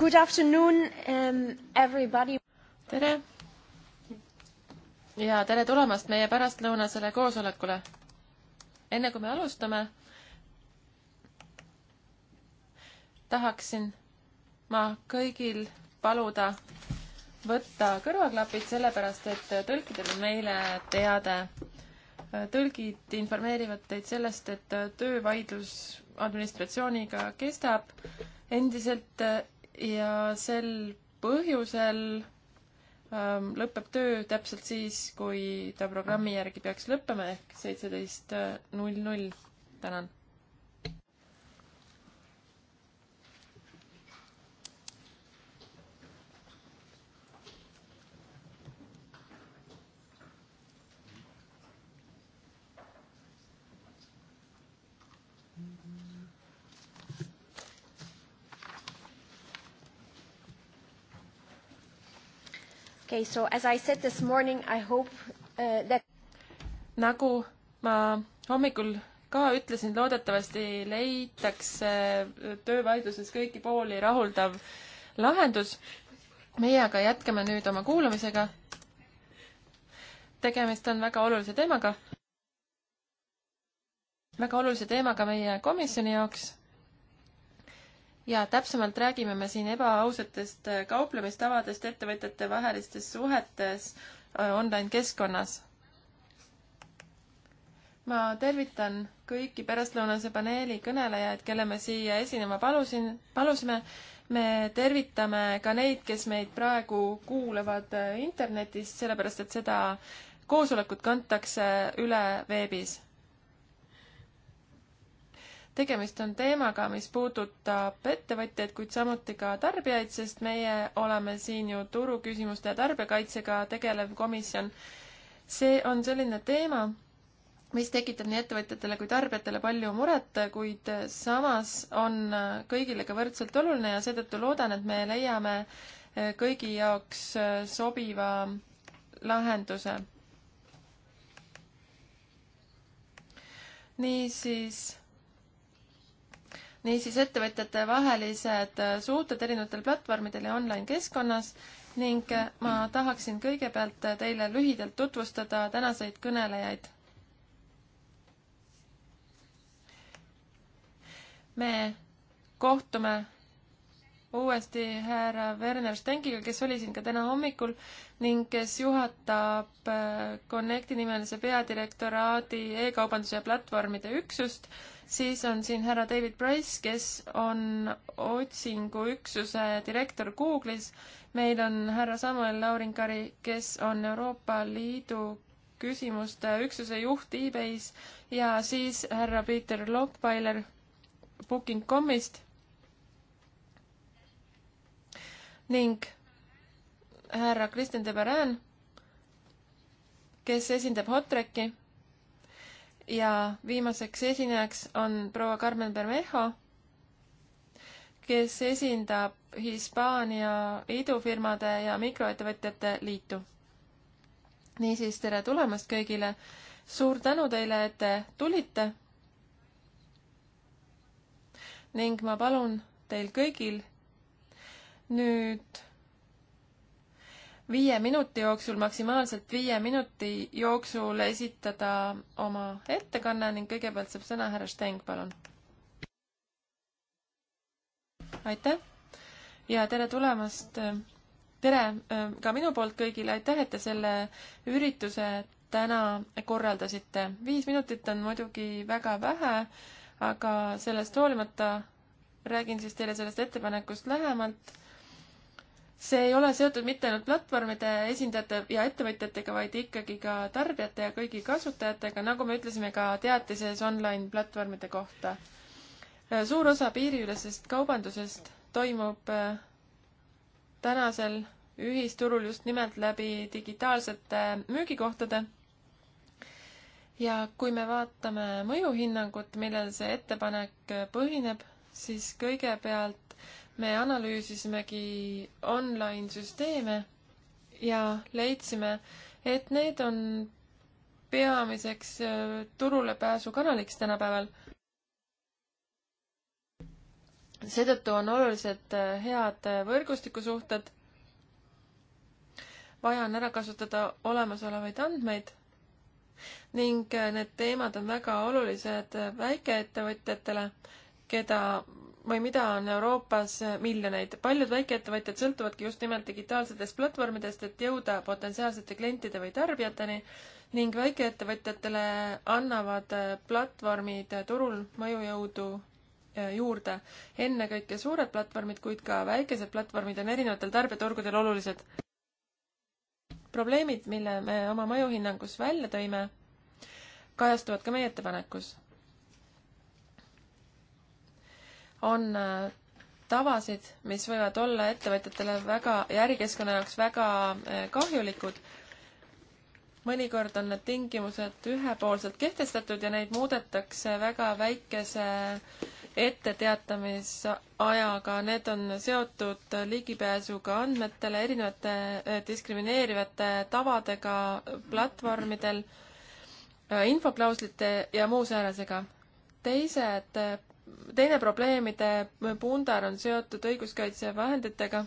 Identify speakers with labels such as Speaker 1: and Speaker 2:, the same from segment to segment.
Speaker 1: Good afternoon um, everybody. tere. ja tere tulemast meie pärastlõunasele koosolekule. enne kui me alustame, tahaksin ma kõigil paluda võtta kõrvaklapid, sellepärast et tõlkidel on meile teade. tõlgid informeerivad teid sellest, et töövaidlus administratsiooniga kestab endiselt ja sel põhjusel ähm, lõpeb töö täpselt siis, kui ta programmi järgi peaks lõppema ehk seitseteist null null. tänan
Speaker 2: Okay, so as I said this morning, I hope
Speaker 1: uh, that nagu ma hommikul ka ütlesin, loodetavasti leitakse äh, töövaidluses kõiki pooli rahuldav lahendus. meie aga jätkame nüüd oma kuulamisega. tegemist on väga olulise teemaga, väga olulise teemaga meie komisjoni jaoks ja täpsemalt räägime me siin ebaausatest äh, kauplemistavadest ettevõtjate vahelistes suhetes äh, online-keskkonnas. ma tervitan kõiki pärastlõunase paneeli kõnelejaid, kelle me siia esinema palusin, palusime. me tervitame ka neid, kes meid praegu kuulavad äh, internetist, sellepärast et seda koosolekut kantakse üle veebis tegemist on teemaga, mis puudutab ettevõtjaid, kuid samuti ka tarbijaid, sest meie oleme siin ju turuküsimuste ja tarbijakaitsega tegelev komisjon. see on selline teema, mis tekitab nii ettevõtjatele kui tarbijatele palju muret, kuid samas on kõigile ka võrdselt oluline ja seetõttu loodan, et me leiame kõigi jaoks sobiva lahenduse. niisiis niisiis ettevõtjate vahelised äh, suhted erinevatel platvormidel ja online-keskkonnas ning äh, ma tahaksin kõigepealt äh, teile lühidalt tutvustada tänaseid kõnelejaid. me kohtume uuesti härra Werner Stenkiga, kes oli siin ka täna hommikul ning kes juhatab Connecti nimelise peadirektoraadi e-kaubanduse ja platvormide üksust siis on siin härra David Price, kes on otsinguüksuse direktor Google'is. meil on härra Samuel Laurinkari, kes on Euroopa Liidu küsimuste üksuse juht e-Bay's ja siis härra Peter Lockpiller Booking.com'ist ning härra Kristjan Deberan, kes esindab Hotrekki ja viimaseks esinejaks on proua Carmen Bermejo, kes esindab Hispaania idufirmade ja mikroettevõtjate liitu. niisiis, tere tulemast kõigile! suur tänu teile, et te tulite! ning ma palun teil kõigil nüüd viie minuti jooksul, maksimaalselt viie minuti jooksul esitada oma ettekanne ning kõigepealt saab sõna härra Steng, palun. aitäh ja tere tulemast, tere äh, ka minu poolt kõigile, aitäh, et te selle ürituse täna korraldasite. viis minutit on muidugi väga vähe, aga sellest hoolimata räägin siis teile sellest ettepanekust lähemalt see ei ole seotud mitte ainult platvormide esindajate ja ettevõtjatega, vaid ikkagi ka tarbijate ja kõigi kasutajatega, nagu me ütlesime ka teatises online platvormide kohta. suur osa piiriülesest kaubandusest toimub äh, tänasel ühisturul just nimelt läbi digitaalsete müügikohtade. ja kui me vaatame mõjuhinnangut, millel see ettepanek äh, põhineb, siis kõigepealt me analüüsisimegi online süsteeme ja leidsime, et need on peamiseks äh, turulepääsu kanaliks tänapäeval. seetõttu on olulised äh, head äh, võrgustikusuhted. vaja on ära kasutada olemasolevaid andmeid ning need teemad on väga olulised väikeettevõtjatele, keda või mida on Euroopas miljoneid. paljud väikeettevõtjad sõltuvadki just nimelt digitaalsetest platvormidest, et jõuda potentsiaalsete klientide või tarbijateni ning väikeettevõtjatele annavad platvormid turul mõjujõudu eh, juurde. ennekõike suured platvormid, kuid ka väikesed platvormid on erinevatel tarbijaturgudel olulised. probleemid, mille me oma mõjuhinnangus välja tõime, kajastuvad ka meie ettepanekus on äh, tavasid, mis võivad olla ettevõtjatele väga ja ärikeskkonna jaoks väga äh, kahjulikud. mõnikord on need tingimused ühepoolselt kehtestatud ja neid muudetakse väga väikese etteteatamisajaga, need on seotud ligipääsuga andmetele, erinevate äh, diskrimineerivate tavadega platvormidel, infoklauslite ja muu säärasega. teised teine probleemide pundar on seotud õiguskaitsevahenditega,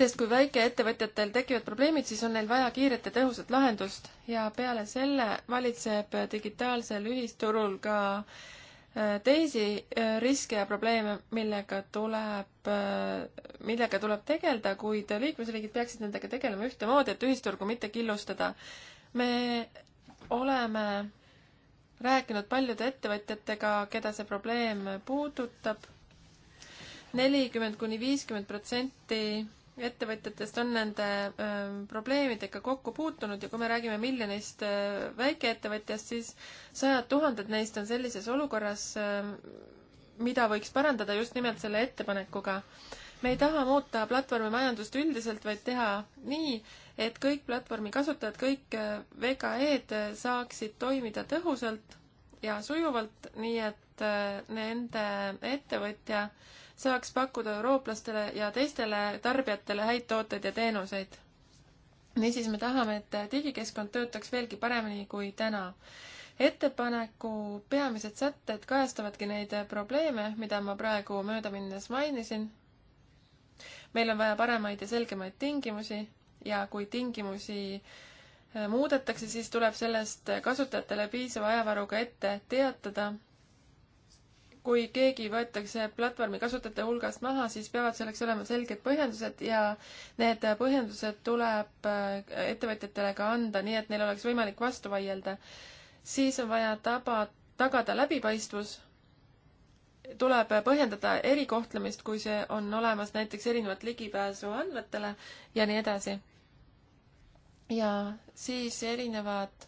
Speaker 1: sest kui väikeettevõtjatel tekivad probleemid, siis on neil vaja kiiret ja tõhusat lahendust ja peale selle valitseb digitaalsel ühisturul ka äh, teisi äh, riske ja probleeme, millega tuleb, äh, millega tuleb tegeleda, kuid liikmesriigid peaksid nendega tegelema ühtemoodi, et ühisturgu mitte killustada. me oleme rääkinud paljude ettevõtjatega, keda see probleem puudutab. nelikümmend kuni viiskümmend protsenti ettevõtjatest on nende ähm, probleemidega kokku puutunud ja kui me räägime miljonist äh, väikeettevõtjast, siis sajad tuhanded neist on sellises olukorras, ähm, mida võiks parandada just nimelt selle ettepanekuga me ei taha muuta platvormimajandust üldiselt, vaid teha nii, et kõik platvormi kasutajad, kõik äh, VKE-d äh, saaksid toimida tõhusalt ja sujuvalt, nii et äh, nende ettevõtja saaks pakkuda eurooplastele ja teistele tarbijatele häid tooteid ja teenuseid. niisiis me tahame, et digikeskkond töötaks veelgi paremini kui täna ettepaneku peamised sätted kajastavadki neid probleeme, mida ma praegu möödaminnes mainisin meil on vaja paremaid ja selgemaid tingimusi ja kui tingimusi äh, muudetakse, siis tuleb sellest kasutajatele piisava ajavaruga ette teatada. kui keegi võetakse platvormi kasutajate hulgast maha, siis peavad selleks olema selged põhjendused ja need põhjendused tuleb äh, ettevõtjatele ka anda, nii et neil oleks võimalik vastu vaielda. siis on vaja taba, tagada läbipaistvus tuleb põhjendada erikohtlemist, kui see on olemas näiteks erinevat ligipääsu andmetele ja nii edasi. ja siis erinevad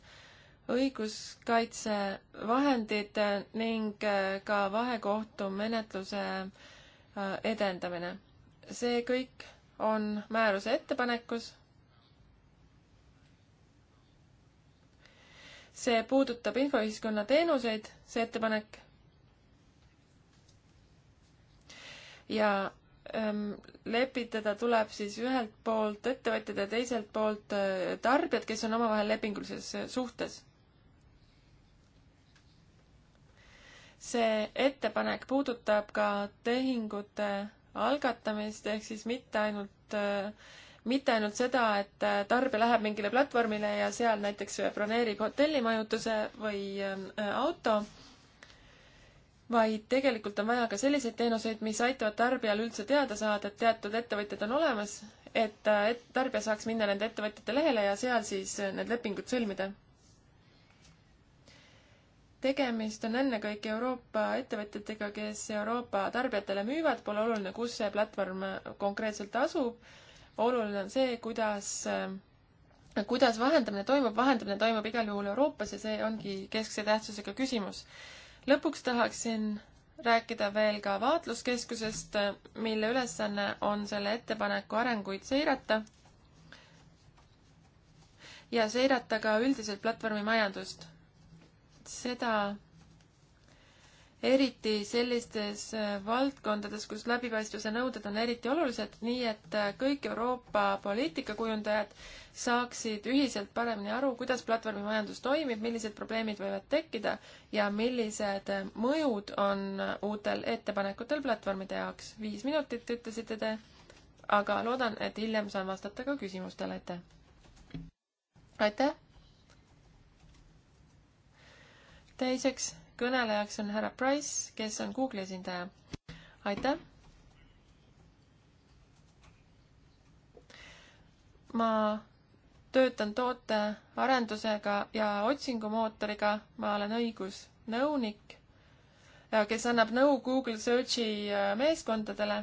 Speaker 1: õiguskaitsevahendid ning äh, ka vahekohtumenetluse äh, edendamine. see kõik on määruse ettepanekus. see puudutab infoühiskonna teenuseid, see ettepanek ja ähm, lepitada tuleb siis ühelt poolt ettevõtjad ja teiselt poolt äh, tarbijad, kes on omavahel lepingulises äh, suhtes. see ettepanek puudutab ka tehingute algatamist, ehk siis mitte ainult, äh, mitte ainult seda, et tarbija läheb mingile platvormile ja seal näiteks broneerib hotellimajutuse või ähm, auto vaid tegelikult on vaja ka selliseid teenuseid, mis aitavad tarbijal üldse teada saada, et teatud ettevõtjad on olemas, et, et tarbija saaks minna nende ettevõtjate lehele ja seal siis need lepingud sõlmida. tegemist on ennekõike Euroopa ettevõtjatega, kes Euroopa tarbijatele müüvad, pole oluline, kus see platvorm konkreetselt asub, oluline on see, kuidas kuidas vahendamine toimub, vahendamine toimub igal juhul Euroopas ja see ongi keskse tähtsusega küsimus lõpuks tahaksin rääkida veel ka vaatluskeskusest, mille ülesanne on selle ettepaneku arenguid seirata ja seirata ka üldiselt platvormimajandust. seda eriti sellistes äh, valdkondades, kus läbipaistvuse nõuded on eriti olulised, nii et äh, kõik Euroopa poliitikakujundajad saaksid ühiselt paremini aru, kuidas platvormimajandus toimib, millised probleemid võivad tekkida ja millised äh, mõjud on uutel ettepanekutel platvormide jaoks. viis minutit ütlesite te, aga loodan, et hiljem saan vastata ka küsimustele, aitäh! aitäh! teiseks kõnelejaks on härra Price, kes on Google'i esindaja. aitäh! ma töötan tootearendusega ja otsingumootoriga, ma olen õigusnõunik, kes annab nõu Google Searchi äh, meeskondadele.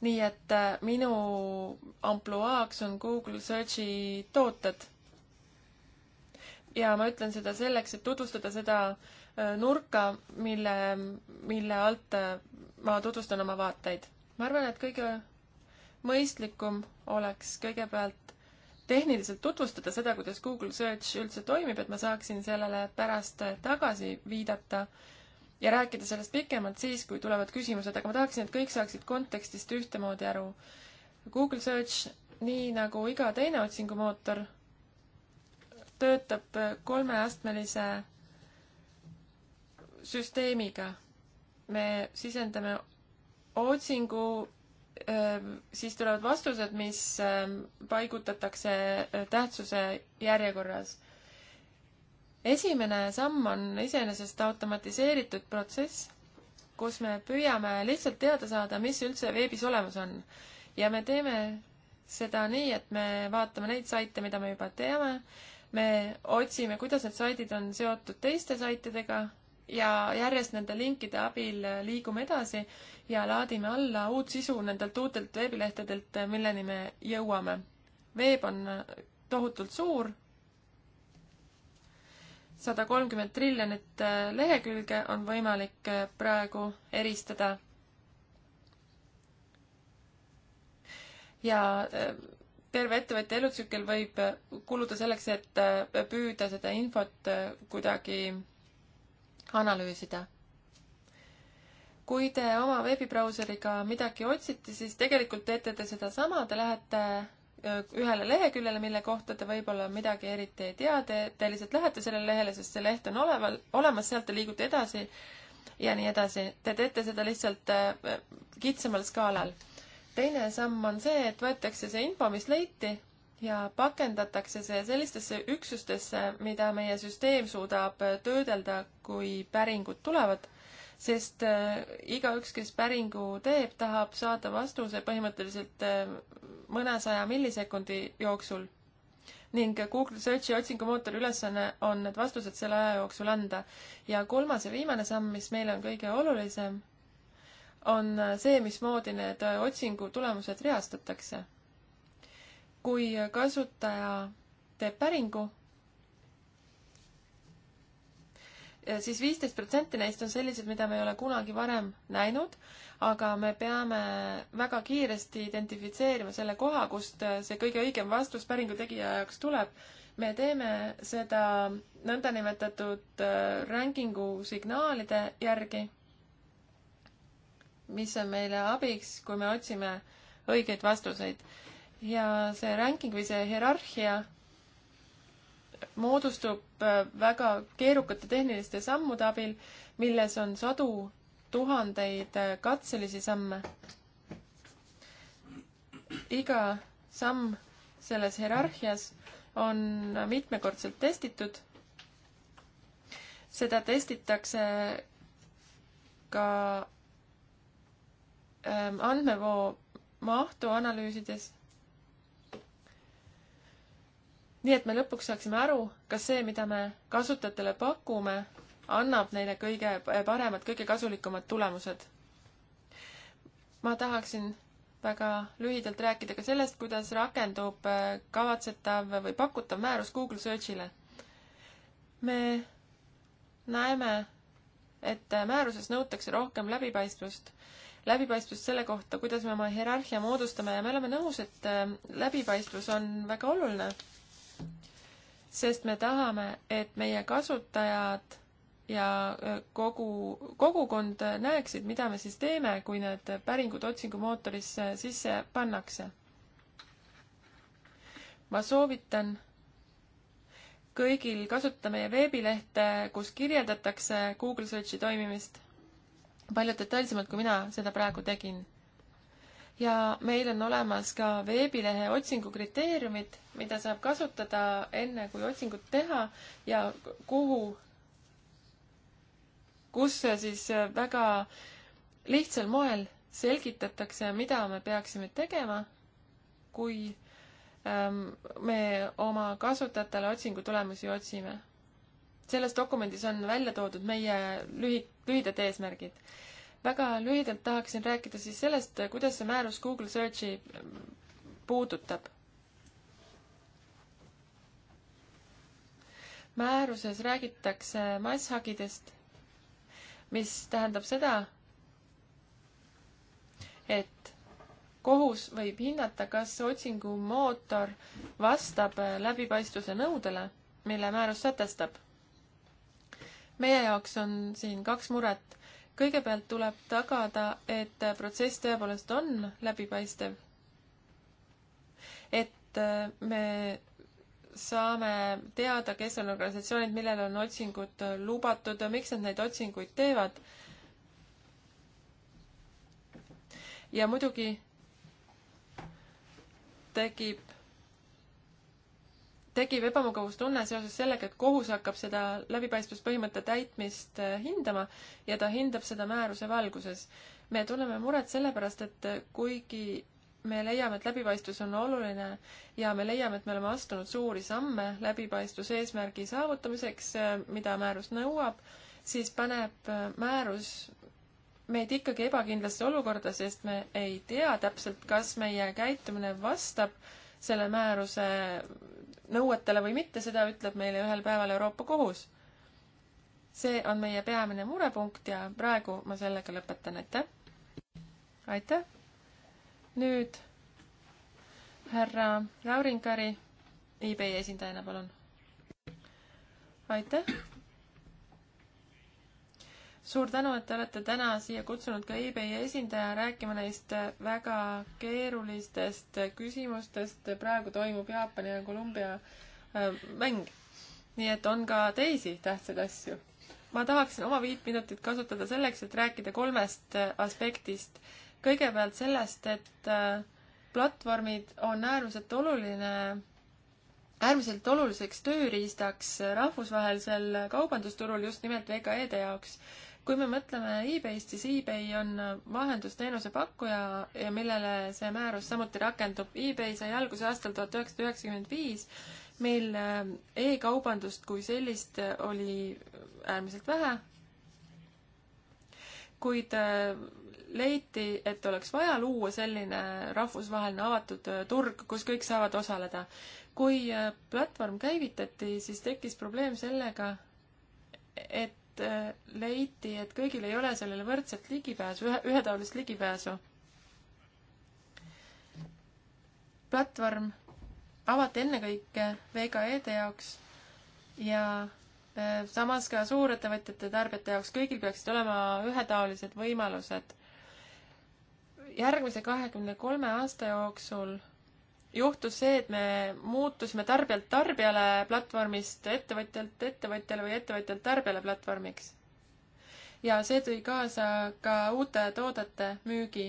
Speaker 1: nii et äh, minu ampluaaks on Google Searchi tooted ja ma ütlen seda selleks, et tutvustada seda äh, nurka, mille, mille alt äh, ma tutvustan oma vaateid. ma arvan, et kõige mõistlikum oleks kõigepealt tehniliselt tutvustada seda, kuidas Google Search üldse toimib, et ma saaksin sellele pärast äh, tagasi viidata ja rääkida sellest pikemalt siis, kui tulevad küsimused, aga ma tahaksin, et kõik saaksid kontekstist ühtemoodi aru. Google Search, nii nagu iga teine otsingumootor, töötab kolmeastmelise süsteemiga. me sisendame otsingu, ähm, siis tulevad vastused, mis ähm, paigutatakse äh, tähtsuse järjekorras. esimene samm on iseenesest automatiseeritud protsess, kus me püüame lihtsalt teada saada, mis üldse veebis olemas on. ja me teeme seda nii, et me vaatame neid saite, mida me juba teame me otsime, kuidas need saidid on seotud teiste saitidega ja järjest nende linkide abil liigume edasi ja laadime alla uut sisu nendelt uutelt veebilehtedelt, milleni me jõuame. veeb on tohutult suur, sada kolmkümmend triljonit lehekülge on võimalik praegu eristada. ja terve ettevõtja elutsükkel võib kuluda selleks, et äh, püüda seda infot äh, kuidagi analüüsida. kui te oma veebibrauseriga midagi otsite, siis tegelikult teete te sedasama, te lähete äh, ühele leheküljele, mille kohta te võib-olla midagi eriti ei tea, te, te lihtsalt lähete sellele lehele, sest see leht on oleval, olemas, sealt te liigute edasi ja nii edasi. Te teete seda lihtsalt kitsamal skaalal teine samm on see, et võetakse see info, mis leiti ja pakendatakse see sellistesse üksustesse, mida meie süsteem suudab töödelda, kui päringud tulevad, sest äh, igaüks, kes päringu teeb, tahab saada vastuse põhimõtteliselt äh, mõnesaja millisekundi jooksul. ning Google Searchi otsingumootori ülesanne on need vastused selle aja jooksul anda. ja kolmas ja viimane samm, mis meile on kõige olulisem on see, mismoodi need otsingu tulemused reastatakse. kui kasutaja teeb päringu, siis viisteist protsenti neist on sellised, mida me ei ole kunagi varem näinud, aga me peame väga kiiresti identifitseerima selle koha, kust see kõige õigem vastus päringu tegija jaoks tuleb. me teeme seda nõndanimetatud äh, ranking'u signaalide järgi mis on meile abiks, kui me otsime õigeid vastuseid. ja see ranking või see hierarhia moodustub äh, väga keerukate tehniliste sammude abil, milles on sadu tuhandeid äh, katselisi samme. iga samm selles hierarhias on mitmekordselt testitud. seda testitakse ka Ähm, andmevoo mahtu analüüsides. nii et me lõpuks saaksime aru, kas see, mida me kasutajatele pakume, annab neile kõige paremad, kõige kasulikumad tulemused. ma tahaksin väga lühidalt rääkida ka sellest, kuidas rakendub äh, kavatsetav või pakutav määrus Google Searchile. me näeme, et äh, määruses nõutakse rohkem läbipaistvust läbipaistvust selle kohta, kuidas me oma hierarhia moodustame ja me oleme nõus, et äh, läbipaistvus on väga oluline, sest me tahame, et meie kasutajad ja äh, kogu, kogukond näeksid, mida me siis teeme, kui need päringud otsingumootorisse sisse pannakse. ma soovitan kõigil kasutada meie veebilehte, kus kirjeldatakse Google Searchi toimimist palju detailsemalt, kui mina seda praegu tegin. ja meil on olemas ka veebilehe otsingu kriteeriumid, mida saab kasutada enne, kui otsingut teha ja kuhu, kus siis väga lihtsal moel selgitatakse, mida me peaksime tegema, kui ähm, me oma kasutajatele otsingutulemusi otsime selles dokumendis on välja toodud meie lühi-, lühidad eesmärgid. väga lühidalt tahaksin rääkida siis sellest, kuidas see määrus Google Searchi mm, puudutab. määruses räägitakse masshagidest, mis tähendab seda, et kohus võib hinnata, kas otsingumootor vastab läbipaistvuse nõudele, mille määrus sätestab meie jaoks on siin kaks muret. kõigepealt tuleb tagada, et protsess tõepoolest on läbipaistev. et äh, me saame teada, kes on organisatsioonid, millel on otsingud lubatud, miks nad neid otsinguid teevad. ja muidugi tekib tekib ebamugavustunne seoses sellega, et kohus hakkab seda läbipaistvuspõhimõtte täitmist äh, hindama ja ta hindab seda määruse valguses. me tunneme muret sellepärast, et äh, kuigi me leiame, et läbipaistvus on oluline ja me leiame, et me oleme astunud suuri samme läbipaistvuse eesmärgi saavutamiseks, äh, mida määrus nõuab, siis paneb määrus meid ikkagi ebakindlasse olukorda, sest me ei tea täpselt, kas meie käitumine vastab selle määruse nõuetele või mitte, seda ütleb meile ühel päeval Euroopa Kohus. see on meie peamine murepunkt ja praegu ma sellega lõpetan, aitäh! aitäh! nüüd härra Laurin Kari, eBay esindajana, palun! aitäh! suur tänu, et te olete täna siia kutsunud ka eBay esindaja rääkima neist väga keerulistest küsimustest. praegu toimub Jaapani ja Kolumbia äh, mäng. nii et on ka teisi tähtsaid asju. ma tahaksin oma viit minutit kasutada selleks, et rääkida kolmest äh, aspektist. kõigepealt sellest, et äh, platvormid on äärmiselt oluline äärmiselt oluliseks tööriistaks rahvusvahelisel kaubandusturul just nimelt VKE-de jaoks kui me mõtleme e-Bayst, siis e-Bay on vahendusteenuse pakkuja ja millele see määrus samuti rakendub. e-Bay sai alguse aastal tuhat üheksasada üheksakümmend viis, meil äh, e-kaubandust kui sellist äh, oli äärmiselt vähe, kuid äh, leiti, et oleks vaja luua selline rahvusvaheline avatud turg, kus kõik saavad osaleda. kui platvorm käivitati, siis tekkis probleem sellega, et et äh, leiti, et kõigil ei ole sellele võrdset ligipääsu, ühe, ühetaolist ligipääsu. platvorm avati ennekõike VKE-de jaoks ja äh, samas ka suurettevõtjate tarbijate jaoks, kõigil peaksid olema ühetaolised võimalused. järgmise kahekümne kolme aasta jooksul juhtus see, et me muutusime tarbijalt tarbijale platvormist ettevõtjalt ettevõtjale või ettevõtjalt tarbijale platvormiks. ja see tõi kaasa ka uute toodete müügi.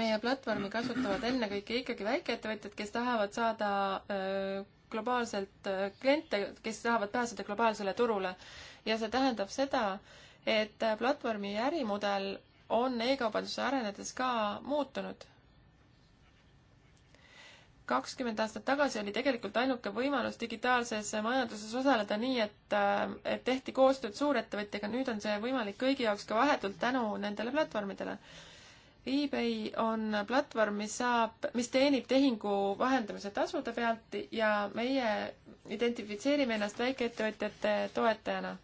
Speaker 1: meie platvormi kasutavad ennekõike ikkagi väikeettevõtjad, kes tahavad saada äh, globaalselt äh, kliente, kes tahavad pääseda globaalsele turule. ja see tähendab seda, et platvormi ärimudel on e-kaubanduse arenedes ka muutunud kakskümmend aastat tagasi oli tegelikult ainuke võimalus digitaalses majanduses osaleda nii, et, äh, et tehti koostööd suurettevõtjaga, nüüd on see võimalik kõigi jaoks ka vahetult tänu nendele platvormidele. eBay on platvorm, mis saab, mis teenib tehingu vahendamise tasude pealt ja meie identifitseerime ennast väikeettevõtjate toetajana.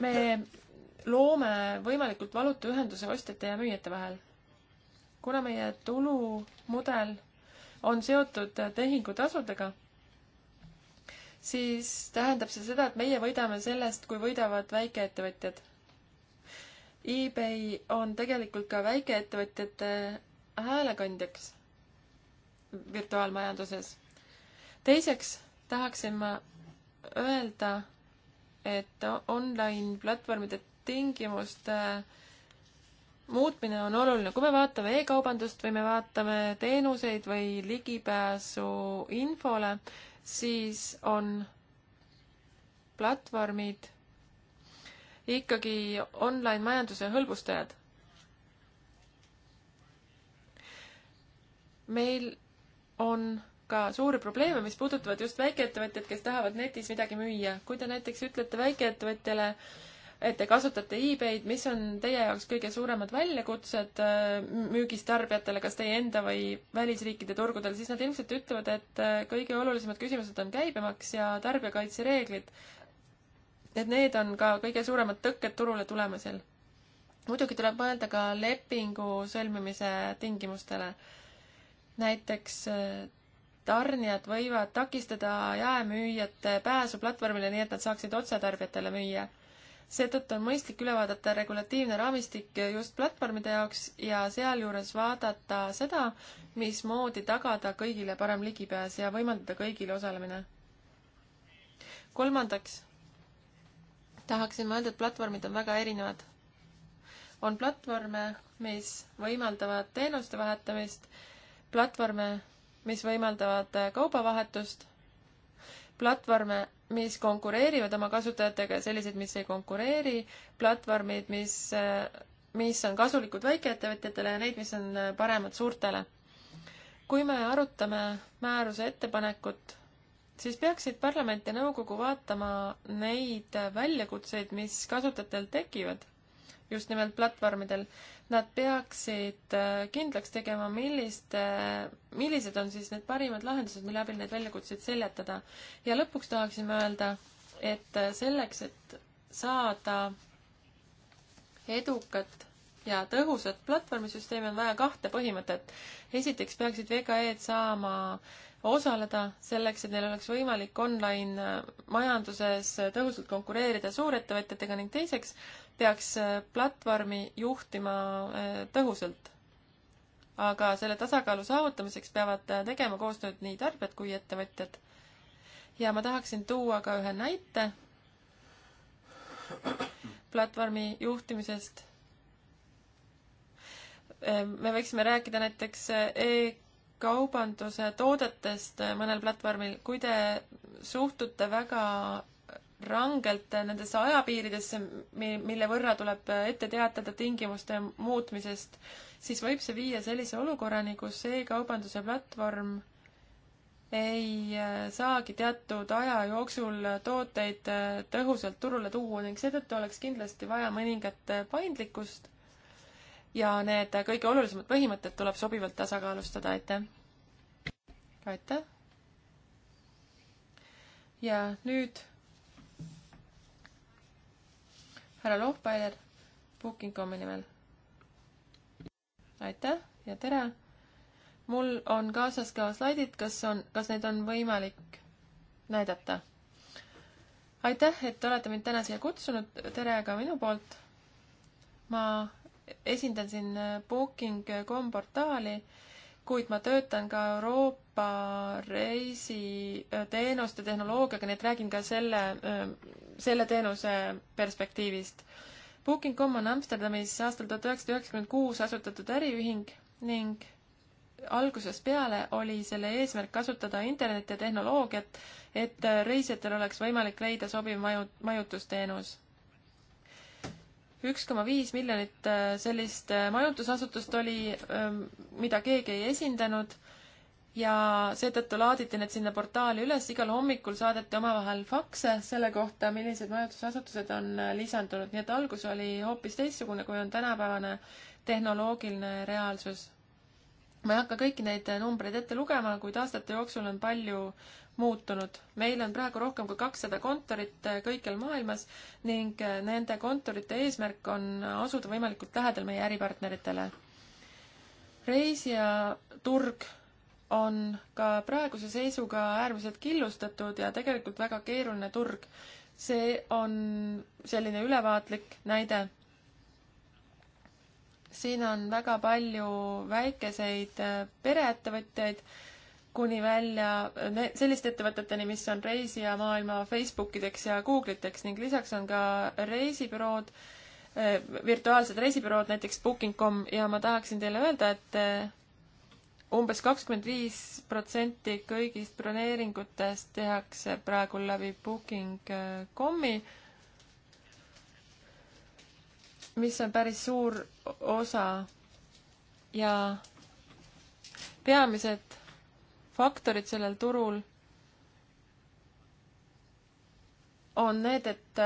Speaker 1: me loome võimalikult valuta ühenduse ostjate ja müüjate vahel kuna meie tulumudel on seotud tehingutasudega, siis tähendab see seda, et meie võidame sellest, kui võidavad väikeettevõtjad. eBay on tegelikult ka väikeettevõtjate häälekandjaks virtuaalmajanduses. teiseks tahaksin ma öelda, et online platvormide tingimuste äh, muutmine on oluline, kui me vaatame e-kaubandust või me vaatame teenuseid või ligipääsu infole, siis on platvormid ikkagi online majanduse hõlbustajad. meil on ka suuri probleeme, mis puudutavad just väikeettevõtjaid, kes tahavad netis midagi müüa. kui te näiteks ütlete väikeettevõtjale äh, et te kasutate e-Bay'd, mis on teie jaoks kõige suuremad väljakutsed äh, müügis tarbijatele, kas teie enda või välisriikide turgudel, siis nad ilmselt ütlevad, et äh, kõige olulisemad küsimused on käibemaks ja tarbijakaitsereeglid. et need on ka kõige suuremad tõkked turule tulemisel. muidugi tuleb mõelda ka lepingu sõlmimise tingimustele. näiteks äh, tarnijad võivad takistada jaemüüjate pääsu platvormile, nii et nad saaksid otse tarbijatele müüa seetõttu on mõistlik üle vaadata regulatiivne raamistik just platvormide jaoks ja sealjuures vaadata seda, mismoodi tagada kõigile parem ligipääs ja võimaldada kõigile osalemine. kolmandaks tahaksin ma öelda, et platvormid on väga erinevad. on platvorme, mis võimaldavad teenuste vahetamist, platvorme, mis võimaldavad kaubavahetust platvorme, mis konkureerivad oma kasutajatega ja selliseid, mis ei konkureeri, platvormid, mis, mis on kasulikud väikeettevõtjatele ja neid, mis on paremad suurtele. kui me arutame määruse ettepanekut, siis peaksid parlament ja nõukogu vaatama neid väljakutseid, mis kasutajatel tekivad, just nimelt platvormidel. Nad peaksid äh, kindlaks tegema, milliste, millised on siis need parimad lahendused, mille abil neid väljakutseid seljatada. ja lõpuks tahaksin öelda, et äh, selleks, et saada edukat ja tõhusat platvormisüsteemi, on vaja kahte põhimõtet. esiteks peaksid VKE-d saama osaleda selleks, et neil oleks võimalik online äh, majanduses tõhusalt konkureerida suurettevõtjatega ning teiseks peaks äh, platvormi juhtima äh, tõhusalt. aga selle tasakaalu saavutamiseks peavad äh, tegema koostööd nii tarbijad kui ettevõtjad. ja ma tahaksin tuua ka ühe näite platvormi juhtimisest. me võiksime rääkida näiteks e-kaubanduse toodetest mõnel platvormil, kui te suhtute väga rangelt nendesse ajapiiridesse, mille võrra tuleb ette teatada tingimuste muutmisest, siis võib see viia sellise olukorrani, kus e-kaubanduse platvorm ei äh, saagi teatud aja jooksul tooteid äh, tõhusalt turule tuua ning seetõttu oleks kindlasti vaja mõningat äh, paindlikkust ja need kõige olulisemad põhimõtted tuleb sobivalt tasakaalustada, aitäh! aitäh! ja nüüd härra Lohpailer Booking.com'i nimel. aitäh ja tere! mul on kaasas ka slaidid, kas on, kas neid on võimalik näidata? aitäh, et olete mind täna siia kutsunud, tere ka minu poolt. ma esindan siin Booking.com portaali kuid ma töötan ka Euroopa reisiteenuste tehnoloogiaga, nii et räägin ka selle, selle teenuse perspektiivist. Booking.com on Amsterdamis aastal tuhat üheksasada üheksakümmend kuus asutatud äriühing ning algusest peale oli selle eesmärk kasutada interneti ja tehnoloogiat, et reisijatel oleks võimalik leida sobiv maju, majutusteenus üks koma viis miljonit äh, sellist äh, majutusasutust oli, ähm, mida keegi ei esindanud ja seetõttu laaditi need sinna portaali üles, igal hommikul saadeti omavahel fakse selle kohta, millised majutusasutused on äh, lisandunud, nii et algus oli hoopis teistsugune, kui on tänapäevane tehnoloogiline reaalsus. ma ei hakka kõiki neid numbreid ette lugema, kuid aastate jooksul on palju muutunud. meil on praegu rohkem kui kakssada kontorit äh, kõikjal maailmas ning äh, nende kontorite eesmärk on asuda võimalikult lähedal meie äripartneritele. reisijaturg on ka praeguse seisuga äärmiselt killustatud ja tegelikult väga keeruline turg. see on selline ülevaatlik näide. siin on väga palju väikeseid äh, pereettevõtjaid kuni välja ne-, selliste ettevõteteni, mis on reisijamaailma Facebookideks ja Google'iteks ning lisaks on ka reisibürood, eh, virtuaalsed reisibürood, näiteks Booking.com ja ma tahaksin teile öelda, et eh, umbes kakskümmend viis protsenti kõigist broneeringutest tehakse praegu läbi Booking.com-i, mis on päris suur osa ja peamised faktorid sellel turul on need, et,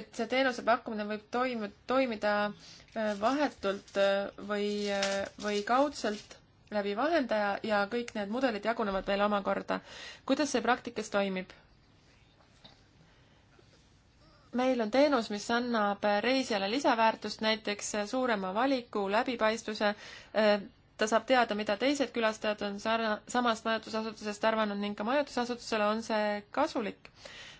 Speaker 1: et see teenuse pakkumine võib toimu-, toimida äh, vahetult äh, või, äh, või kaudselt läbi vahendaja ja kõik need mudelid jagunevad veel omakorda. kuidas see praktikas toimib? meil on teenus, mis annab reisijale lisaväärtust, näiteks suurema valiku, läbipaistvuse, ta saab teada, mida teised külastajad on sarna-, samast majutusasutusest arvanud ning ka majutusasutusele on see kasulik.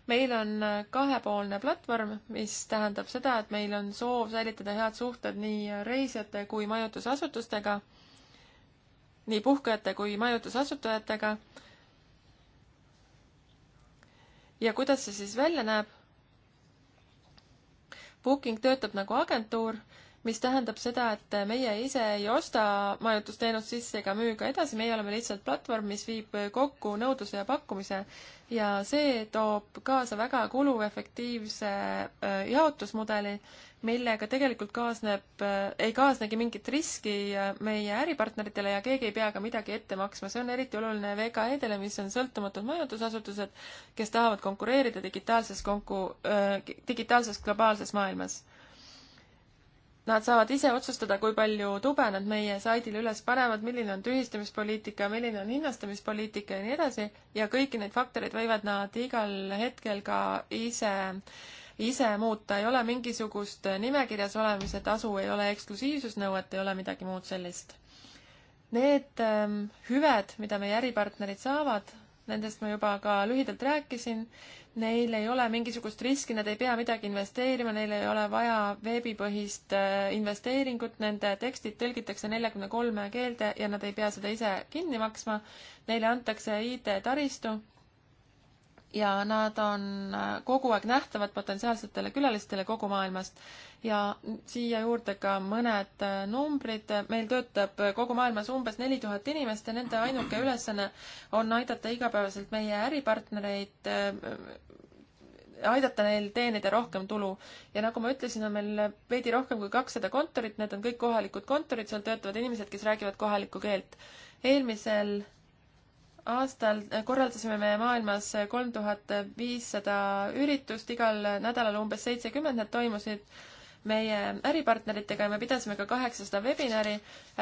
Speaker 1: meil on äh, kahepoolne platvorm, mis tähendab seda, et meil on soov säilitada head suhted nii reisijate kui majutusasutustega, nii puhkajate kui majutusasutajatega. ja kuidas see siis välja näeb? Booking töötab nagu agentuur mis tähendab seda, et meie ise ei osta majutusteenust sisse ega müü ka edasi, meie oleme lihtsalt platvorm, mis viib kokku nõudluse ja pakkumise ja see toob kaasa väga kuluefektiivse äh, jaotusmudeli, millega tegelikult kaasneb, äh, ei kaasnegi mingit riski äh, meie äripartneritele ja keegi ei pea ka midagi ette maksma, see on eriti oluline VKE-dele, mis on sõltumatud majutusasutused, kes tahavad konkureerida digitaalses konku-, digitaalses globaalses maailmas Nad saavad ise otsustada, kui palju tube nad meie saidile üles panevad, milline on tühistamispoliitika, milline on hinnastamispoliitika ja nii edasi ja kõiki neid faktoreid võivad nad igal hetkel ka ise, ise muuta, ei ole mingisugust nimekirjas olemise tasu, ei ole eksklusiivsusnõuet, ei ole midagi muud sellist. Need ähm, hüved, mida meie äripartnerid saavad, nendest ma juba ka lühidalt rääkisin neil ei ole mingisugust riski, nad ei pea midagi investeerima, neil ei ole vaja veebipõhist äh, investeeringut, nende tekstid tõlgitakse neljakümne kolme keelde ja nad ei pea seda ise kinni maksma. Neile antakse IT-taristu ja nad on äh, kogu aeg nähtavad potentsiaalsetele külalistele kogu maailmast. ja siia juurde ka mõned äh, numbrid, meil töötab kogu maailmas umbes neli tuhat inimest ja nende ainuke ülesanne on aidata igapäevaselt meie äripartnereid äh, aidata neil teenida rohkem tulu. ja nagu ma ütlesin, on meil veidi rohkem kui kakssada kontorit, need on kõik kohalikud kontorid, seal töötavad inimesed, kes räägivad kohalikku keelt. eelmisel aastal korraldasime me maailmas kolm tuhat viissada üritust, igal nädalal umbes seitsekümmend need toimusid meie äripartneritega ja me pidasime ka kaheksasada webinari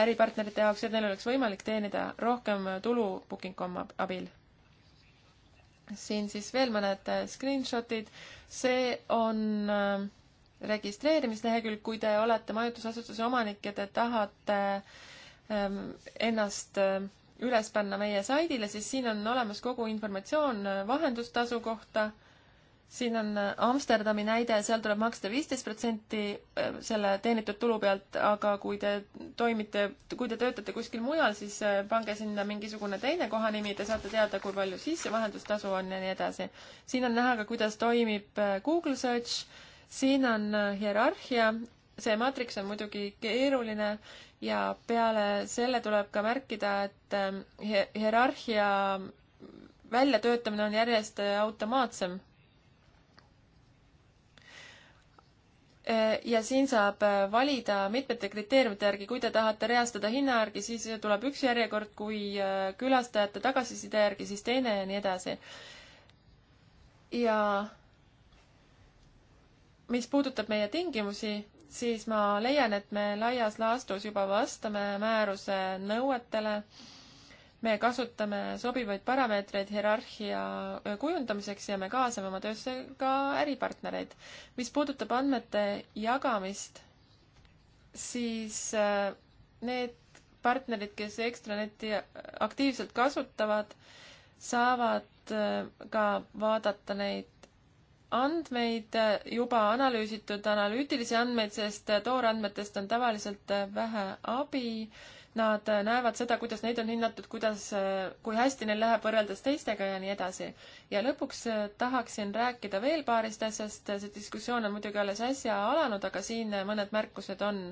Speaker 1: äripartnerite jaoks, et neil oleks võimalik teenida rohkem tulu booking.com abil. siin siis veel mõned screenshot'id, see on äh, registreerimislehekülg, kui te olete majutusasutuse omanik ja te tahate ähm, ennast äh, üles panna meie saidile, siis siin on olemas kogu informatsioon äh, vahendustasu kohta. siin on äh, Amsterdami näide, seal tuleb maksta viisteist protsenti äh, selle teenitud tulu pealt, aga kui te toimite, kui te töötate kuskil mujal, siis pange sinna mingisugune teine kohanimi, te saate teada, kui palju sisse vahendustasu on ja nii edasi. siin on näha ka, kuidas toimib Google Search siin on hierarhia see maatriks on muidugi keeruline ja peale selle tuleb ka märkida, et ähm, hierarhia väljatöötamine on järjest äh, automaatsem. Äh, ja siin saab äh, valida mitmete kriteeriumite järgi, kui te tahate reastada hinnajärgi, siis tuleb üks järjekord, kui külastajate tagasiside järgi, siis teine ja nii edasi. ja mis puudutab meie tingimusi siis ma leian, et me laias laastus juba vastame määruse nõuetele. me kasutame sobivaid parameetreid hierarhia kujundamiseks ja me kaasame oma töösse ka äripartnereid. mis puudutab andmete jagamist, siis äh, need partnerid, kes Extranetti aktiivselt kasutavad, saavad äh, ka vaadata neid andmeid juba analüüsitud, analüütilisi andmeid, sest toorandmetest on tavaliselt vähe abi. Nad näevad seda, kuidas neid on hinnatud, kuidas, kui hästi neil läheb võrreldes teistega ja nii edasi. ja lõpuks tahaksin rääkida veel paarist asjast, see diskussioon on muidugi alles äsja alanud, aga siin mõned märkused on.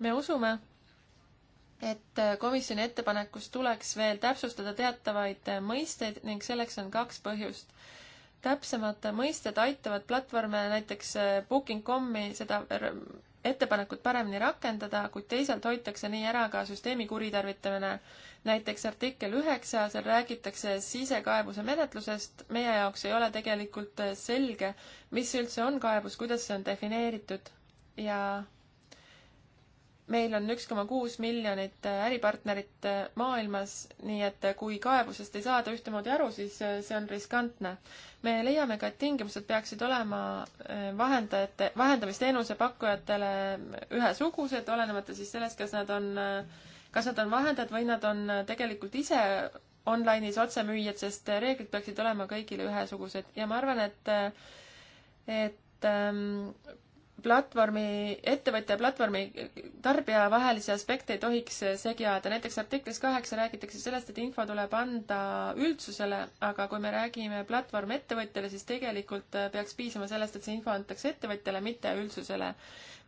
Speaker 1: me usume, et komisjoni ettepanekus tuleks veel täpsustada teatavaid mõisteid ning selleks on kaks põhjust täpsemad mõisted aitavad platvorme, näiteks äh, Booking.com-i seda ettepanekut paremini rakendada, kuid teisalt hoitakse nii ära ka süsteemi kuritarvitamine. näiteks artikkel üheksa, seal räägitakse sisekaebuse menetlusest, meie jaoks ei ole tegelikult äh, selge, mis üldse on kaebus, kuidas see on defineeritud ja meil on üks koma kuus miljonit äh, äripartnerit äh, maailmas, nii et äh, kui kaebusest ei saada ühtemoodi aru, siis see on riskantne. me leiame ka, et tingimused peaksid olema vahendajate, vahendamisteenuse pakkujatele ühesugused, olenemata siis sellest, kas nad on, kas nad on vahendajad või nad on tegelikult ise online'is otsemüüjad, sest reeglid peaksid olema kõigile ühesugused ja ma arvan, et et ähm, platvormi, ettevõtja ja platvormi tarbija vahelisi aspekte ei tohiks segi ajada. näiteks artiklis kaheksa räägitakse sellest, et info tuleb anda üldsusele, aga kui me räägime platvorm ettevõtjale, siis tegelikult äh, peaks piisama sellest, et see info antakse ettevõtjale, mitte üldsusele.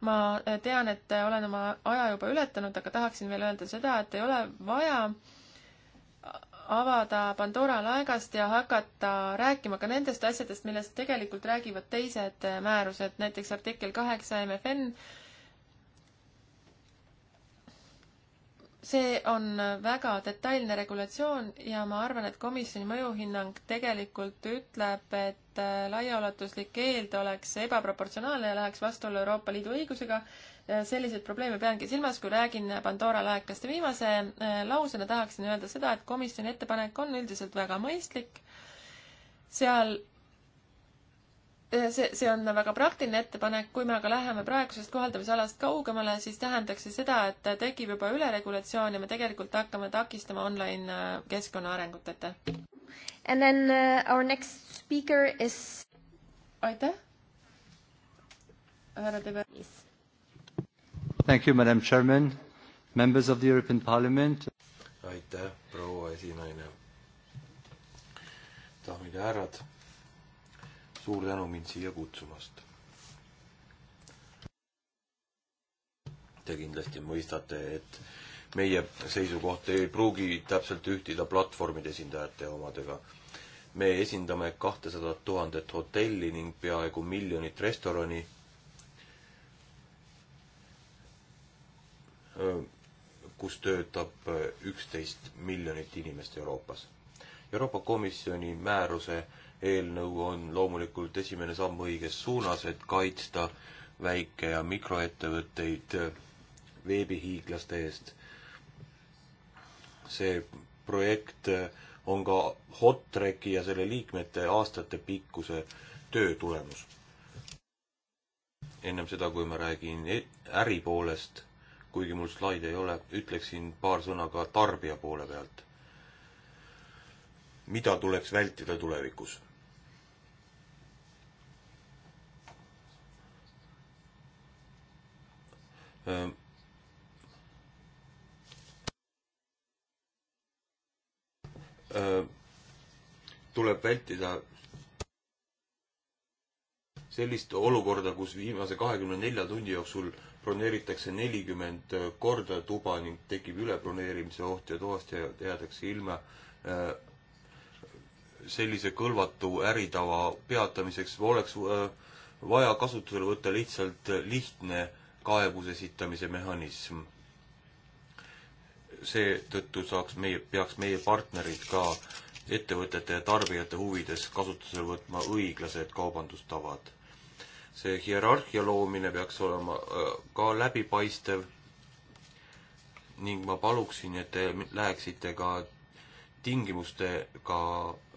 Speaker 1: ma äh, tean, et äh, olen oma aja juba ületanud, aga tahaksin veel öelda seda, et ei ole vaja äh, avada Pandora laegast ja hakata rääkima ka nendest asjadest, millest tegelikult räägivad teised määrused, näiteks artikkel kaheksa MFN. see on väga detailne regulatsioon ja ma arvan, et komisjoni mõjuhinnang tegelikult ütleb, et laiaulatuslik keeld oleks ebaproportsionaalne ja läheks vastuollu Euroopa Liidu õigusega selliseid probleeme peangi silmas, kui räägin Pandora laekaste viimase äh, lausena tahaksin öelda seda, et komisjoni ettepanek on üldiselt väga mõistlik. seal äh, see, see on väga praktiline ettepanek, kui me aga läheme praegusest kohaldamisalast kaugemale, siis tähendaks see seda, et tekib juba üleregulatsioon ja me tegelikult hakkame takistama online äh, keskkonna arengut, aitäh. And then uh, our next speaker is. aitäh. härra Tebe.
Speaker 2: Thank you, madam chairman, members of the European Parliament. aitäh, proua esinaine. daamid ja härrad, suur tänu mind siia kutsumast. Te kindlasti mõistate, et meie seisukoht ei pruugi täpselt ühtida platvormide esindajate omadega me esindame kahtesadat tuhandet hotelli ning peaaegu miljonit restorani kus töötab äh, üksteist miljonit inimest Euroopas. Euroopa Komisjoni määruse eelnõu on loomulikult esimene samm õiges suunas, et kaitsta väike- ja mikroettevõtteid äh, veebihiiglaste eest. see projekt äh, on ka Hot Tracki ja selle liikmete aastatepikkuse töö tulemus. ennem seda, kui ma räägin e-, äri poolest kuigi mul slaide ei ole, ütleksin paar sõna ka tarbija poole pealt. mida tuleks vältida tulevikus? tuleb vältida sellist olukorda, kus viimase kahekümne nelja tunni jooksul broneeritakse nelikümmend korda tuba ning tekib ülebroneerimise oht ja toast jäädakse ilma. Äh, sellise kõlvatu äritava peatamiseks oleks äh, vaja kasutusele võtta lihtsalt lihtne kaebuse esitamise mehhanism. seetõttu saaks meie, peaks meie partnerid ka ettevõtete ja tarbijate huvides kasutusele võtma õiglased kaubandustavad see hierarhia loomine peaks olema äh, ka läbipaistev ning ma paluksin, et te läheksite ka tingimustega ka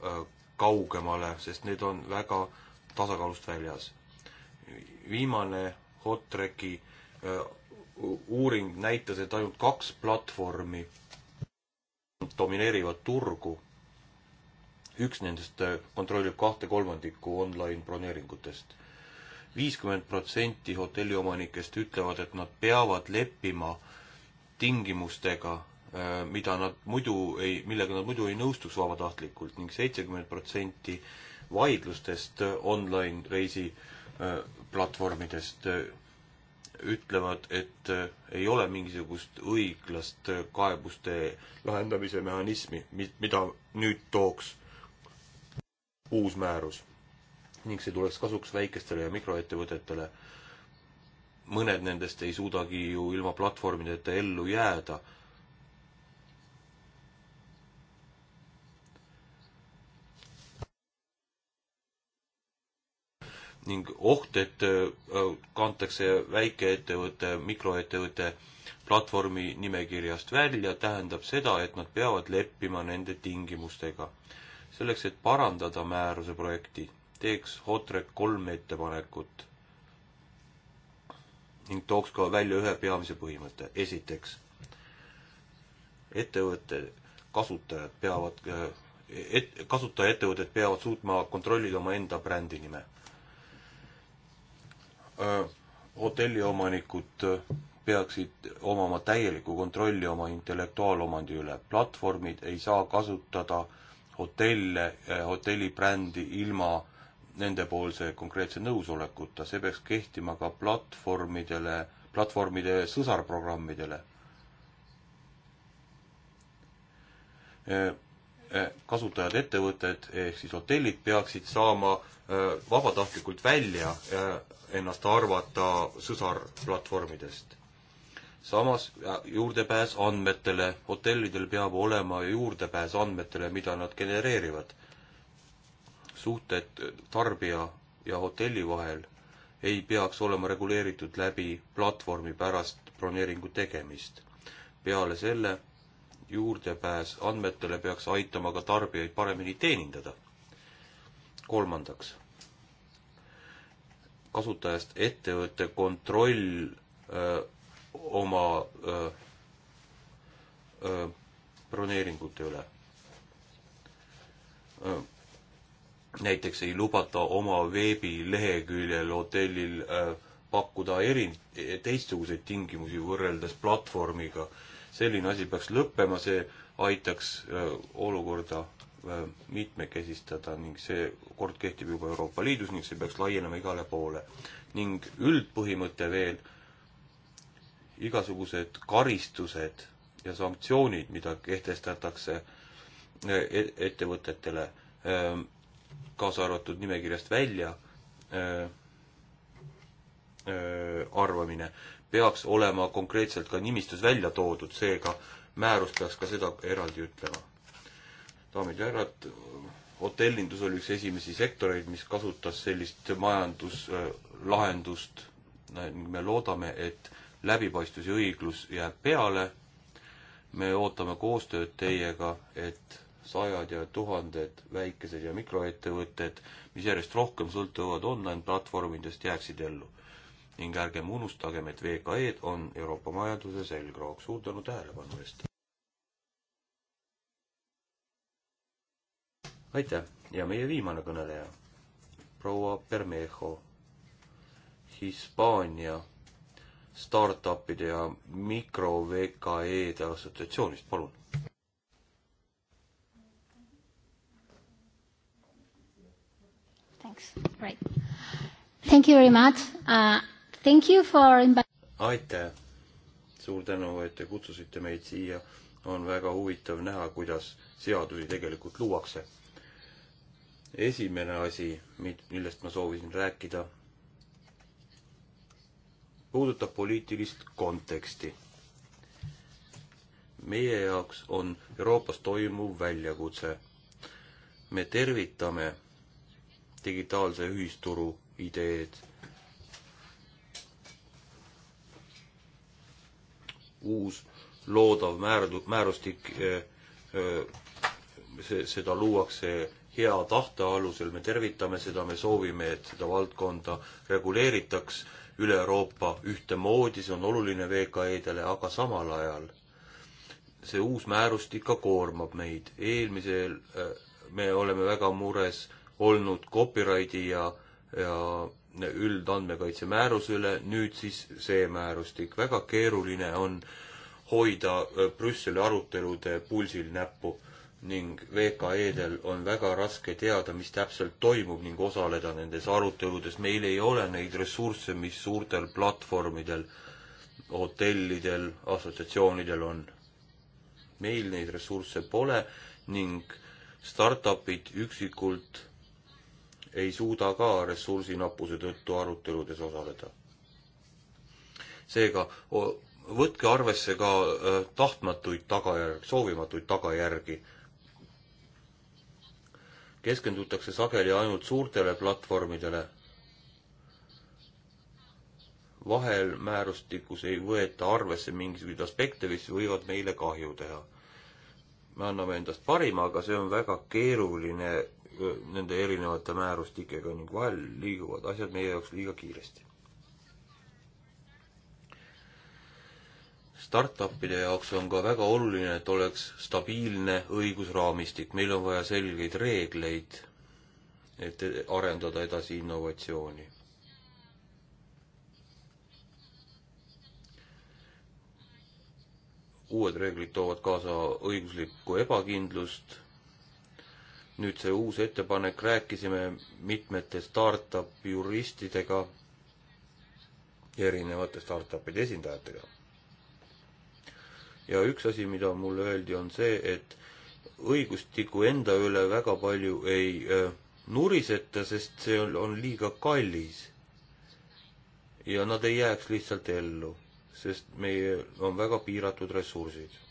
Speaker 2: äh, kaugemale, sest need on väga tasakaalust väljas. viimane hot track'i äh, uuring näitas, et ainult kaks platvormi domineerivad turgu. üks nendest kontrollib kahte kolmandikku online broneeringutest viiskümmend protsenti hotelliomanikest ütlevad, et nad peavad leppima tingimustega, äh, mida nad muidu ei, millega nad muidu ei nõustuks vabatahtlikult ning seitsekümmend protsenti vaidlustest online reisi äh, platvormidest äh, ütlevad, et ei ole mingisugust õiglast kaebuste lahendamise mehhanismi, mida nüüd tooks uus määrus ning see tuleks kasuks väikestele ja mikroettevõtetele. mõned nendest ei suudagi ju ilma platvormideta ellu jääda. ning oht, et äh, kantakse väikeettevõte, mikroettevõte platvormi nimekirjast välja, tähendab seda, et nad peavad leppima nende tingimustega. selleks, et parandada määruse projekti teeks Hotrek kolm ettepanekut ning tooks ka välja ühe peamise põhimõtte. esiteks, ettevõtte kasutajad peavad, eh, et-, kasutajaettevõtted peavad suutma kontrollida omaenda brändi nime. Äh, hotelliomanikud äh, peaksid omama täielikku kontrolli oma intellektuaalomandi üle. platvormid ei saa kasutada hotelle, äh, hotellibrändi ilma nendepoolse konkreetse nõusolekuta, see peaks kehtima ka platvormidele, platvormide sõsarprogrammidele. Äh, äh, kasutajad, ettevõtted ehk siis hotellid peaksid saama äh, vabatahtlikult välja ennast arvata sõsarplatvormidest. samas juurdepääs andmetele, hotellidel peab olema juurdepääs andmetele, mida nad genereerivad suhted tarbija ja hotelli vahel ei peaks olema reguleeritud läbi platvormi pärast broneeringu tegemist. peale selle juurdepääs andmetele peaks aitama ka tarbijaid paremini teenindada. kolmandaks, kasutajast ettevõtte kontroll öö, äh, oma öö, äh, öö, äh, broneeringute üle näiteks ei lubata oma veebileheküljel hotellil äh, pakkuda eri, teistsuguseid tingimusi võrreldes platvormiga. selline asi peaks lõppema, see aitaks äh, olukorda äh, mitmekesistada ning see kord kehtib juba Euroopa Liidus ning see peaks laienema igale poole. ning üldpõhimõte veel, igasugused karistused ja sanktsioonid, mida kehtestatakse äh, e-, ettevõtetele, ähm, kaasa arvatud nimekirjast välja öö, äh, öö, äh, arvamine, peaks olema konkreetselt ka nimistus välja toodud, seega määrus peaks ka seda eraldi ütlema. daamid ja härrad, hotellindus oli üks esimesi sektoreid, mis kasutas sellist majanduslahendust äh, ning me loodame, et läbipaistvus ja õiglus jääb peale. me ootame koostööd teiega, et sajad ja tuhanded väikesed ja mikroettevõtted, mis järjest rohkem sõltuvad online-platvormidest, jääksid ellu. ning ärgem unustagem, et VKE-d on Euroopa majanduse selgroog. suur tänu tähelepanu eest! aitäh ja meie viimane kõneleja, proua Bermejo, Hispaania startupide ja mikro-VKE-de assotsiatsioonist, palun
Speaker 3: Right. Thank you very much uh,. Thank you for
Speaker 2: aitäh! suur tänu, et te kutsusite meid siia. on väga huvitav näha, kuidas seadusi tegelikult luuakse. esimene asi, millest ma soovisin rääkida, puudutab poliitilist konteksti. meie jaoks on Euroopas toimuv väljakutse. me tervitame digitaalse ühisturu ideed, uus loodav määrdu-, määrustik, eh, eh, see, seda luuakse hea tahte alusel, me tervitame seda, me soovime, et seda valdkonda reguleeritaks üle Euroopa ühtemoodi, see on oluline VKE-dele, aga samal ajal see uus määrustik ka koormab meid. eelmisel eh, me oleme väga mures olnud copyrighti ja, ja üldandmekaitse määruse üle, nüüd siis see määrustik. väga keeruline on hoida äh, Brüsseli arutelude pulsil näppu ning VKE-del on väga raske teada, mis täpselt toimub ning osaleda nendes aruteludes. meil ei ole neid ressursse, mis suurtel platvormidel, hotellidel, assotsiatsioonidel on. meil neid ressursse pole ning startup'id üksikult ei suuda ka ressursinappuse tõttu aruteludes osaleda. seega võtke arvesse ka tahtmatuid tagajärgi, soovimatuid tagajärgi. keskendutakse sageli ainult suurtele platvormidele. vahel määrustikus ei võeta arvesse mingisuguseid aspekte, mis võivad meile kahju teha me anname endast parima, aga see on väga keeruline nende erinevate määrustikega ning vahel liiguvad asjad meie jaoks liiga kiiresti. Startupide jaoks on ka väga oluline, et oleks stabiilne õigusraamistik, meil on vaja selgeid reegleid, et arendada edasi innovatsiooni. uued reeglid toovad kaasa õiguslikku ebakindlust nüüd see uus ettepanek, rääkisime mitmete startup juristidega, erinevate startup'ide esindajatega. ja üks asi, mida mulle öeldi, on see, et õigustiku enda üle väga palju ei äh, nuriseta, sest see on, on liiga kallis. ja nad ei jääks lihtsalt ellu, sest meie on väga piiratud ressursid.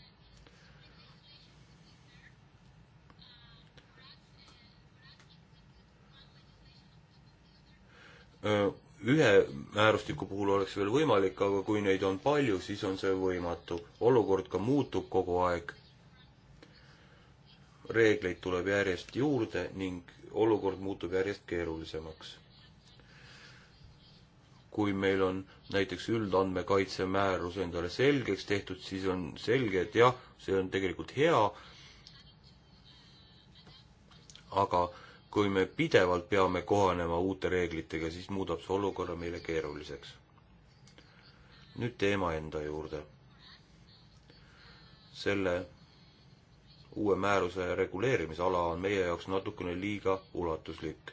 Speaker 2: ühe määrustiku puhul oleks veel võimalik, aga kui neid on palju, siis on see võimatu. olukord ka muutub kogu aeg. reegleid tuleb järjest juurde ning olukord muutub järjest keerulisemaks. kui meil on näiteks üldandmekaitse määrus endale selgeks tehtud, siis on selge, et jah, see on tegelikult hea, aga kui me pidevalt peame kohanema uute reeglitega, siis muudab see olukorra meile keeruliseks. nüüd teema enda juurde. selle uue määruse reguleerimisala on meie jaoks natukene liiga ulatuslik.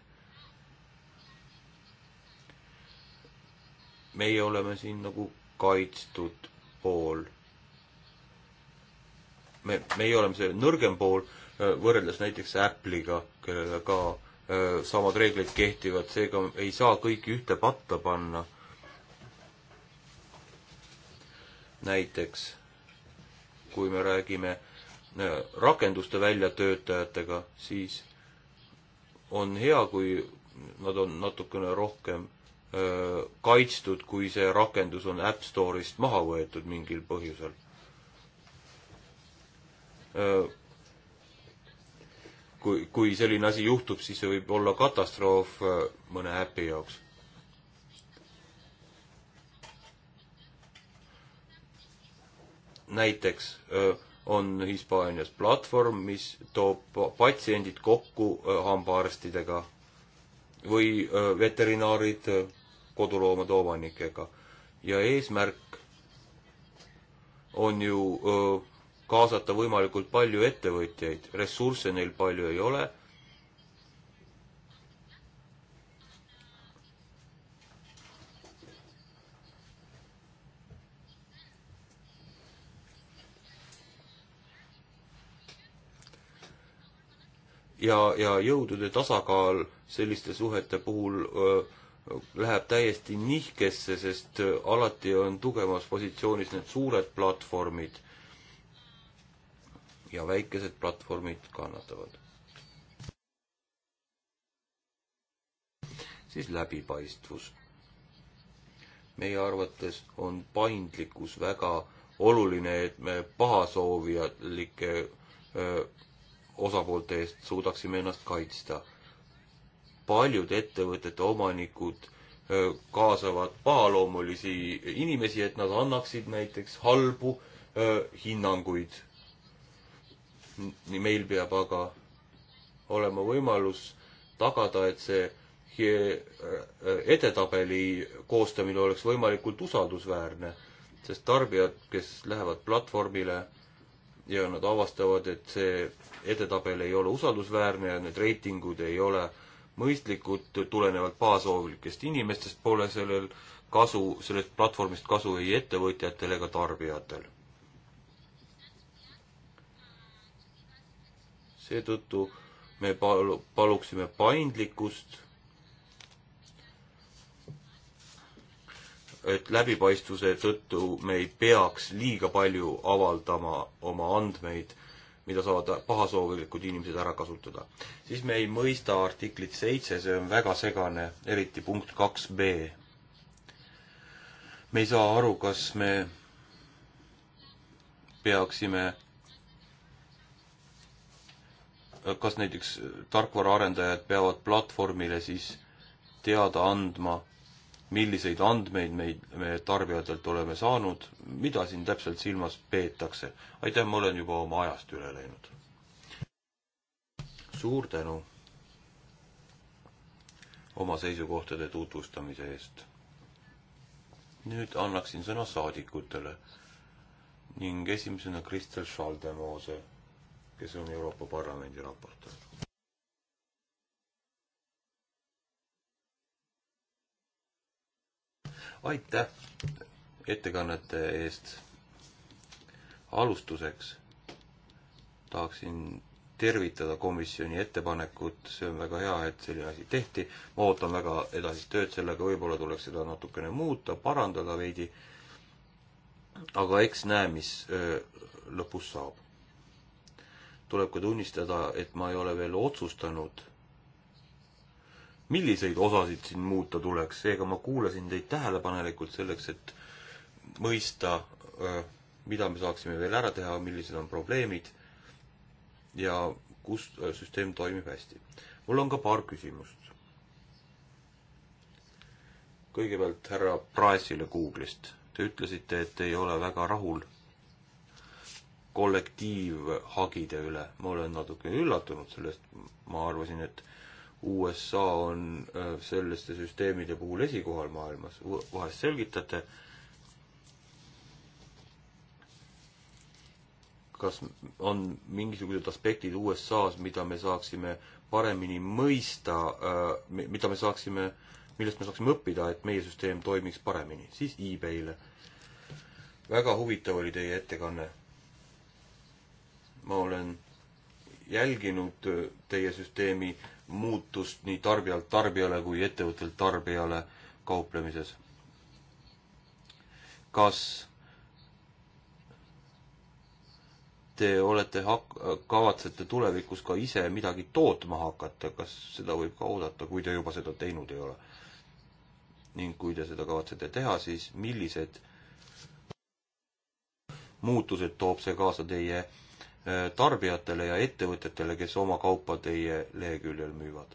Speaker 2: meie oleme siin nagu kaitstud pool. me, meie oleme see nõrgem pool Äh, võrreldes näiteks Apple'iga, kellele ka äh, samad reeglid kehtivad, seega ei saa kõiki ühte patta panna. näiteks kui me räägime äh, rakenduste väljatöötajatega, siis on hea, kui nad on natukene rohkem öö, kaitstud, kui see rakendus on App Store'ist maha võetud mingil põhjusel kui, kui selline asi juhtub, siis see võib olla katastroof äh, mõne äpi jaoks. näiteks äh, on Hispaanias platvorm, mis toob patsiendid kokku äh, hambaarstidega või veterinaarid koduloomade omanikega ja eesmärk on ju öö, kaasata võimalikult palju ettevõtjaid, ressursse neil palju ei ole. ja, ja jõudude tasakaal selliste suhete puhul öö, läheb täiesti nihkesse, sest alati on tugevamas positsioonis need suured platvormid ja väikesed platvormid kannatavad. siis läbipaistvus. meie arvates on paindlikkus väga oluline, et me pahasoovijatlikke osapoolte eest suudaksime ennast kaitsta. paljud ettevõtete omanikud öö, kaasavad pahaloomulisi inimesi, et nad annaksid näiteks halbu öö, hinnanguid nii meil peab aga olema võimalus tagada, et see äh, edetabeli koostamine oleks võimalikult usaldusväärne, sest tarbijad, kes lähevad platvormile ja nad avastavad, et see edetabel ei ole usaldusväärne ja need reitingud ei ole mõistlikud, tulenevalt pahasoovilikest inimestest pole sellel kasu, sellest platvormist kasu ei ettevõtjatel ega tarbijatel seetõttu me palu-, paluksime paindlikkust, et läbipaistvuse tõttu me ei peaks liiga palju avaldama oma andmeid, mida saavad pahasoovilikud inimesed ära kasutada. siis me ei mõista artiklit seitse, see on väga segane, eriti punkt kaks B. me ei saa aru, kas me peaksime kas näiteks tarkvaraarendajad peavad platvormile siis teada andma, milliseid andmeid meid, me tarbijatelt oleme saanud, mida siin täpselt silmas peetakse? aitäh, ma olen juba oma ajast üle läinud. suur tänu oma seisukohtade tutvustamise eest. nüüd annaksin sõna saadikutele ning esimesena Kristel Schaldemose kes on Euroopa Parlamendi raportöör. aitäh ettekannete eest. alustuseks tahaksin tervitada komisjoni ettepanekut, see on väga hea, et selline asi tehti. ma ootan väga edasist tööd sellega, võib-olla tuleks seda natukene muuta, parandada veidi. aga eks näe, mis lõpus saab tuleb ka tunnistada, et ma ei ole veel otsustanud, milliseid osasid siin muuta tuleks, seega ma kuulasin teid tähelepanelikult selleks, et mõista, mida me saaksime veel ära teha, millised on probleemid ja kus süsteem toimib hästi. mul on ka paar küsimust. kõigepealt härra Praesile Google'ist. Te ütlesite, et ei ole väga rahul kollektiivhagide üle. ma olen natuke üllatunud sellest, ma arvasin, et USA on äh, selliste süsteemide puhul esikohal maailmas, vahest selgitate, kas on mingisugused aspektid USA-s, mida me saaksime paremini mõista, äh, mida me saaksime, millest me saaksime õppida, et meie süsteem toimiks paremini, siis e-Bay'le. väga huvitav oli teie ettekanne ma olen jälginud teie süsteemi muutust nii tarbijalt tarbijale kui ettevõttelt tarbijale kauplemises. kas te olete hak-, kavatsete tulevikus ka ise midagi tootma hakata, kas seda võib ka oodata, kui te juba seda teinud ei ole? ning kui te seda kavatsete teha, siis millised muutused toob see kaasa teie Äh, tarbijatele ja ettevõtetele, kes oma kaupa teie leheküljel müüvad.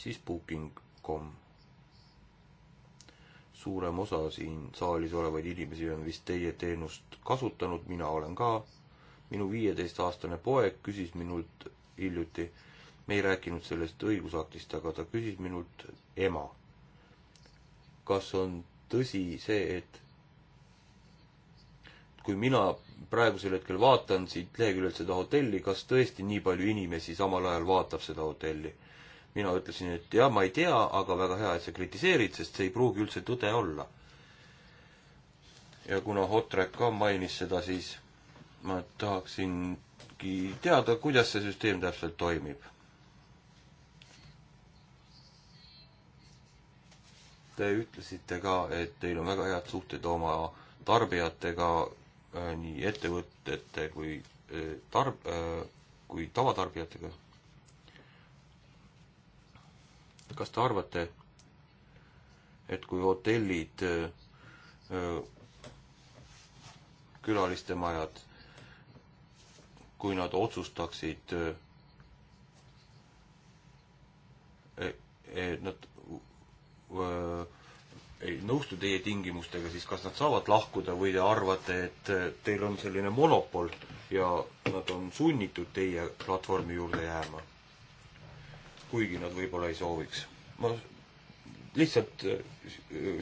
Speaker 2: siis booking.com. suurem osa siin saalis olevaid inimesi on vist teie teenust kasutanud, mina olen ka. minu viieteistaastane poeg küsis minult hiljuti, me ei rääkinud sellest õigusaktist, aga ta küsis minult ema. kas on tõsi see, et kui mina praegusel hetkel vaatan siit leheküljelt seda hotelli, kas tõesti nii palju inimesi samal ajal vaatab seda hotelli? mina ütlesin, et jah, ma ei tea, aga väga hea, et sa kritiseerid, sest see ei pruugi üldse tõde olla. ja kuna Hotrek ka mainis seda, siis ma tahaksingi teada, kuidas see süsteem täpselt toimib. Te ütlesite ka, et teil on väga head suhted oma tarbijatega Äh, nii ettevõtete kui äh, tarb-, äh, kui tavatarbijatega. kas te arvate, et kui hotellid, külalistemajad, kui nad otsustaksid, e-, e-, nad ei nõustu teie tingimustega, siis kas nad saavad lahkuda või te arvate, et eh, teil on selline monopol ja nad on sunnitud teie platvormi juurde jääma? kuigi nad võib-olla ei sooviks. ma lihtsalt eh,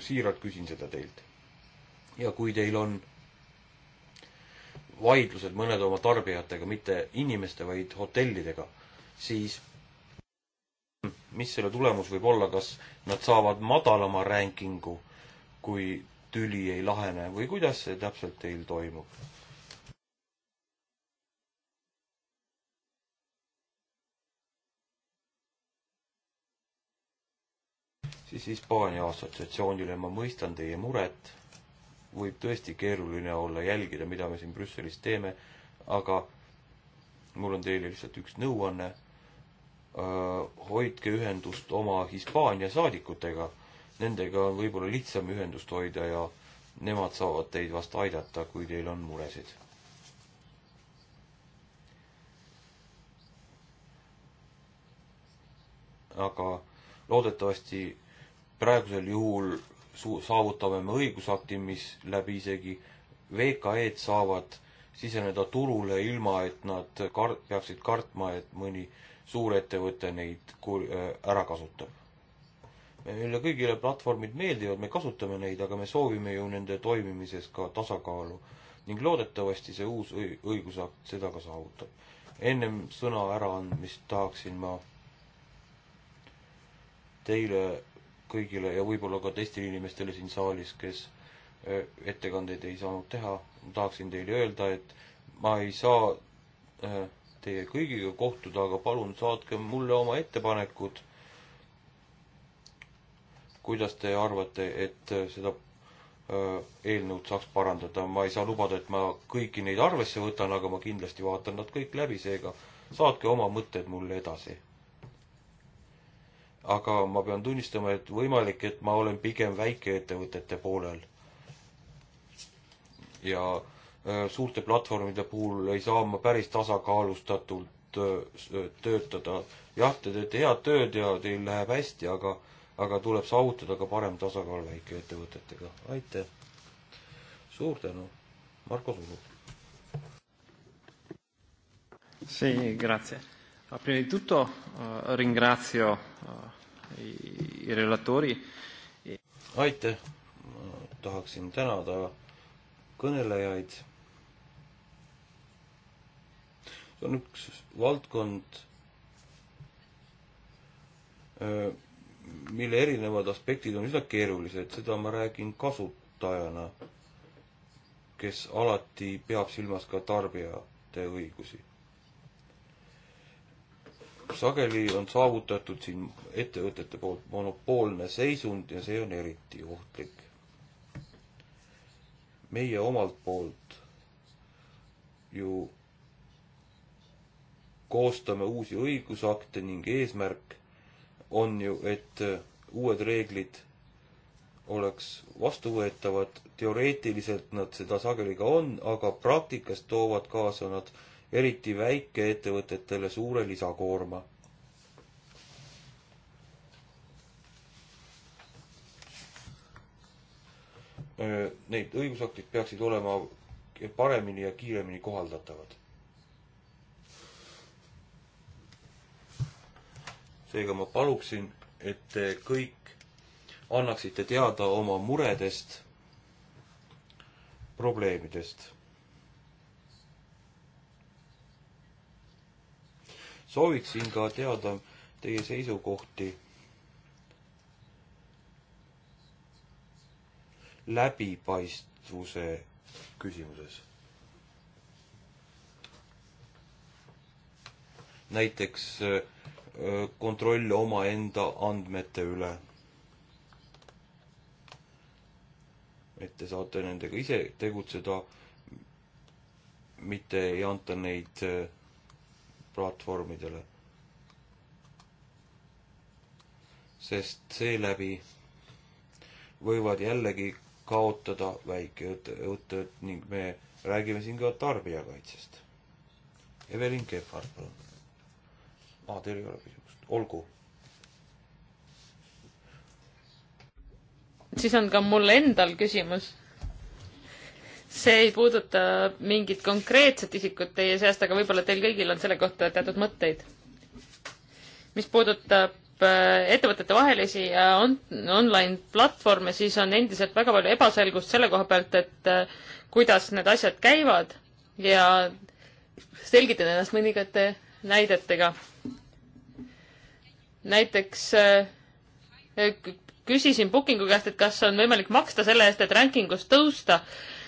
Speaker 2: siiralt küsin seda teilt. ja kui teil on vaidlused mõned oma tarbijatega, mitte inimeste, vaid hotellidega, siis mis selle tulemus võib olla, kas nad saavad madalama rankingu, kui tüli ei lahene või kuidas see täpselt teil toimub? siis Hispaania assotsiatsioonile ma mõistan teie muret, võib tõesti keeruline olla jälgida, mida me siin Brüsselis teeme, aga mul on teile lihtsalt üks nõuanne Äh, hoidke ühendust oma Hispaania saadikutega, nendega on võib-olla lihtsam ühendust hoida ja nemad saavad teid vast aidata, kui teil on muresid. aga loodetavasti praegusel juhul suu-, saavutame me õigusakti, mis läbi isegi VKE-d saavad siseneda turule, ilma et nad kar-, peaksid kartma, et mõni äh, suurettevõte neid kur-, äh, ära kasutab. meile kõigile platvormid meeldivad, me kasutame neid, aga me soovime ju nende toimimises ka tasakaalu ning loodetavasti see uus õigusakt seda ka saavutab. ennem sõna äraandmist tahaksin ma teile kõigile ja võib-olla ka teistele inimestele siin saalis, kes äh, ettekandeid ei saanud teha, tahaksin teile öelda, et ma ei saa äh, teie kõigiga kohtuda, aga palun saatke mulle oma ettepanekud. kuidas te arvate, et äh, seda äh, eelnõud saaks parandada, ma ei saa lubada, et ma kõiki neid arvesse võtan, aga ma kindlasti vaatan nad kõik läbi, seega saatke oma mõtted mulle edasi. aga ma pean tunnistama, et võimalik, et ma olen pigem väikeettevõtete poolel. ja Äh, suurte platvormide puhul ei saa ma päris tasakaalustatult äh, äh, töötada. jah, te teete head tööd ja teil läheb hästi, aga, aga tuleb saavutada ka parem tasakaal väikeettevõtetega. aitäh! suur tänu, Marko Sulu! Sì, grazie. Prima di tutto uh, ringrazio uh, i, i relatori. Aitäh! Tahaksin tänada kõnelejaid on üks valdkond, äh, mille erinevad aspektid on üsna keerulised, seda ma räägin kasutajana, kes alati peab silmas ka tarbijate õigusi. sageli on saavutatud siin ettevõtete poolt monopoolne seisund ja see on eriti ohtlik. meie omalt poolt ju koostame uusi õigusakte ning eesmärk on ju, et äh, uued reeglid oleks vastuvõetavad, teoreetiliselt nad seda sageli ka on, aga praktikas toovad kaasa nad eriti väikeettevõtetele suure lisakoorma. Äh, Neid õigusaktid peaksid olema paremini ja kiiremini kohaldatavad seega ma paluksin, et te kõik annaksite teada oma muredest, probleemidest. sooviksin ka teada teie seisukohti läbipaistvuse küsimuses näiteks kontroll omaenda andmete üle. et te saate nendega ise tegutseda, mitte ei anta neid platvormidele. sest seeläbi võivad jällegi kaotada väikeõtted ning me räägime siin ka tarbijakaitsest. Evelyn Kehvar, palun aa, teil ei ole küsimust, olgu.
Speaker 3: siis on ka mul endal küsimus. see ei puuduta mingit konkreetset isikut teie seast, aga võib-olla teil kõigil on selle kohta teatud mõtteid. mis puudutab äh, ettevõtete vahelisi ja on-, online platvorme, siis on endiselt väga palju ebaselgust selle koha pealt, et äh, kuidas need asjad käivad ja selgitan ennast mõningate näidetega näiteks äh, küsisin Bookingu käest, et kas on võimalik maksta selle eest, et rankingus tõusta,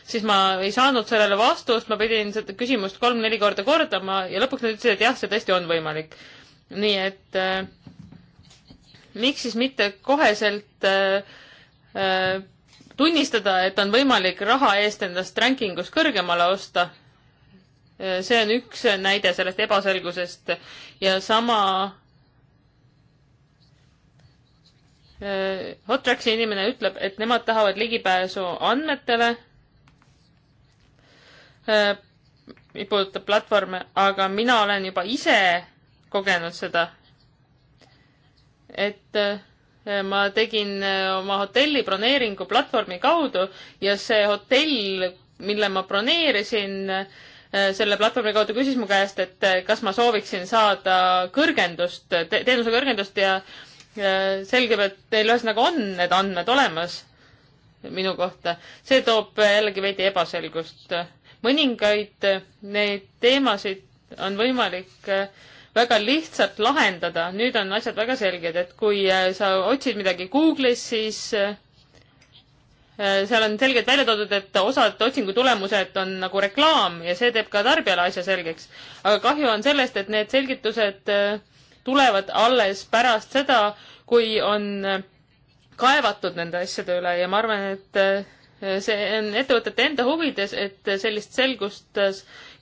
Speaker 3: siis ma ei saanud sellele vastust, ma pidin seda küsimust kolm-neli korda kordama ja lõpuks nad ütlesid, et jah, see tõesti on võimalik. nii et äh, miks siis mitte koheselt äh, äh, tunnistada, et on võimalik raha eest endast rankingus kõrgemale osta. Äh, see on üks näide sellest ebaselgusest ja sama Äh, Hot Tracksi inimene ütleb, et nemad tahavad ligipääsu andmetele, äh, mis puudutab platvorme, aga mina olen juba ise kogenud seda, et äh, ma tegin oma hotelli broneeringu platvormi kaudu ja see hotell, mille ma broneerisin, selle platvormi kaudu küsis mu käest, et kas ma sooviksin saada kõrgendust te, teenuse kõrgendust ja selgub, et teil ühesõnaga on need andmed olemas minu kohta. see toob jällegi veidi ebaselgust. mõningaid neid teemasid on võimalik äh, väga lihtsalt lahendada, nüüd on asjad väga selged, et kui äh, sa otsid midagi Google'is, siis äh, seal on selgelt välja toodud, et osad otsingu tulemused on nagu reklaam ja see teeb ka tarbijale asja selgeks. aga kahju on sellest, et need selgitused äh, tulevad alles pärast seda, kui on kaevatud nende asjade üle ja ma arvan, et eh, see on ettevõtete enda huvides, et sellist selgust eh,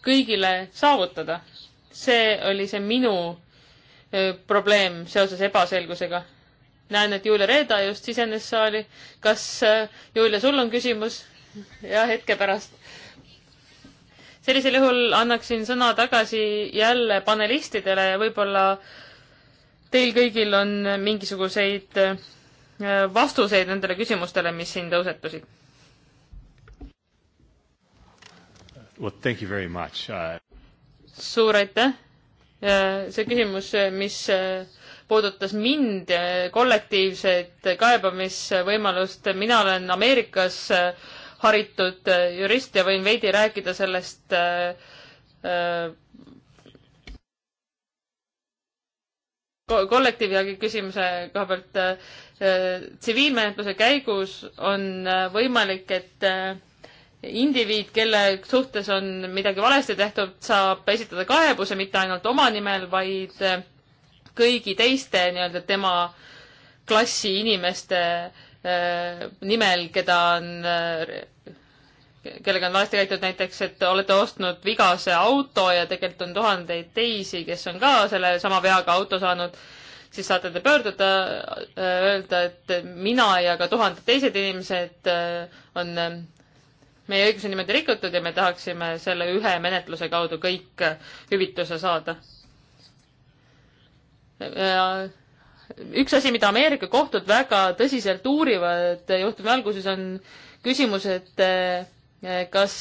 Speaker 3: kõigile saavutada. see oli see minu eh, probleem seoses ebaselgusega. näen, et Julia Reeda just sisenes saali. kas, Julia, sul on küsimus? jah, hetke pärast. sellisel juhul annaksin sõna tagasi jälle panelistidele ja võib-olla teil kõigil on mingisuguseid äh, vastuseid nendele küsimustele, mis siin tõusetusid?
Speaker 1: Well, thank you very much uh....
Speaker 3: suur aitäh. see küsimus, mis äh, puudutas mind, äh, kollektiivset kaebamisvõimalust, mina olen Ameerikas haritud jurist ja võin veidi rääkida sellest äh, kollektiivjagi küsimuse koha pealt äh, äh, tsiviilmenetluse käigus on äh, võimalik, et indiviid, kelle suhtes on midagi valesti tehtud, saab esitada kaebuse mitte ainult oma nimel, vaid kõigi teiste nii-öelda tema klassi inimeste nimel, keda on kellega on valesti käitunud, näiteks, et olete ostnud vigase auto ja tegelikult on tuhandeid teisi, kes on ka selle sama veaga auto saanud, siis saate te pöörduda, äh, öelda, et mina ja ka tuhanded teised inimesed äh, on äh, meie õigusi niimoodi rikutud ja me tahaksime selle ühe menetluse kaudu kõik hüvituse saada. üks asi, mida Ameerika kohtud väga tõsiselt uurivad juhtumi alguses, on küsimus, et kas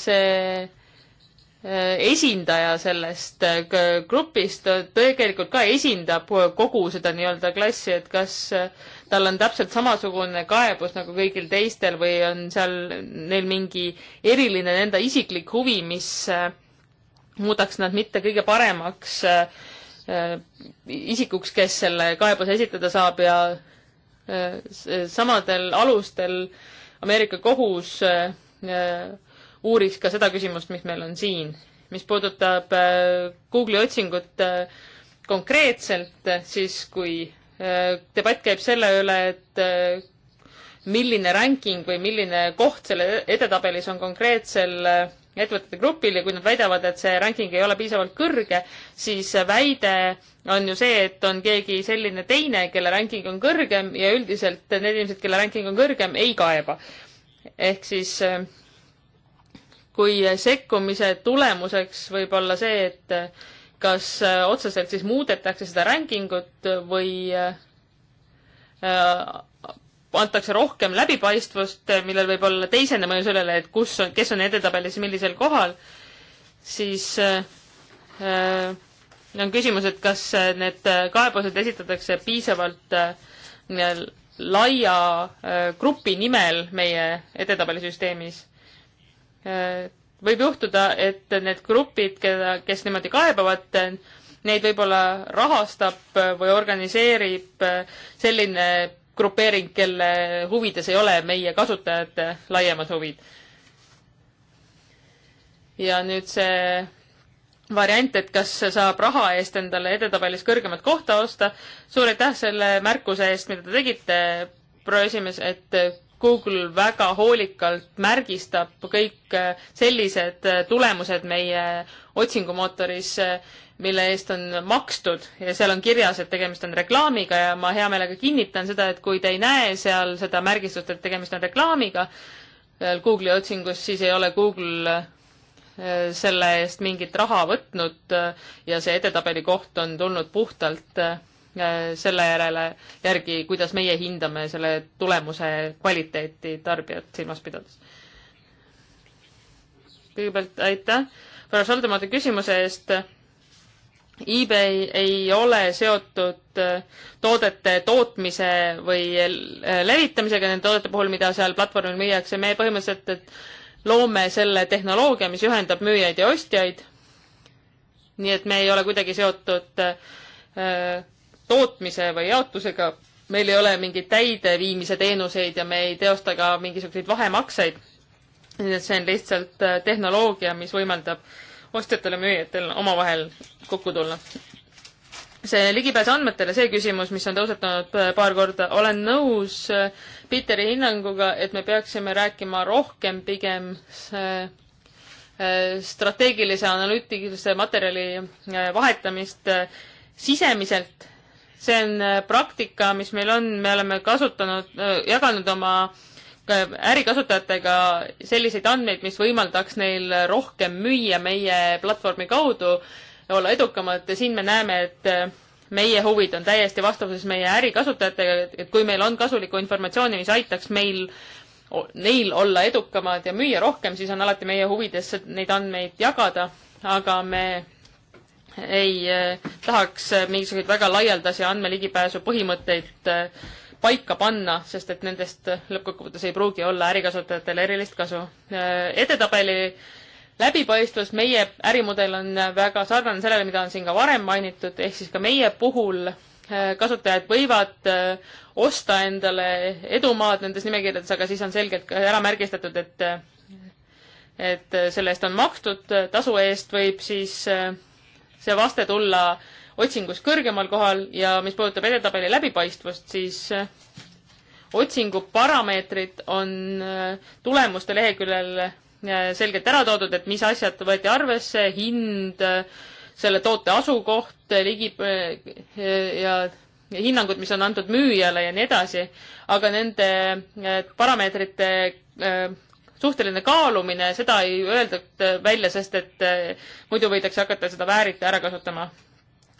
Speaker 3: see eh, esindaja sellest eh, grupist tegelikult ka esindab kogu seda nii-öelda klassi, et kas eh, tal on täpselt samasugune kaebus nagu kõigil teistel või on seal neil mingi eriline enda isiklik huvi, mis muudaks nad mitte kõige paremaks isikuks, kes selle kaebuse esitada saab ja samadel alustel Ameerika kohus Äh, uuriks ka seda küsimust, mis meil on siin. mis puudutab äh, Google'i otsingut äh, konkreetselt, siis kui debatt käib selle üle, et milline ranking või milline koht selle edetabelis on konkreetsel ettevõtete grupil ja kui nad väidavad, et see ranking ei ole piisavalt kõrge, siis väide on ju see, et on keegi selline teine, kelle ranking on kõrgem ja üldiselt need inimesed, kelle ranking on kõrgem, ei kaeba ehk siis äh, kui sekkumise tulemuseks võib olla see, et äh, kas äh, otseselt siis muudetakse seda rankingut või antakse rohkem läbipaistvust, millel võib olla teisene mõju sellele, et kus on, kes on edetabelis millisel kohal, siis äh, on küsimus, et kas need kaebused esitatakse piisavalt äh, laia äh, grupi nimel meie edetabelisüsteemis. Äh, võib juhtuda, et need grupid, keda, kes niimoodi kaebavad, neid võib-olla rahastab äh, või organiseerib selline grupeering, kelle huvides ei ole meie kasutajate laiemad huvid. ja nüüd see variant, et kas saab raha eest endale edetabelis kõrgemat kohta osta. suur aitäh selle märkuse eest, mida te tegite, proua esimees, et Google väga hoolikalt märgistab kõik äh, sellised äh, tulemused meie otsingumootoris, äh, mille eest on makstud ja seal on kirjas, et tegemist on reklaamiga ja ma hea meelega kinnitan seda, et kui te ei näe seal seda märgistust, et tegemist on reklaamiga, Google'i otsingus, siis ei ole Google selle eest mingit raha võtnud äh, ja see edetabeli koht on tulnud puhtalt äh, selle järele, järgi, kuidas meie hindame selle tulemuse kvaliteeti tarbijat silmas pidades. kõigepealt aitäh Pärnu Saldemaade küsimuse eest. eBay ei ole seotud äh, toodete tootmise või levitamisega nende toodete puhul, mida seal platvormil müüakse. me põhimõtteliselt, et loome selle tehnoloogia, mis ühendab müüjaid ja ostjaid. nii et me ei ole kuidagi seotud äh, tootmise või jaotusega. meil ei ole mingeid täideviimise teenuseid ja me ei teosta ka mingisuguseid vahemakseid. nii et see on lihtsalt äh, tehnoloogia, mis võimaldab ostjatel ja müüjatel omavahel kokku tulla see ligipääs andmetele, see küsimus, mis on tõusetunud äh, paar korda, olen nõus äh, Peteri hinnanguga, et me peaksime rääkima rohkem pigem äh, strateegilise analüütilise materjali vahetamist sisemiselt. see on praktika, mis meil on, me oleme kasutanud, jaganud oma ärikasutajatega selliseid andmeid, mis võimaldaks neil rohkem müüa meie platvormi kaudu olla edukamad ja siin me näeme, et äh, meie huvid on täiesti vastavuses meie ärikasutajatega, et kui meil on kasulikku informatsiooni, mis aitaks meil, neil olla edukamad ja müüa rohkem, siis on alati meie huvides neid andmeid jagada, aga me ei äh, tahaks äh, mingisuguseid väga laialdasi andmeligipääsu põhimõtteid paika panna, sest et nendest lõppkokkuvõttes ei pruugi olla ärikasutajatele erilist kasu. edetabeli läbipaistvus, meie ärimudel on väga sarnane sellele, mida on siin ka varem mainitud, ehk siis ka meie puhul äh, kasutajad võivad äh, osta endale edumaad nendes nimekirjades, aga siis on selgelt ära märgistatud, et et selle eest on makstud, tasu eest võib siis äh, see vaste tulla otsingus kõrgemal kohal ja mis puudutab edetabeli läbipaistvust, siis otsingu parameetrid on tulemuste leheküljel selgelt ära toodud, et mis asjad võeti arvesse, hind, selle toote asukoht, ligi ja hinnangud, mis on antud müüjale ja nii edasi, aga nende eh, parameetrite eh, suhteline kaalumine, seda ei öeldud välja, sest et eh, muidu võidakse hakata seda vääriti ära kasutama.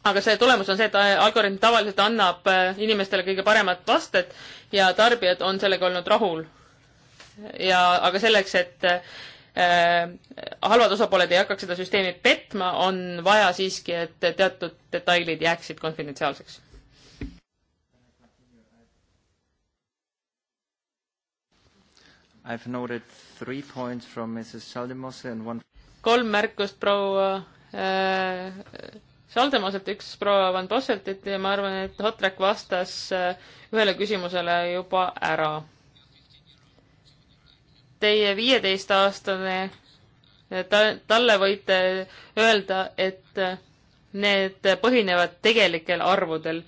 Speaker 3: aga see tulemus on see, et algoritm tavaliselt annab inimestele kõige paremat vastet ja tarbijad on sellega olnud rahul ja, aga selleks, et äh, halvad osapooled ei hakkaks seda süsteemi petma, on vaja siiski, et teatud detailid jääksid konfidentsiaalseks.
Speaker 2: I have noted three points from Mrs Schaldemose and one
Speaker 3: kolm märkust proua äh, Saldemoselt, üks proua Van Bosseltit ja ma arvan, et Hotrek vastas äh, ühele küsimusele juba ära teie viieteistaastane, ta-, talle võite öelda, et need põhinevad tegelikel arvudel.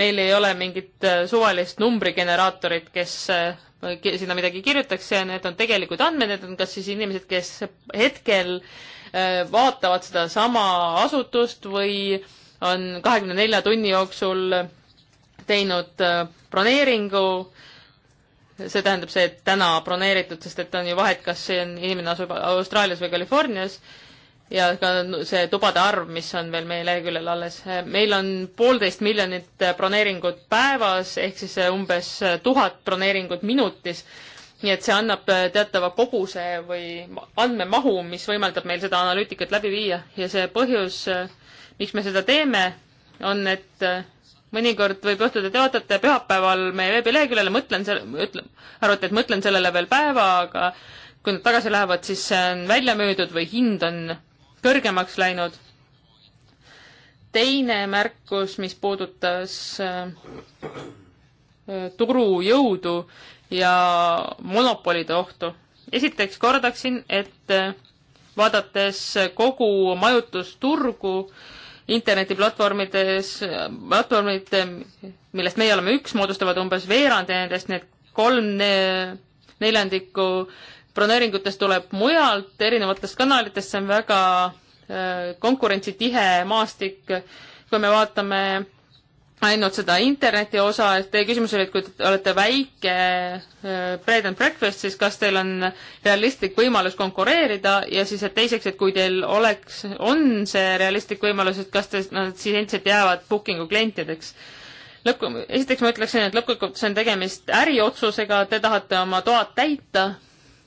Speaker 3: meil ei ole mingit äh, suvalist numbrigeneraatorit, kes äh, sinna midagi kirjutaks, need on tegelikud andmed, need on kas siis inimesed, kes hetkel äh, vaatavad sedasama asutust või on kahekümne nelja tunni jooksul teinud broneeringu äh, see tähendab see, et täna broneeritud, sest et on ju vahet, kas see on, inimene asub Austraalias või Californias ja ka see tubade arv, mis on veel meie leheküljel alles. meil on poolteist miljonit broneeringut päevas ehk siis umbes tuhat broneeringut minutis. nii et see annab teatava koguse või andmemahu, mis võimaldab meil seda analüütikat läbi viia ja see põhjus, miks me seda teeme, on, et mõnikord võib juhtuda, te vaatate pühapäeval meie veebileheküljele, mõtlen selle, ütlen, arvate, et mõtlen sellele veel päeva, aga kui nad tagasi lähevad, siis see on välja müüdud või hind on kõrgemaks läinud. teine märkus, mis puudutas äh, äh turujõudu ja monopolide ohtu. esiteks kordaksin, et äh, vaadates kogu majutusturgu äh,, internetiplatvormides, platvormid, millest meie oleme üks, moodustavad umbes veerandi nendest, need kolm ne, neljandikku broneeringutest tuleb mujalt, erinevatest kanalitest, see on väga äh, konkurentsitihe maastik. kui me vaatame ainult seda interneti osa, et teie küsimus oli, et kui te olete väike äh, bread and breakfast, siis kas teil on realistlik võimalus konkureerida ja siis, et teiseks, et kui teil oleks, on see realistlik võimalus, et kas te, nad siis endiselt jäävad booking'u klientideks? lõppu, esiteks ma ütleksin, et lõppkokkuvõttes on tegemist äriotsusega, te tahate oma toad täita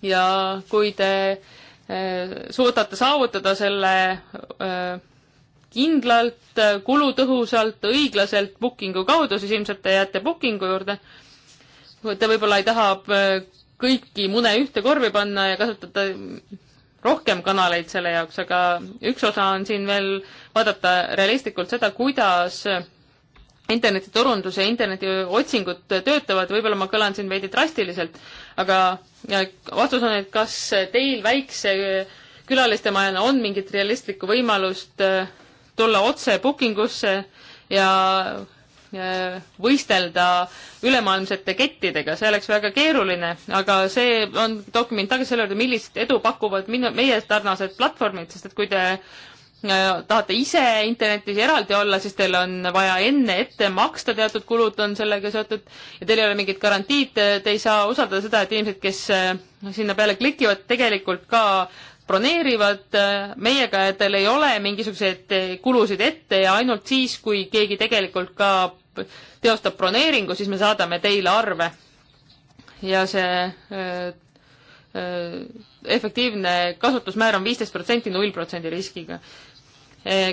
Speaker 3: ja kui te äh, suudate saavutada selle öö, äh, kindlalt, kulutõhusalt, õiglaselt booking'u kaudu, siis ilmselt te jääte booking'u juurde. Te võib-olla ei taha äh, kõiki mune ühte korvi panna ja kasutada rohkem kanaleid selle jaoks, aga üks osa on siin veel vaadata realistlikult seda, kuidas internetiturundus ja internetiotsingud töötavad, võib-olla ma kõlan siin veidi drastiliselt, aga vastus on, et kas teil väikse äh, külalistemaja on mingit realistlikku võimalust äh, tulla otse booking usse ja võistelda ülemaailmsete kettidega, see oleks väga keeruline, aga see on dokument tagasi selle juurde, millist edu pakuvad minu, meie sarnased platvormid, sest et kui te äh, tahate ise internetis eraldi olla, siis teil on vaja enne ette maksta, teatud kulud on sellega seotud ja teil ei ole mingit garantiid, te ei saa usaldada seda, et inimesed, kes äh, sinna peale klikivad, tegelikult ka broneerivad äh, meiega, et teil ei ole mingisuguseid äh, kulusid ette ja ainult siis, kui keegi tegelikult ka teostab broneeringu, siis me saadame teile arve. ja see äh, efektiivne kasutusmäär on viisteist protsenti null protsendi riskiga.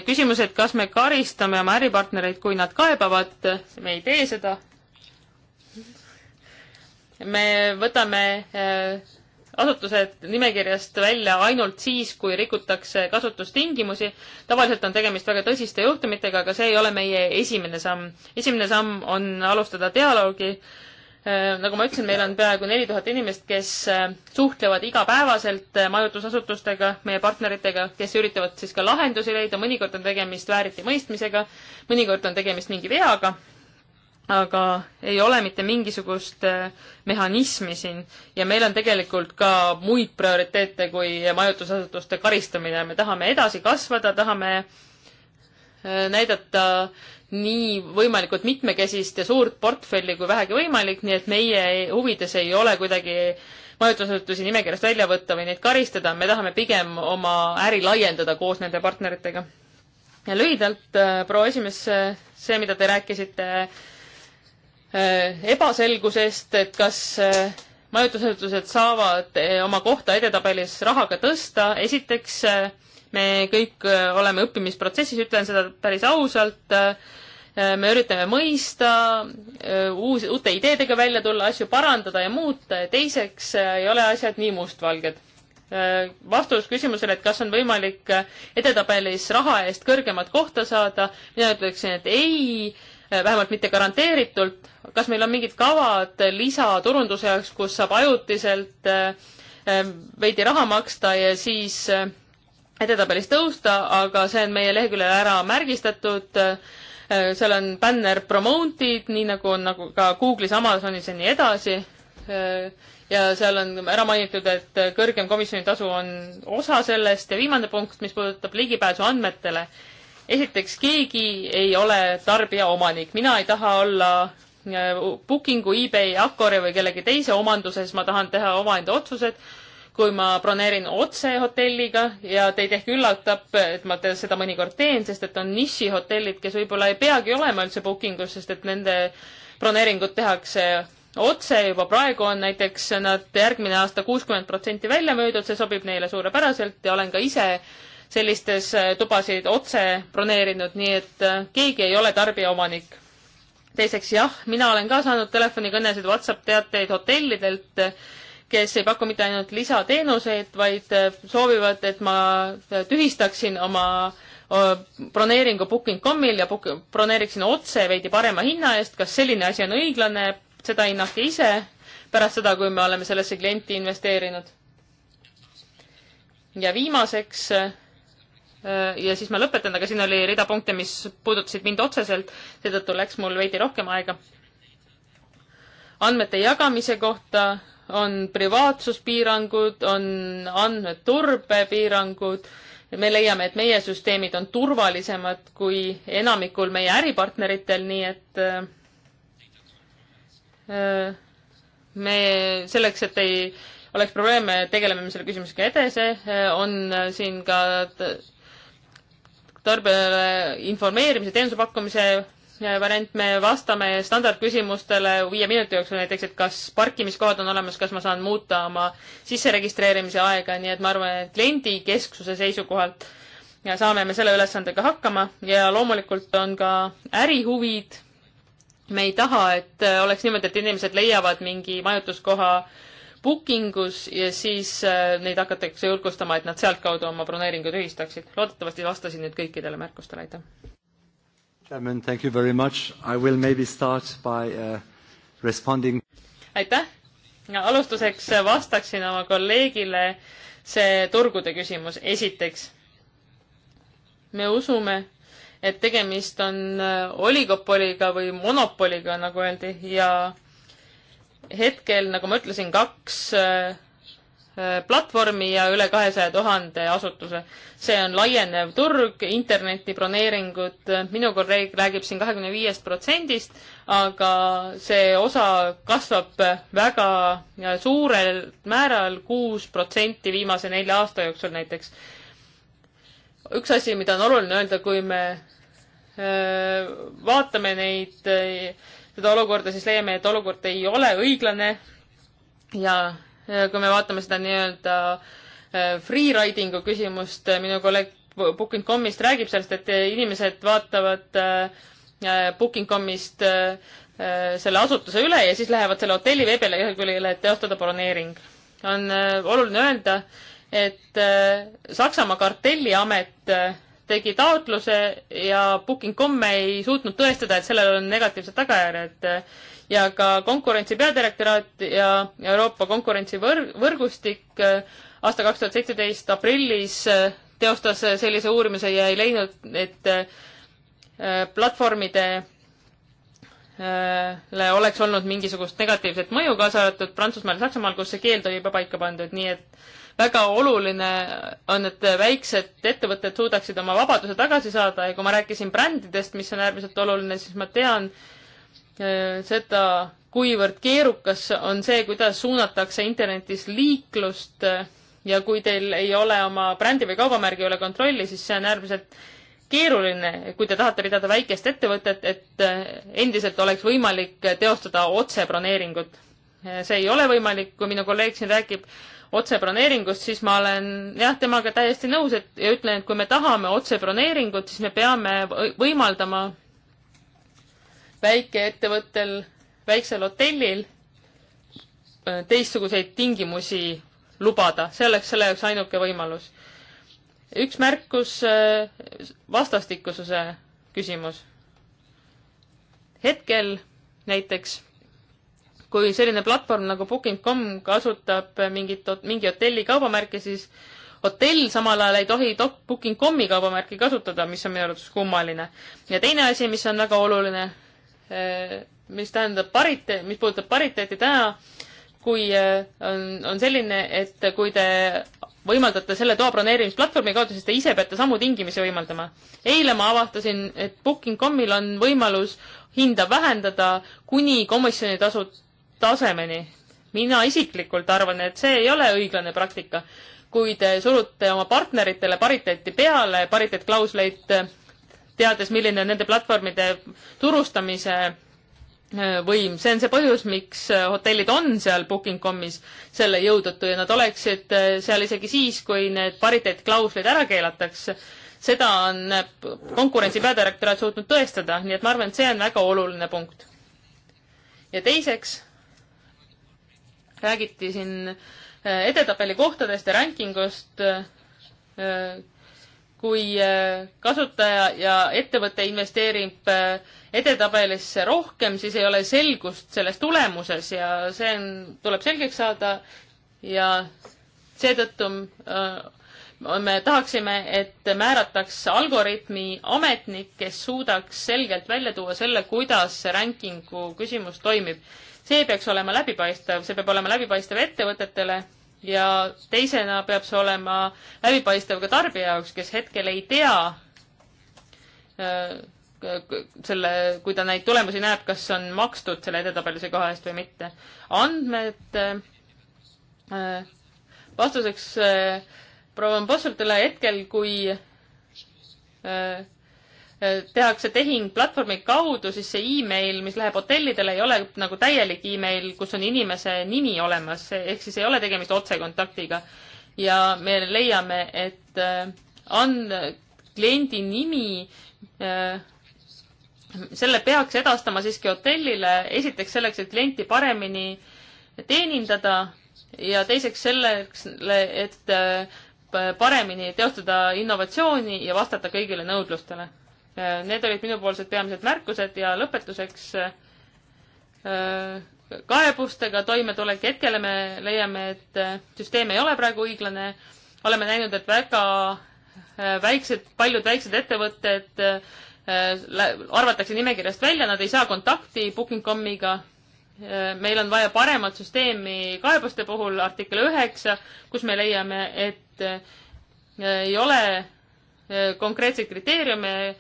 Speaker 3: küsimus, et kas me karistame oma äripartnereid, kui nad kaebavad, me ei tee seda. me võtame asutused nimekirjast välja ainult siis, kui rikutakse kasutustingimusi. tavaliselt on tegemist väga tõsiste juhtumitega, aga see ei ole meie esimene samm. esimene samm on alustada dialoogi. Äh, nagu ma ütlesin, meil on peaaegu neli tuhat inimest, kes äh, suhtlevad igapäevaselt äh, majutusasutustega, meie partneritega, kes üritavad siis ka lahendusi leida, mõnikord on tegemist vääritimõistmisega, mõnikord on tegemist mingi veaga aga ei ole mitte mingisugust äh, mehhanismi siin ja meil on tegelikult ka muid prioriteete kui majutusasutuste karistamine. me tahame edasi kasvada, tahame äh, näidata nii võimalikult mitmekesist ja suurt portfelli kui vähegi võimalik, nii et meie huvides ei ole kuidagi majutusasutusi nimekirjast välja võtta või neid karistada, me tahame pigem oma äri laiendada koos nende partneritega. ja lühidalt, äh, proua esimees, see, mida te rääkisite äh, Äh, ebaselgusest, et kas äh, majutusasutused saavad äh, oma kohta edetabelis rahaga tõsta, esiteks me kõik oleme õppimisprotsessis, ütlen seda päris ausalt, me üritame mõista, uus, uute ideedega välja tulla, asju parandada ja muuta ja teiseks ei ole asjad nii mustvalged. vastus küsimusele, et kas on võimalik edetabelis raha eest kõrgemat kohta saada, mina ütleksin, et ei Eh, vähemalt mitte garanteeritult. kas meil on mingid kavad lisaturunduse jaoks, kus saab ajutiselt eh, eh, veidi raha maksta ja siis edetabelis tõusta, aga see on meie leheküljel ära märgistatud. seal on bänner promoted, nii nagu on nagu ka Google'is, Amazonis ja nii edasi. ja seal on ära mainitud, et kõrgem komisjonitasu on osa sellest ja viimane punkt, mis puudutab ligipääsu andmetele esiteks, keegi ei ole tarbija omanik, mina ei taha olla äh, Bookingu, eBay, Accori või kellegi teise omanduses, ma tahan teha omaenda otsused, kui ma broneerin otse hotelliga ja teid ehk üllatab, et ma te seda mõnikord teen, sest et on nišihotellid, kes võib-olla ei peagi olema üldse Bookingus, sest et nende broneeringud tehakse otse juba praegu on näiteks nad järgmine aasta kuuskümmend protsenti välja müüdud, see sobib neile suurepäraselt ja olen ka ise sellistes äh, tubasid otse broneerinud, nii et äh, keegi ei ole tarbija omanik. teiseks jah, mina olen ka saanud telefonikõnesid, Whatsapp teateid hotellidelt, kes ei paku mitte ainult lisateenuseid, vaid äh, soovivad, et ma tühistaksin oma broneeringu booking.com'il ja book-, broneeriksin otse veidi parema hinna eest, kas selline asi on õiglane, seda hinnake ise pärast seda, kui me oleme sellesse klienti investeerinud. ja viimaseks Äh, ja siis ma lõpetan, aga siin oli rida punkte, mis puudutasid mind otseselt, seetõttu läks mul veidi rohkem aega. andmete jagamise kohta on privaatsuspiirangud, on andmeturbepiirangud, me leiame, et meie süsteemid on turvalisemad kui enamikul meie äripartneritel, nii et äh, äh me selleks, et ei oleks probleeme, tegeleme me selle küsimusega edasi, äh, on siin ka tarbijale informeerimise, teenuse pakkumise eh, variant, me vastame standardküsimustele viie minuti jooksul näiteks, et kas parkimiskohad on olemas, kas ma saan muuta oma sisseregistreerimise aega, nii et ma arvan, et kliendikesksuse seisukohalt ja saame me selle ülesandega hakkama ja loomulikult on ka ärihuvid. me ei taha, et eh, oleks niimoodi, et inimesed leiavad mingi majutuskoha äh, booking us ja siis äh, neid hakatakse julgustama, et nad sealtkaudu oma broneeringu tühistaksid. loodetavasti vastasin nüüd kõikidele märkustele, aitäh.
Speaker 2: Chairman, thank you very much. I will maybe start by uh, responding.
Speaker 3: aitäh. alustuseks vastaksin oma kolleegile see turgude küsimus, esiteks. me usume, et tegemist on äh, oligopoliga või monopoliga, nagu öeldi, ja hetkel, nagu ma ütlesin, kaks äh, äh, platvormi ja üle kahesaja tuhande asutuse. see on laienev turg, interneti broneeringud, äh, minu kolleeg räägib siin kahekümne viiest protsendist, aga see osa kasvab väga suurel määral, kuus protsenti viimase nelja aasta jooksul näiteks. üks asi, mida on oluline öelda, kui me vaatame neid seda olukorda, siis leiame, et olukord ei ole õiglane ja e, kui me vaatame seda nii-öelda e, free riding'u küsimust, e, minu kolleeg Booking.com'ist räägib sellest, et inimesed vaatavad Booking.com'ist selle asutuse üle ja siis lähevad selle hotelli veebileheküljele, et teostada broneering. on oluline öelda, et Saksamaa kartelliamet tegi taotluse ja Booking.com ei suutnud tõestada, et sellel on negatiivsed tagajärjed. ja ka konkurentsi peadirektoraat ja Euroopa konkurentsivõrgustik äh, aasta kaks tuhat seitseteist aprillis äh, teostas äh, sellise uurimise ja ei leidnud, et platvormide oleks olnud mingisugust negatiivset mõju, kaasa arvatud Prantsusmaal ja Saksamaal, kus see keeld oli juba paika pandud, nii et väga oluline on, et väiksed ettevõtted suudaksid oma vabaduse tagasi saada ja kui ma rääkisin brändidest, mis on äärmiselt oluline, siis ma tean äh, seda, kuivõrd keerukas on see, kuidas suunatakse internetis liiklust äh, ja kui teil ei ole oma brändi või kaubamärgi üle kontrolli, siis see on äärmiselt keeruline, kui te tahate pidada väikest ettevõtet, et äh, endiselt oleks võimalik teostada otsebroneeringut. see ei ole võimalik, kui minu kolleeg siin räägib otsebroneeringust, siis ma olen jah, temaga täiesti nõus, et ja ütlen, et kui me tahame otsebroneeringut, siis me peame võimaldama väikeettevõttel, väiksel hotellil äh, teistsuguseid tingimusi lubada, see oleks selle jaoks ainuke võimalus. üks märkus, äh, vastastikususe küsimus. hetkel näiteks kui selline platvorm nagu Booking.com kasutab mingit, mingi hotelli kaubamärki, siis hotell samal ajal ei tohi Booking.com'i kaubamärki kasutada, mis on minu arvates kummaline. ja teine asi, mis on väga oluline, eh, mis tähendab parite-, mis puudutab pariteeti täna, kui eh, on, on selline, et kui te võimaldate selle toa broneerimisplatvormi kaudu, siis te ise peate samu tingimusi võimaldama. eile ma avastasin, et Booking.com'il on võimalus hinda vähendada kuni komisjonitasud tasemeni. mina isiklikult arvan, et see ei ole õiglane praktika. kui te surute oma partneritele pariteeti peale, pariteetklausleid, äh, teades, milline on nende platvormide turustamise äh, võim, see on see põhjus, miks äh, hotellid on seal Booking.com'is selle jõu tõttu ja nad oleksid seal isegi siis, kui need pariteetklauslid ära keelatakse. seda on konkurentsi peadirektorat suutnud tõestada, nii et ma arvan, et see on väga oluline punkt. ja teiseks, räägiti siin eh, edetabeli kohtadest ja rankingust, eh, kui eh, kasutaja ja ettevõte investeerib edetabelisse rohkem, siis ei ole selgust selles tulemuses ja see on, tuleb selgeks saada ja seetõttu me tahaksime, et määrataks algoritmi ametnik, kes suudaks selgelt välja tuua selle, kuidas see rankingu küsimus toimib see peaks olema läbipaistev, see peab olema läbipaistev ettevõtetele ja teisena peab see olema läbipaistev ka tarbija jaoks, kes hetkel ei tea äh, selle, kui ta neid tulemusi näeb, kas on makstud selle edetabelise koha eest või mitte. andmed äh, äh vastuseks äh, proua Mbossultele hetkel, kui äh, tehakse tehing platvormi kaudu, siis see email, mis läheb hotellidele, ei ole nagu täielik email, kus on inimese nimi olemas, ehk siis ei ole tegemist otsekontaktiga. ja me leiame, et äh, on kliendi nimi, äh, selle peaks edastama siiski hotellile, esiteks selleks, et klienti paremini teenindada ja teiseks selleks, et äh, paremini teostada innovatsiooni ja vastata kõigile nõudlustele Äh, need olid minupoolsed peamised märkused ja lõpetuseks äh, kaebustega toimetulek. hetkel me leiame, et äh, süsteem ei ole praegu õiglane. oleme näinud, et väga väiksed, paljud väiksed ettevõtted arvatakse nimekirjast välja, nad ei saa kontakti Booking.com-iga. meil on vaja paremat süsteemi kaebuste puhul, artikkel üheksa, kus me leiame, et ei ole konkreetseid kriteeriume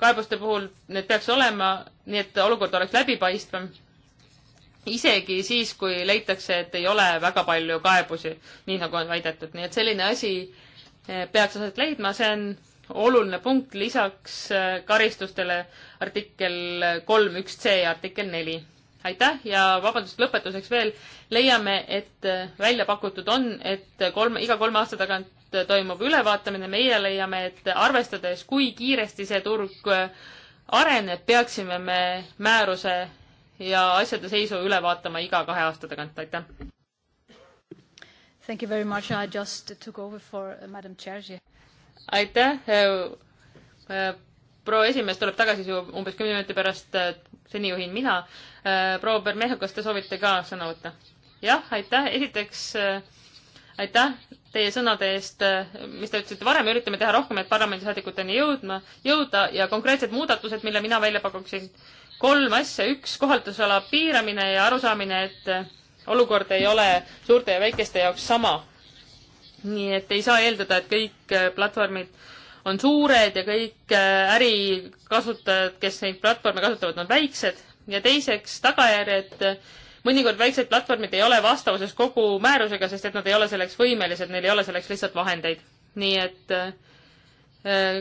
Speaker 3: kaebuste puhul need peaks olema, nii et olukord oleks läbipaistvam. isegi siis, kui leitakse, et ei ole väga palju kaebusi, nii nagu on väidetud, nii et selline asi eh, peaks aset leidma, see on oluline punkt lisaks eh, karistustele artikkel kolm üks C ja artikkel neli. aitäh ja vabandust, lõpetuseks veel leiame, et eh, välja pakutud on, et kolme, iga kolme aasta tagant toimub ülevaatamine, meie leiame, et arvestades, kui kiiresti see turg äh, areneb, peaksime me määruse ja asjade seisu üle vaatama iga kahe aasta tagant, aitäh.
Speaker 2: Thank you very much, I just took
Speaker 3: over for uh, madam chair. aitäh, äh, äh, proua esimees tuleb tagasi umbes kümne minuti pärast, seni juhin mina. proua Bermejo, kas te soovite ka sõna võtta? jah, aitäh, esiteks aitäh teie sõnade eest, mis te ütlesite varem, üritame teha rohkem, et parlamendisaadikuteni jõudma, jõuda ja konkreetsed muudatused, mille mina välja pakuksin, kolm asja, üks kohaldusala piiramine ja arusaamine, et olukord ei ole suurte ja väikeste jaoks sama. nii et ei saa eeldada, et kõik platvormid on suured ja kõik ärikasutajad, kes neid platvorme kasutavad, on väiksed ja teiseks tagajärjed, mõnikord väiksed platvormid ei ole vastavuses kogu määrusega, sest et nad ei ole selleks võimelised, neil ei ole selleks lihtsalt vahendeid. nii et äh,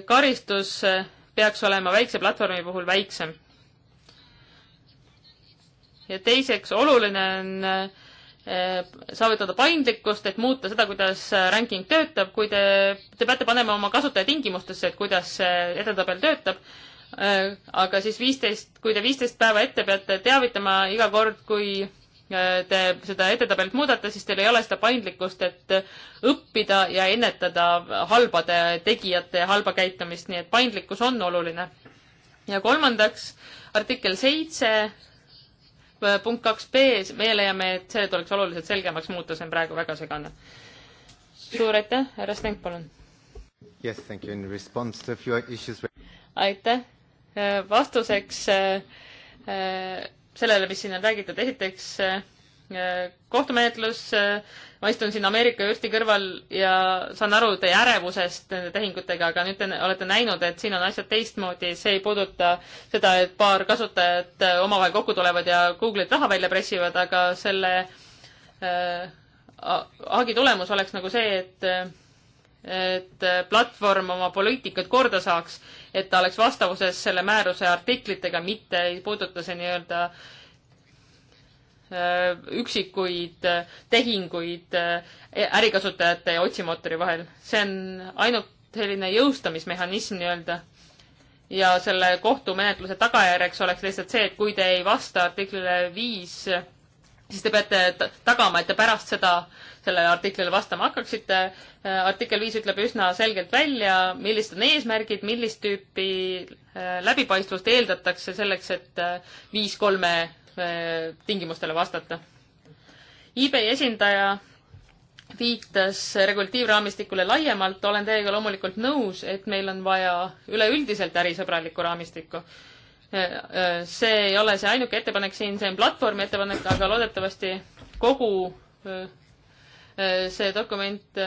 Speaker 3: karistus äh, peaks olema väikse platvormi puhul väiksem. ja teiseks, oluline on äh, saavutada paindlikkust, et muuta seda, kuidas äh, ranking töötab, kui te, te peate panema oma kasutaja tingimustesse, et kuidas see edetabel töötab Äh, aga siis viisteist, kui te viisteist päeva ette peate teavitama iga kord, kui äh, te seda edetabelit muudate, siis teil ei ole seda paindlikkust, et õppida ja ennetada halbade tegijate halba käitumist, nii et paindlikkus on oluline. ja kolmandaks, artikkel seitse äh, punkt kaks B, meie leiame, et see tuleks oluliselt selgemaks muuta, see on praegu väga segane. suur aitäh, härra Stenk, palun.
Speaker 2: Yes, thank you in response to a few issues.
Speaker 3: aitäh Äh, vastuseks äh, äh, sellele, mis siin on räägitud, esiteks kohtumenetlus, ma istun siin Ameerika juristi kõrval ja saan aru teie ärevusest nende tehingutega, aga nüüd te olete näinud, et siin on asjad teistmoodi, see ei puuduta seda, et paar kasutajat omavahel kokku tulevad ja Google'it raha välja pressivad, aga selle äh, hagi tulemus oleks nagu see, et et platvorm oma poliitikat korda saaks et ta oleks vastavuses selle määruse artiklitega, mitte ei puuduta see nii-öelda äh, üksikuid äh, tehinguid äh, ärikasutajate ja otsimootori vahel. see on ainult selline jõustamismehhanism nii-öelda. ja selle kohtumenetluse tagajärjeks oleks lihtsalt see, et kui te ei vasta artiklile viis 5 siis te peate tagama, et te pärast seda sellele artiklile vastama hakkaksite. Äh, artikkel viis ütleb üsna selgelt välja, millised on eesmärgid, millist tüüpi äh, läbipaistvust eeldatakse selleks, et äh, viis kolme tingimustele vastata. eBay esindaja viitas regulatiivraamistikule laiemalt, olen teiega loomulikult nõus, et meil on vaja üleüldiselt ärisõbralikku raamistikku Äh, äh, see ei ole see ainuke ettepanek siin, see on platvormi ettepanek, aga loodetavasti kogu äh, see dokument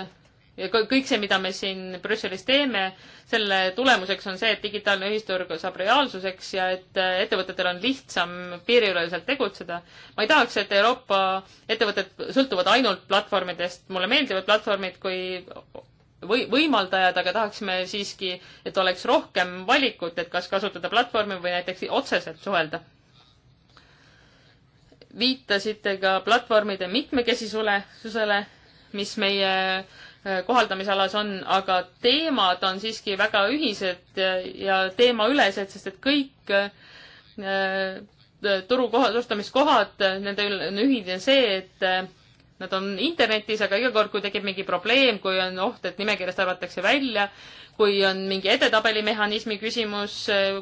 Speaker 3: ja kõik see, mida me siin Brüsselis teeme, selle tulemuseks on see, et digitaalne ühisturg saab reaalsuseks ja et ettevõtetel on lihtsam piiriüleselt tegutseda. ma ei tahaks, et Euroopa ettevõtted sõltuvad ainult platvormidest, mulle meeldivad platvormid, kui või võimaldajad, aga tahaksime siiski, et oleks rohkem valikut, et kas kasutada platvormi või näiteks otseselt suhelda. viitasite ka platvormide mitmekesisusele, mis meie äh, kohaldamisalas on, aga teemad on siiski väga ühised ja teemaülesed, sest et kõik äh, äh, turu koha, turustamiskohad, nende ühine on see, et Nad on internetis, aga iga kord, kui tekib mingi probleem, kui on oht, et nimekirjast arvatakse välja, kui on mingi edetabelimehhanismi küsimus,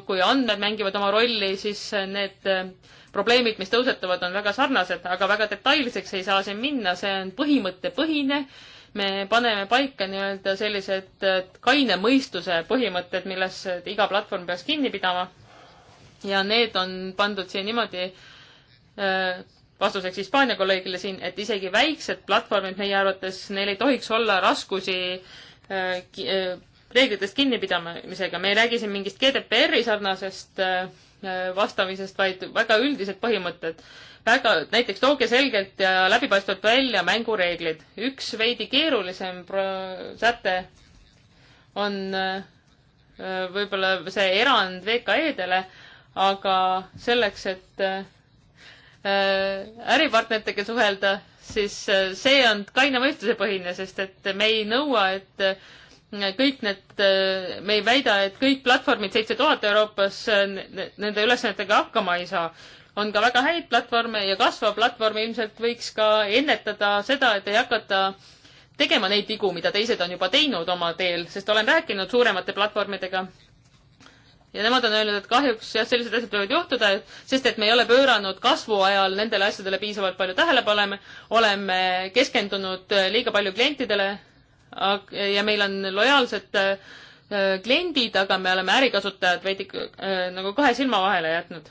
Speaker 3: kui andmed mängivad oma rolli, siis need äh, probleemid, mis tõusetuvad, on väga sarnased, aga väga detailseks ei saa siin minna, see on põhimõttepõhine. me paneme paika nii-öelda sellised äh, kaine mõistuse põhimõtted, millest äh, iga platvorm peaks kinni pidama. ja need on pandud siia niimoodi äh, vastuseks Hispaania kolleegile siin, et isegi väiksed platvormid meie arvates, neil ei tohiks olla raskusi äh, ki, äh, reeglitest kinnipidamisega, me ei räägi siin mingist GDPR-i sarnasest äh, äh, vastamisest, vaid väga üldised põhimõtted. väga, näiteks tooge selgelt ja läbipaistvalt välja mängureeglid. üks veidi keerulisem pro-, säte on äh, võib-olla see erand VKE-dele, aga selleks, et äh, Äh, äripartneritega suhelda, siis äh, see on kaine mõistuse põhine, sest et me ei nõua, et äh, kõik need, me ei väida, et kõik platvormid seitse tuhat Euroopas nende ülesannetega hakkama ei saa. on ka väga häid platvorme ja kasvav platvorm ilmselt võiks ka ennetada seda, et ei hakata tegema neid vigu, mida teised on juba teinud oma teel, sest olen rääkinud suuremate platvormidega ja nemad on öelnud, et kahjuks jah, sellised asjad võivad juhtuda, sest et me ei ole pööranud kasvu ajal nendele asjadele piisavalt palju tähelepanu, oleme keskendunud äh, liiga palju klientidele ja meil on lojaalsed äh, kliendid, aga me oleme ärikasutajad veidi äh, nagu kahe silma vahele jätnud.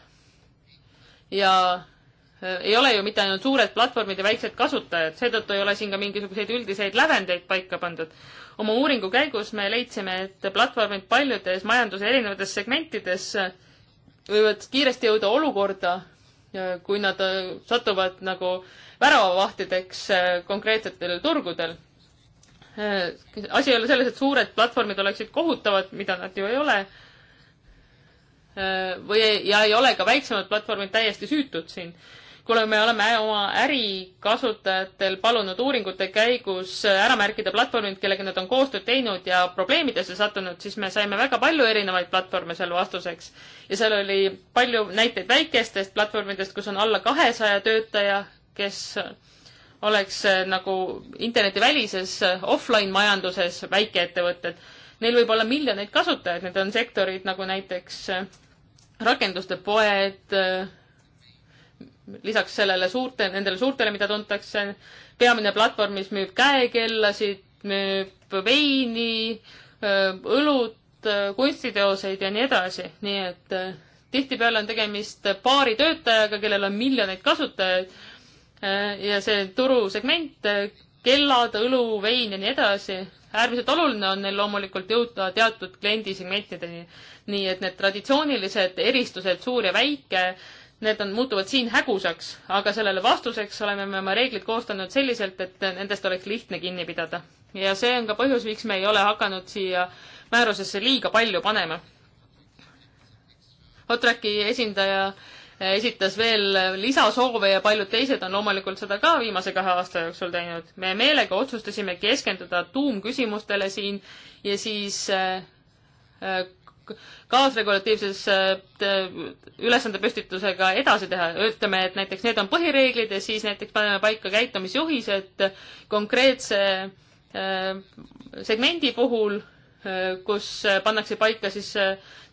Speaker 3: ja ei ole ju mitte ainult suured platvormid ja väiksed kasutajad, seetõttu ei ole siin ka mingisuguseid üldiseid lävendeid paika pandud oma uuringu käigus me leidsime, et platvormid paljudes majanduse erinevates segmentides võivad kiiresti jõuda olukorda, kui nad äh, satuvad nagu väravavahtideks äh, konkreetsetel turgudel. Äh, asi ei ole selles, et suured platvormid oleksid kohutavad, mida nad ju ei ole, või, ja ei ole ka väiksemad platvormid täiesti süütud siin kuna me oleme oma ärikasutajatel palunud uuringute käigus ära märkida platvormid, kellega nad on koostööd teinud ja probleemidesse sattunud, siis me saime väga palju erinevaid platvorme seal vastuseks. ja seal oli palju näiteid väikestest platvormidest, kus on alla kahesaja töötaja, kes oleks eh, nagu internetivälises eh, offline majanduses väikeettevõtted. Neil võib olla miljoneid kasutajaid, need on sektorid nagu näiteks eh, rakenduste poed, lisaks sellele suurte, nendele suurtele, mida tuntakse, peamine platvorm, mis müüb käekellasid, müüb veini, õlut, kunstiteoseid ja nii edasi, nii et tihtipeale on tegemist paari töötajaga, kellel on miljoneid kasutajaid ja see turusegment, kellad, õlu, vein ja nii edasi, äärmiselt oluline on neil loomulikult jõuda teatud kliendisegmentideni. nii et need traditsioonilised eristused, suur ja väike, need on, muutuvad siin hägusaks, aga sellele vastuseks oleme me oma reeglid koostanud selliselt, et nendest oleks lihtne kinni pidada. ja see on ka põhjus, miks me ei ole hakanud siia määrusesse liiga palju panema. Hotraki esindaja esitas veel lisasoove ja paljud teised on loomulikult seda ka viimase kahe aasta jooksul teinud. me meelega otsustasime keskenduda tuumküsimustele siin ja siis äh, äh, kaasregulatiivses äh, ülesande püstitusega edasi teha, ütleme, et näiteks need on põhireeglid ja siis näiteks paneme paika käitumisjuhised konkreetse äh, segmendi puhul, äh, kus pannakse paika siis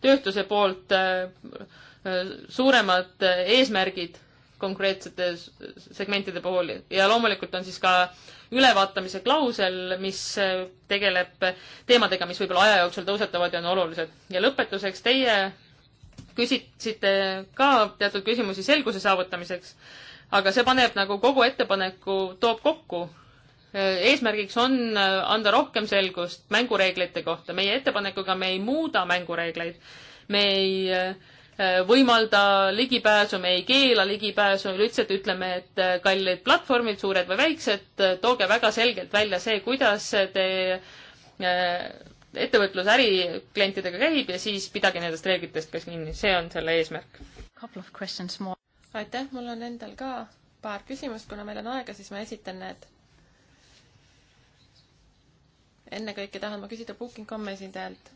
Speaker 3: tööstuse poolt suuremad eesmärgid konkreetsete segmentide puhul ja loomulikult on siis ka ülevaatamise klausel, mis äh, tegeleb teemadega, mis võib-olla aja jooksul tõusetuvad ja on olulised. ja lõpetuseks teie küsisite ka teatud küsimusi selguse saavutamiseks, aga see paneb nagu kogu ettepaneku, toob kokku. Äh, eesmärgiks on äh, anda rohkem selgust mängureeglite kohta. meie ettepanekuga me ei muuda mängureegleid, me ei äh, Äh, võimalda ligipääsu, me ei keela ligipääsu, lihtsalt ütleme, et äh, kallid platvormid, suured või väiksed, äh, tooge väga selgelt välja see, kuidas te ettevõtlus äriklientidega käib ja siis pidage nendest reeglitest ka kinni, see on selle eesmärk.
Speaker 1: aitäh, mul on endal ka paar küsimust, kuna meil on aega, siis ma esitan need. ennekõike tahan ma küsida Booking.com esindajalt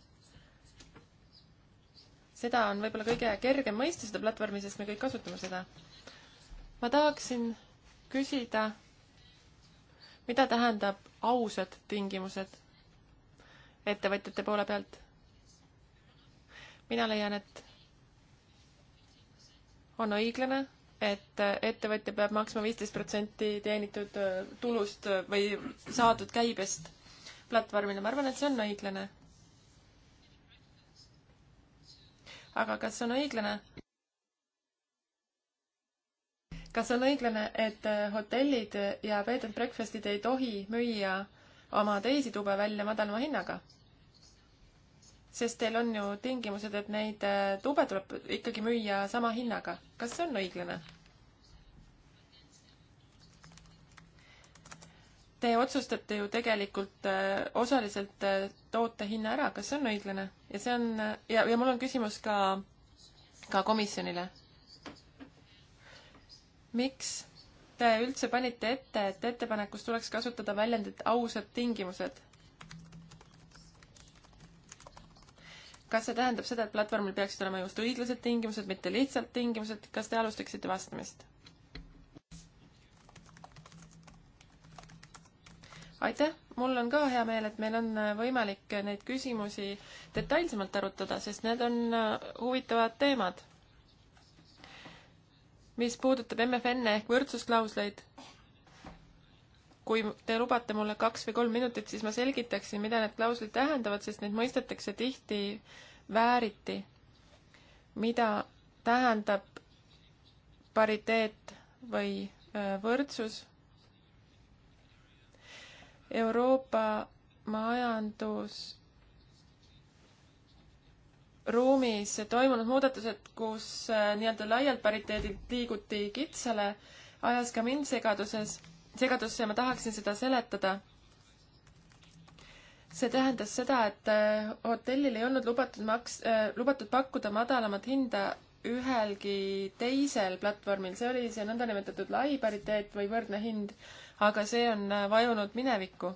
Speaker 1: seda on võib-olla kõige kergem mõista, seda platvormi, sest me kõik kasutame seda. ma tahaksin küsida, mida tähendab ausad tingimused ettevõtjate poole pealt? mina leian, et on õiglane, et ettevõtja peab maksma viisteist protsenti teenitud äh, tulust äh, või saadud käibest platvormile, ma arvan, et see on õiglane aga kas on õiglane? kas on õiglane, et äh, hotellid ja bed and breakfast'id ei tohi müüa oma teisi tube välja madalama hinnaga? sest teil on ju tingimused, et neid äh, tube tuleb ikkagi müüa sama hinnaga. kas see on õiglane? Te otsustate ju tegelikult äh, osaliselt äh, toote hinna ära, kas see on õiglane? ja see on, äh, ja, ja mul on küsimus ka, ka komisjonile. miks te üldse panite ette, et ettepanekus tuleks kasutada väljendit ausad tingimused? kas see tähendab seda, et platvormil peaksid olema just õiglased tingimused, mitte lihtsalt tingimused, kas te alustaksite vastamist? aitäh, mul on ka hea meel, et meil on äh, võimalik äh, neid küsimusi detailsemalt arutada, sest need on äh, huvitavad teemad. mis puudutab MFN-e ehk võrdsusklausleid, kui te lubate mulle kaks või kolm minutit, siis ma selgitaksin, mida need klauslid tähendavad, sest neid mõistetakse tihti vääriti. mida tähendab pariteet või võrdsus Euroopa majandus ruumis toimunud muudatused, kus äh, nii-öelda laialt pariteedilt liiguti kitsale, ajas ka mind segaduses, segadusse ja ma tahaksin seda seletada. see tähendas seda, et äh, hotellil ei olnud lubatud maks- äh,, lubatud pakkuda madalamat hinda ühelgi teisel platvormil, see oli see nõndanimetatud lai pariteet või võrdne hind aga see on äh, vajunud minevikku.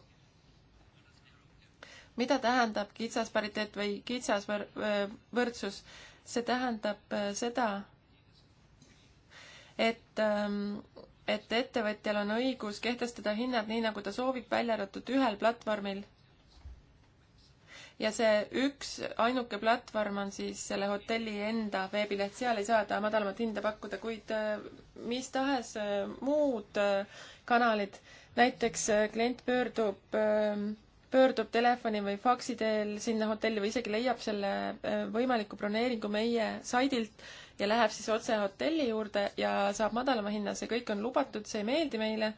Speaker 1: mida tähendab kitsas pariteet või kitsas võr-, äh, võrdsus? see tähendab äh, seda, et, ähm, et ettevõtjal on õigus kehtestada hinnad nii, nagu ta soovib, välja arvatud ühel platvormil ja see üks ainuke platvorm on siis selle hotelli enda veebileht, seal ei saa ta madalamat hinda pakkuda, kuid äh, mis tahes äh, muud äh, kanalid, näiteks klient pöördub, ähm, pöördub telefoni või faksi teel sinna hotelli või isegi leiab selle võimaliku broneeringu meie saidilt ja läheb siis otse hotelli juurde ja saab madalama hinna, see kõik on lubatud, see ei meeldi meile,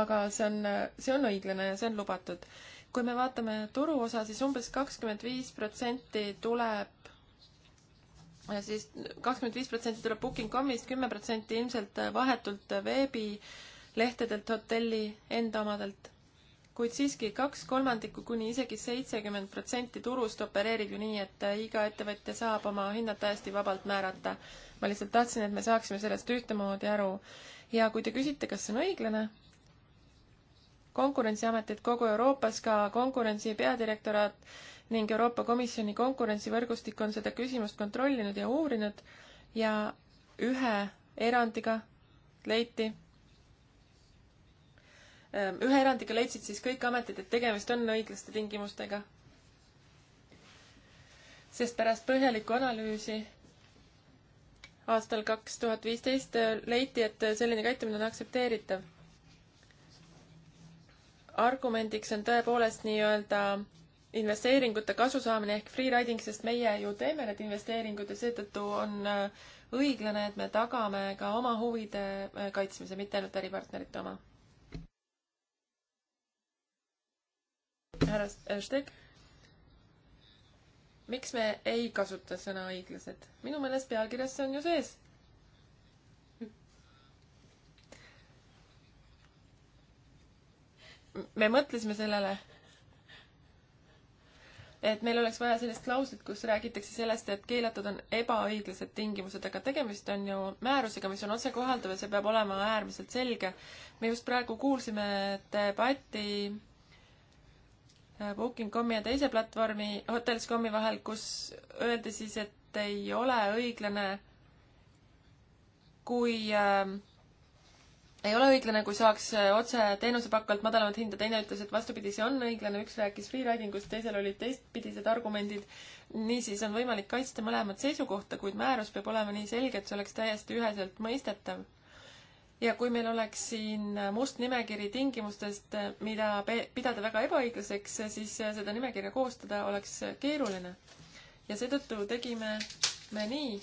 Speaker 1: aga see on, see on õiglane ja see on lubatud kui me vaatame turuosa, siis umbes kakskümmend viis protsenti tuleb siis kakskümmend viis protsenti tuleb Booking.com'ist, kümme protsenti ilmselt vahetult veebilehtedelt, hotelli enda omadelt. kuid siiski kaks kolmandikku kuni isegi seitsekümmend protsenti turust opereerib ju nii, et iga ettevõtja saab oma hinnad täiesti vabalt määrata. ma lihtsalt tahtsin, et me saaksime sellest ühtemoodi aru. ja kui te küsite, kas see on õiglane, konkurentsiametit kogu Euroopas, ka konkurentsi peadirektoraat ning Euroopa Komisjoni konkurentsivõrgustik on seda küsimust kontrollinud ja uurinud ja ühe erandiga leiti, ähm, ühe erandiga leidsid siis kõik ametid, et tegemist on õiglaste tingimustega. sest pärast põhjalikku analüüsi aastal kaks tuhat viisteist äh, leiti, et selline käitumine on aktsepteeritav argumendiks on tõepoolest nii-öelda investeeringute kasusaamine ehk free riding, sest meie ju teeme need investeeringud ja seetõttu on äh, õiglane, et me tagame ka oma huvide äh, kaitsmise, mitte ainult äripartnerite oma. härra Steg? miks me ei kasuta sõna õiglased? minu meelest pealkirjas see on ju sees me mõtlesime sellele, et meil oleks vaja sellist klauslit, kus räägitakse sellest, et keelatud on ebaõiglased tingimused, aga tegemist on ju määrusega, mis on otsekohalduv ja see peab olema äärmiselt selge. me just praegu kuulsime debatti äh, Booking.com-i ja teise platvormi, Hotels.com-i vahel, kus öeldi siis, et ei ole õiglane, kui äh, ei ole õiglane, kui saaks äh, otse teenusepakkujalt madalamat hinda, teine ütles, et vastupidi, see on õiglane, üks rääkis free riding ust, teisel olid teistpidised argumendid. niisiis on võimalik kaitsta mõlemat seisukohta, kuid määrus peab olema nii selge, et see oleks täiesti üheselt mõistetav. ja kui meil oleks siin must nimekiri tingimustest, mida pidada väga ebaõiglaseks, siis seda nimekirja koostada oleks keeruline. ja seetõttu tegime me nii,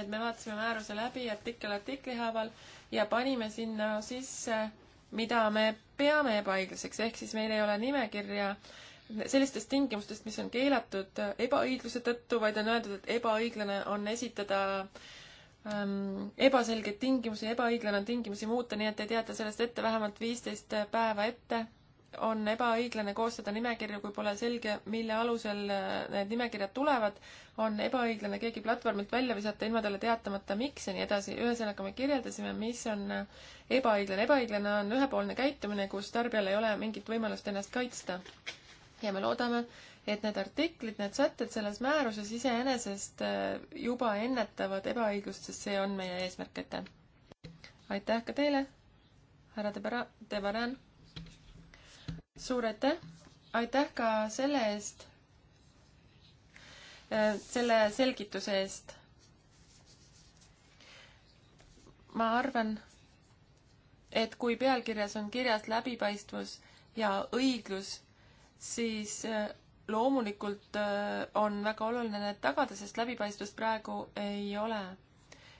Speaker 1: et me vaatasime määruse läbi artikkel artikli haaval ja panime sinna sisse, mida me peame ebaõiglaseks, ehk siis meil ei ole nimekirja sellistest tingimustest, mis on keelatud ebaõigluse tõttu, vaid on öeldud, et ebaõiglane on esitada ähm, ebaselgeid tingimusi, ebaõiglane on tingimusi muuta, nii et te teate sellest ette vähemalt viisteist päeva ette on ebaõiglane koostada nimekirju, kui pole selge, mille alusel äh, need nimekirjad tulevad, on ebaõiglane keegi platvormilt välja visata ilma talle teatamata, miks ja nii edasi. ühesõnaga, me kirjeldasime, mis on äh, ebaõiglane. ebaõiglane on ühepoolne käitumine, kus tarbijal ei ole mingit võimalust ennast kaitsta. ja me loodame, et need artiklid, need sätted selles määruses iseenesest äh, juba ennetavad ebaõiglust, sest see on meie eesmärk, aitäh! aitäh ka teile, härra Debra-, Debaran! suur aitäh, aitäh ka selle eest, äh, selle selgituse eest. ma arvan, et kui pealkirjas on kirjas läbipaistvus ja õiglus, siis äh, loomulikult äh, on väga oluline need tagada, sest läbipaistvust praegu ei ole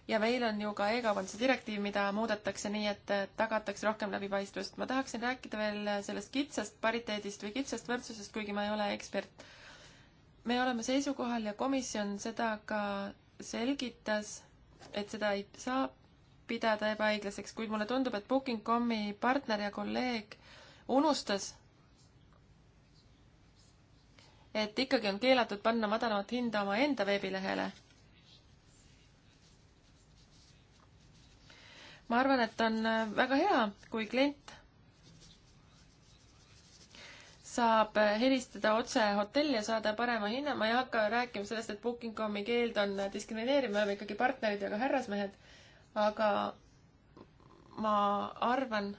Speaker 1: ja meil on ju ka e-kaubanduse direktiiv, mida muudetakse nii, et tagatakse rohkem läbipaistvust. ma tahaksin rääkida veel sellest kitsast pariteedist või kitsast võrdsusest, kuigi ma ei ole ekspert. me oleme seisukohal ja komisjon seda ka selgitas, et seda ei saa pidada ebaõiglaseks, kuid mulle tundub, et Booking.com-i partner ja kolleeg unustas et ikkagi on keelatud panna madalamat hinda omaenda veebilehele ma arvan, et on äh, väga hea, kui klient saab äh, helistada otse hotelli ja saada parema hinna, ma ei hakka rääkima sellest, et booking.com'i keeld on äh, diskrimineeriv, me oleme ikkagi partnerid ja ka härrasmehed, aga ma arvan,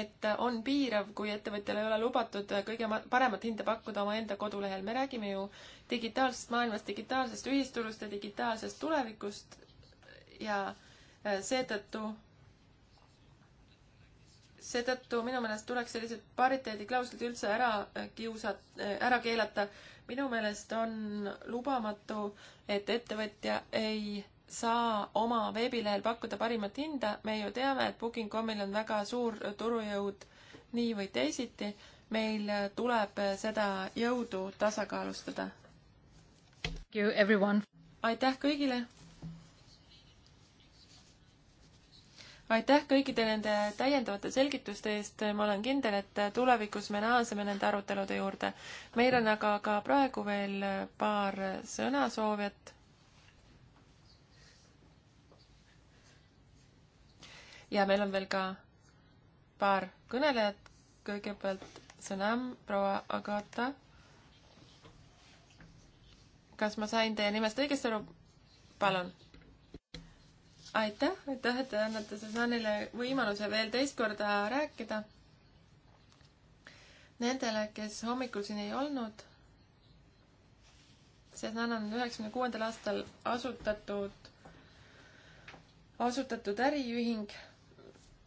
Speaker 1: et on piirav, kui ettevõtjal ei ole lubatud kõige paremat hinda pakkuda omaenda kodulehel. me räägime ju digitaalsest maailmast, digitaalsest ühisturust ja digitaalsest tulevikust ja äh, Äh, seetõttu, seetõttu minu meelest tuleks sellised pariteediklauslid üldse ära äh, kiusat-, äh, ära keelata. minu meelest on lubamatu, et ettevõtja ei saa oma veebilehel pakkuda parimat hinda, me ju teame, et Booking.comil on väga suur turujõud nii või teisiti, meil tuleb seda jõudu tasakaalustada. aitäh kõigile! aitäh kõikide nende täiendavate selgituste eest, ma olen kindel, et tulevikus me naaseme nende arutelude juurde. meil on aga ka praegu veel paar sõnasoovijat. ja meil on veel ka paar kõnelejat, kõigepealt sõna proua Agata. kas ma sain teie nimest õigesti aru? palun aitäh, aitäh, et te annate Susanile võimaluse veel teist korda rääkida. Nendele, kes hommikul siin ei olnud, Susanne on üheksakümne kuuendal aastal asutatud, asutatud äriühing,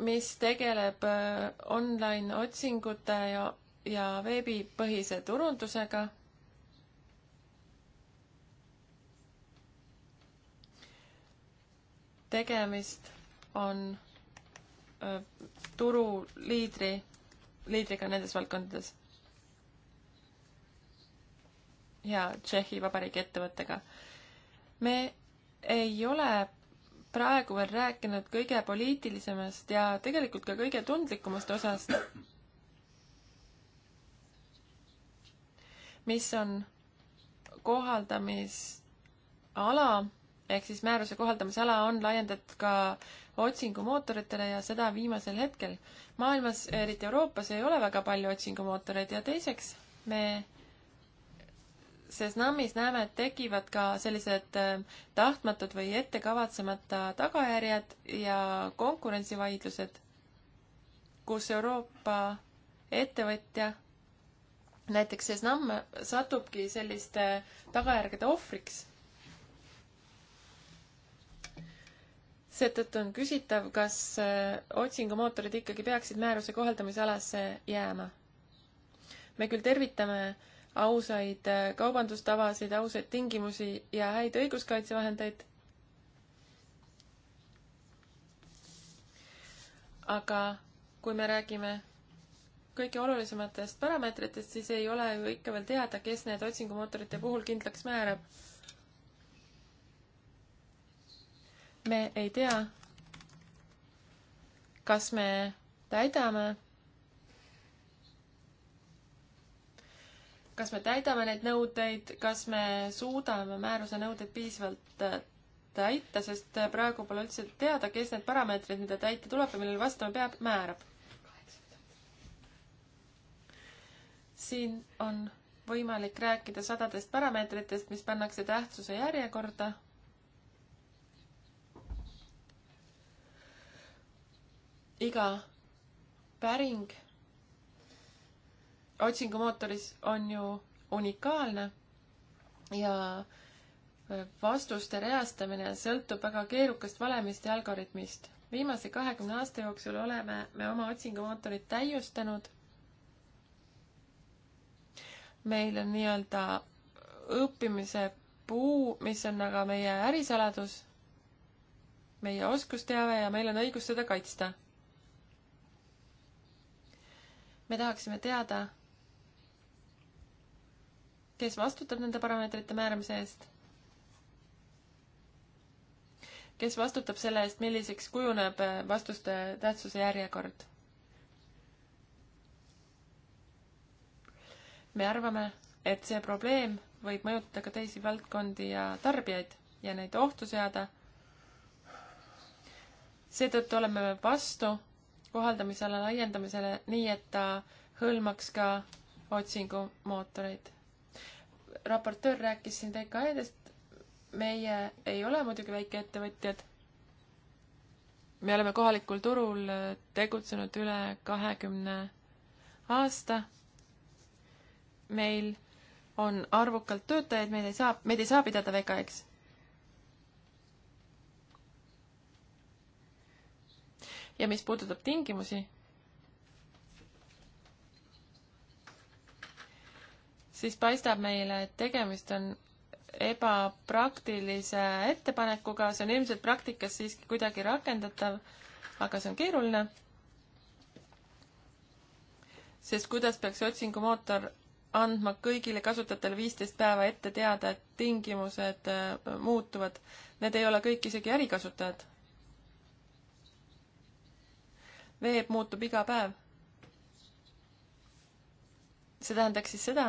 Speaker 1: mis tegeleb äh, online otsingute ja, ja veebipõhise turundusega tegemist on turu liidri, liidriga nendes valdkondades. ja Tšehhi Vabariigi ettevõttega. me ei ole praegu veel rääkinud kõige poliitilisemast ja tegelikult ka kõige tundlikumast osast, mis on kohaldamisala ehk siis määruse kohaldamisala on laiendatud ka otsingumootoritele ja seda viimasel hetkel. maailmas, eriti Euroopas, ei ole väga palju otsingumootoreid ja teiseks me Sesnamis näeme, et tekivad ka sellised äh, tahtmatud või ettekavatsemata tagajärjed ja konkurentsivaidlused, kus Euroopa ettevõtja näiteks Sesnam satubki selliste tagajärgede ohvriks seetõttu on küsitav, kas äh, otsingumootorid ikkagi peaksid määruse kohaldamisalasse jääma. me küll tervitame ausaid äh, kaubandustavasid, ausaid tingimusi ja häid õiguskaitsevahendeid. aga kui me räägime kõige olulisematest parameetritest, siis ei ole ju ikka veel teada, kes need otsingumootorite puhul kindlaks määrab me ei tea, kas me täidame, kas me täidame neid nõudeid, kas me suudame määruse nõudeid piisavalt äh, täita, sest äh, praegu pole üldse teada, kes need parameetrid, mida täita tuleb ja millele vastama peab, määrab. siin on võimalik rääkida sadadest parameetritest, mis pannakse tähtsuse järjekorda iga päring otsingumootoris on ju unikaalne ja äh, vastuste reastamine sõltub väga keerukast valemist ja algoritmist. viimase kahekümne aasta jooksul oleme me oma otsingumootorit täiustanud. meil on nii-öelda õppimise puu, mis on aga meie ärisaladus, meie oskusteave ja meil on õigus seda kaitsta me tahaksime teada, kes vastutab nende parameetrite määramise eest, kes vastutab selle eest, milliseks kujuneb vastuste tähtsuse järjekord. me arvame, et see probleem võib mõjutada ka teisi valdkondi ja tarbijaid ja neid ohtu seada. seetõttu oleme vastu kohaldamisala laiendamisele nii, et ta hõlmaks ka otsingumootoreid. raportöör rääkis siin TKE-dest, meie ei ole muidugi väikeettevõtjad. me oleme kohalikul turul tegutsenud üle kahekümne aasta. meil on arvukalt töötajaid, meid ei saa, meid ei saa pidada vegaiks ja mis puudutab tingimusi, siis paistab meile, et tegemist on ebapraktilise ettepanekuga, see on ilmselt praktikas siiski kuidagi rakendatav, aga see on keeruline. sest kuidas peaks otsingumootor andma kõigile kasutajatele viisteist päeva ette teada, et tingimused äh, muutuvad. Need ei ole kõik isegi ärikasutajad. veeb muutub iga päev. see tähendaks siis seda,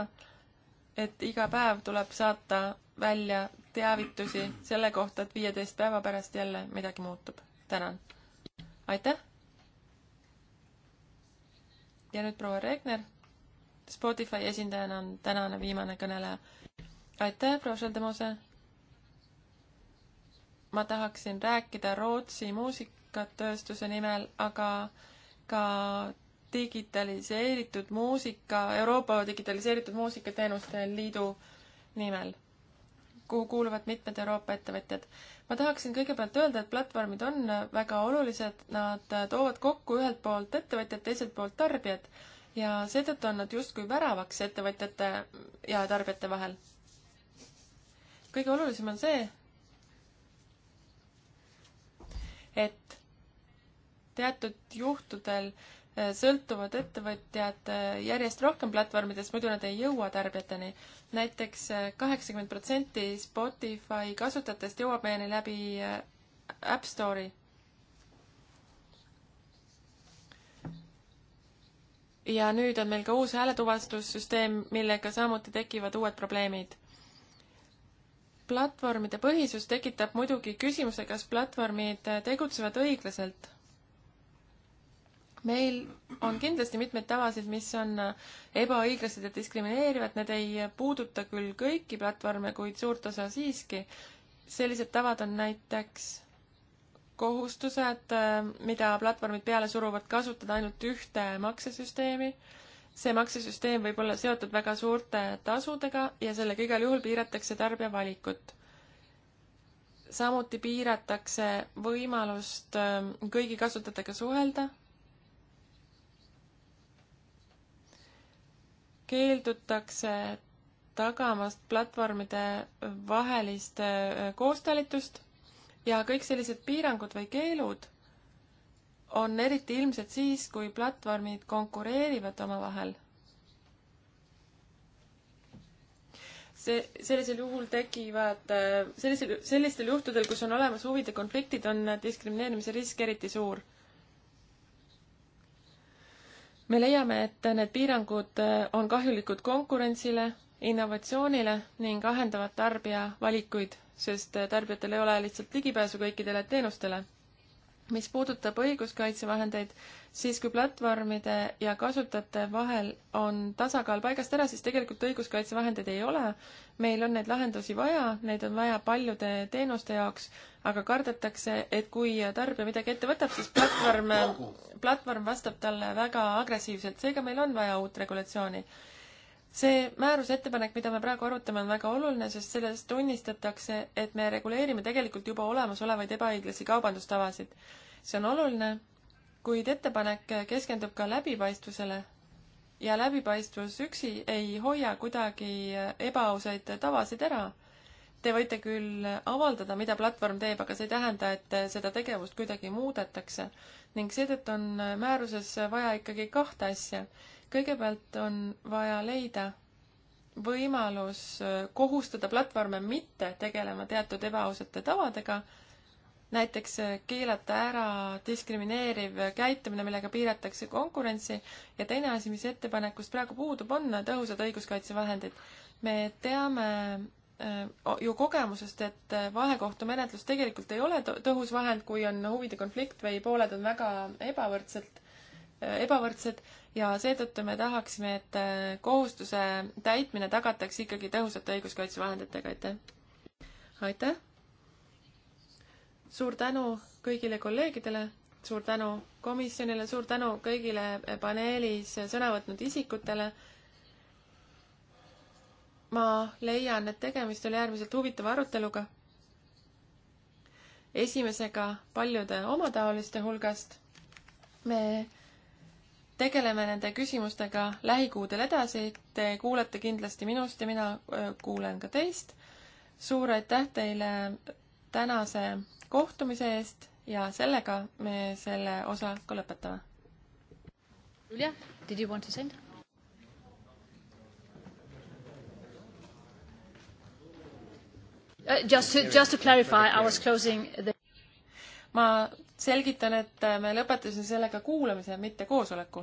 Speaker 1: et iga päev tuleb saata välja teavitusi selle kohta, et viieteist päeva pärast jälle midagi muutub. tänan. aitäh. ja nüüd proua Regner, Spotify esindajana on tänane viimane kõneleja. aitäh, proua Šeldemose. ma tahaksin rääkida Rootsi muusik-, muusikat tööstuse nimel, aga ka digitaliseeritud muusika, Euroopa digitaliseeritud muusikateenuste liidu nimel, kuhu kuuluvad mitmed Euroopa ettevõtjad. ma tahaksin kõigepealt öelda, et platvormid on väga olulised, nad toovad kokku ühelt poolt ettevõtjad, teiselt poolt tarbijad ja seetõttu on nad justkui väravaks ettevõtjate ja tarbijate vahel. kõige olulisem on see, et teatud juhtudel eh, sõltuvad ettevõtjad eh, järjest rohkem platvormidest, muidu nad ei jõua tarbijateni. näiteks eh, kaheksakümmend protsenti Spotify kasutajatest jõuab meieni läbi App Store'i. ja nüüd on meil ka uus hääletuvastussüsteem, millega samuti tekivad uued probleemid platvormide põhisus tekitab muidugi küsimuse, kas platvormid tegutsevad õiglaselt meil on kindlasti mitmeid tavasid, mis on ebaõiglased ja diskrimineerivad, need ei puuduta küll kõiki platvorme, kuid suurt osa siiski. sellised tavad on näiteks kohustused, mida platvormid peale suruvad, kasutada ainult ühte maksesüsteemi. see maksesüsteem võib olla seotud väga suurte tasudega ja sellega igal juhul piiratakse tarbija valikut samuti piiratakse võimalust ähm, kõigi kasutajatega suhelda keeldutakse tagamast platvormide vahelist äh, koostalitust ja kõik sellised piirangud või keelud on eriti ilmsed siis, kui platvormid konkureerivad omavahel. see, sellisel juhul tekivad, äh, sellisel, sellistel juhtudel, kus on olemas huvide konfliktid, on diskrimineerimise risk eriti suur me leiame, et need piirangud äh, on kahjulikud konkurentsile, innovatsioonile ning ahendavad tarbija valikuid, sest äh, tarbijatel ei ole lihtsalt ligipääsu kõikidele teenustele mis puudutab õiguskaitsevahendeid, siis kui platvormide ja kasutajate vahel on tasakaal paigast ära, siis tegelikult õiguskaitsevahendeid ei ole. meil on neid lahendusi vaja, neid on vaja paljude teenuste jaoks, aga kardetakse, et kui tarbija midagi ette võtab, siis platvorm, platvorm vastab talle väga agressiivselt, seega meil on vaja uut regulatsiooni see määruse ettepanek, mida me praegu arutame, on väga oluline, sest selles tunnistatakse, et me reguleerime tegelikult juba olemasolevaid ebaõiglasi kaubandustavasid see on oluline, kuid ettepanek keskendub ka läbipaistvusele ja läbipaistvus üksi ei hoia kuidagi ebaausaid tavasid ära. Te võite küll avaldada, mida platvorm teeb, aga see ei tähenda, et seda tegevust kuidagi muudetakse ning seetõttu on määruses vaja ikkagi kahte asja. kõigepealt on vaja leida võimalus kohustada platvorme mitte tegelema teatud ebaausate tavadega näiteks keelata ära diskrimineeriv käitumine, millega piiratakse konkurentsi ja teine asi, mis ettepanekust praegu puudub, on tõhusad õiguskaitsevahendid. me teame äh, ju kogemusest, et vahekohtumenetlus tegelikult ei ole tõhus vahend, kui on huvide konflikt või pooled on väga ebavõrdselt, äh, ebavõrdsed ja seetõttu me tahaksime, et äh, kohustuse täitmine tagatakse ikkagi tõhusate õiguskaitsevahenditega, aitäh! aitäh! suur tänu kõigile kolleegidele, suur tänu komisjonile, suur tänu kõigile paneelis sõna võtnud isikutele. ma leian, et tegemist oli äärmiselt huvitava aruteluga. esimesega paljude omataoliste hulgast. me tegeleme nende küsimustega lähikuudel edasi, te kuulete kindlasti minust ja mina äh, kuulen ka teist. suur aitäh teile tänase kohtumise eest ja sellega me selle osa ka lõpetame.
Speaker 3: Julia, did you want to send? Uh, just to, just to clarify, I was
Speaker 1: closing the ma selgitan, et me lõpetasime sellega kuulamise, mitte koosoleku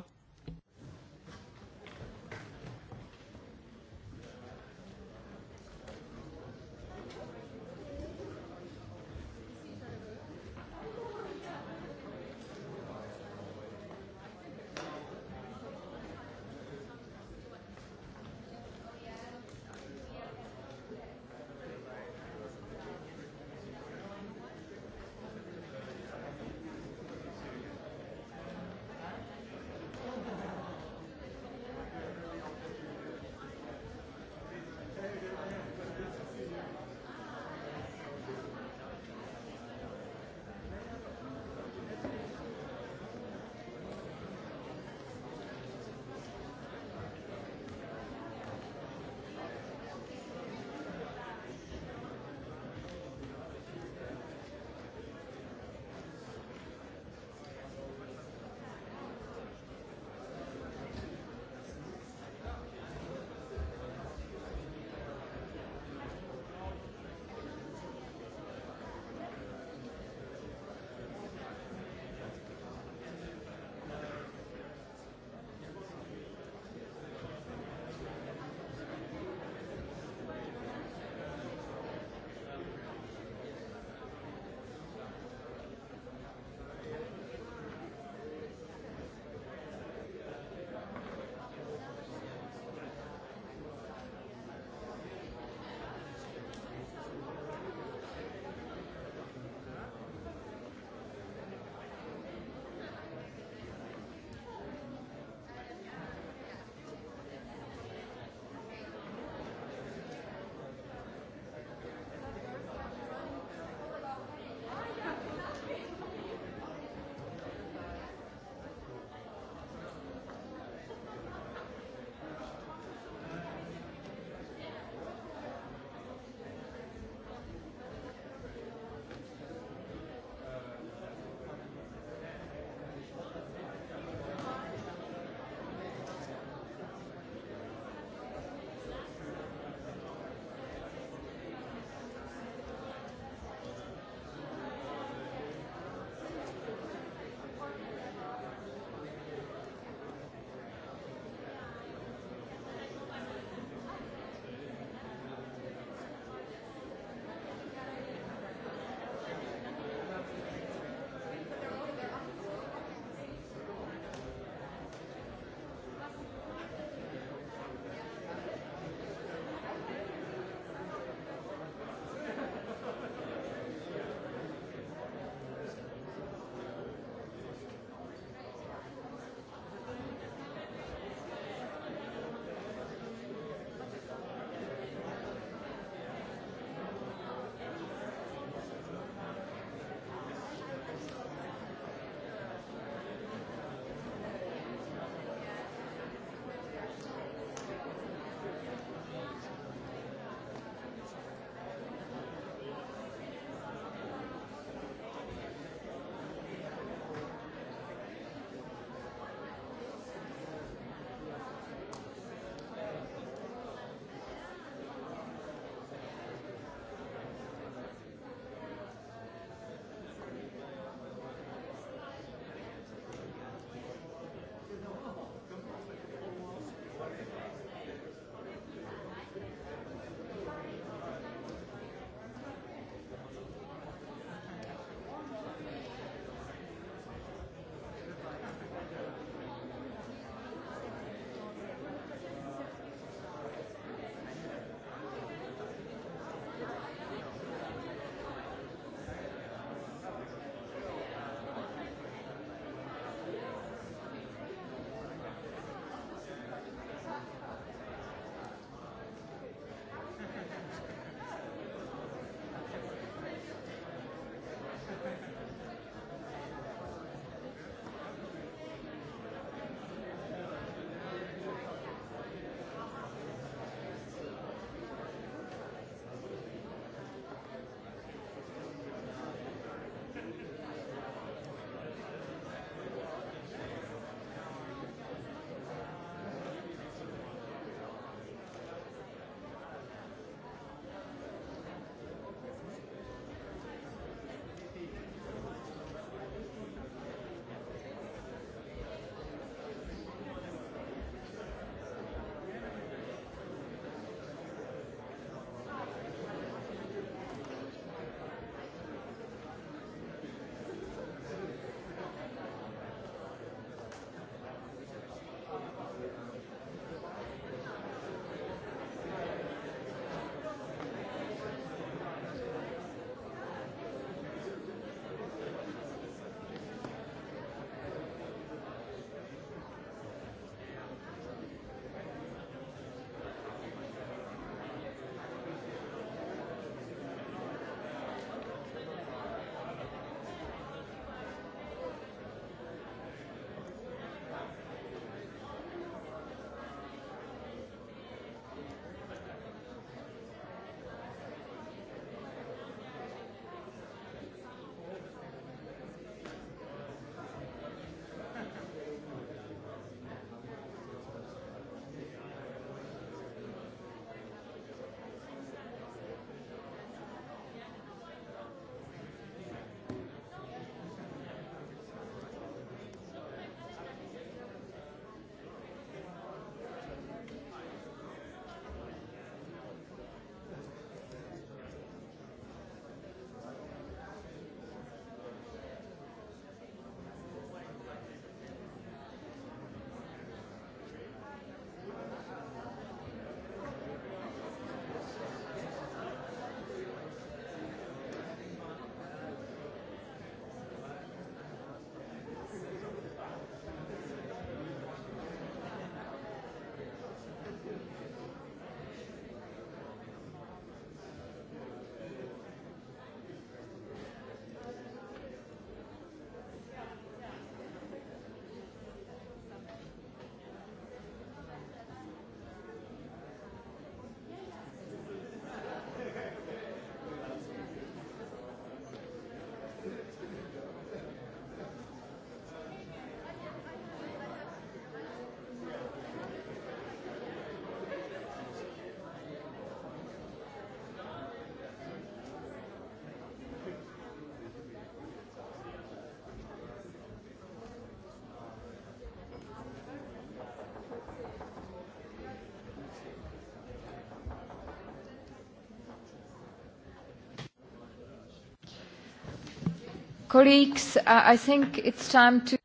Speaker 3: Colleagues, uh, I think it's time to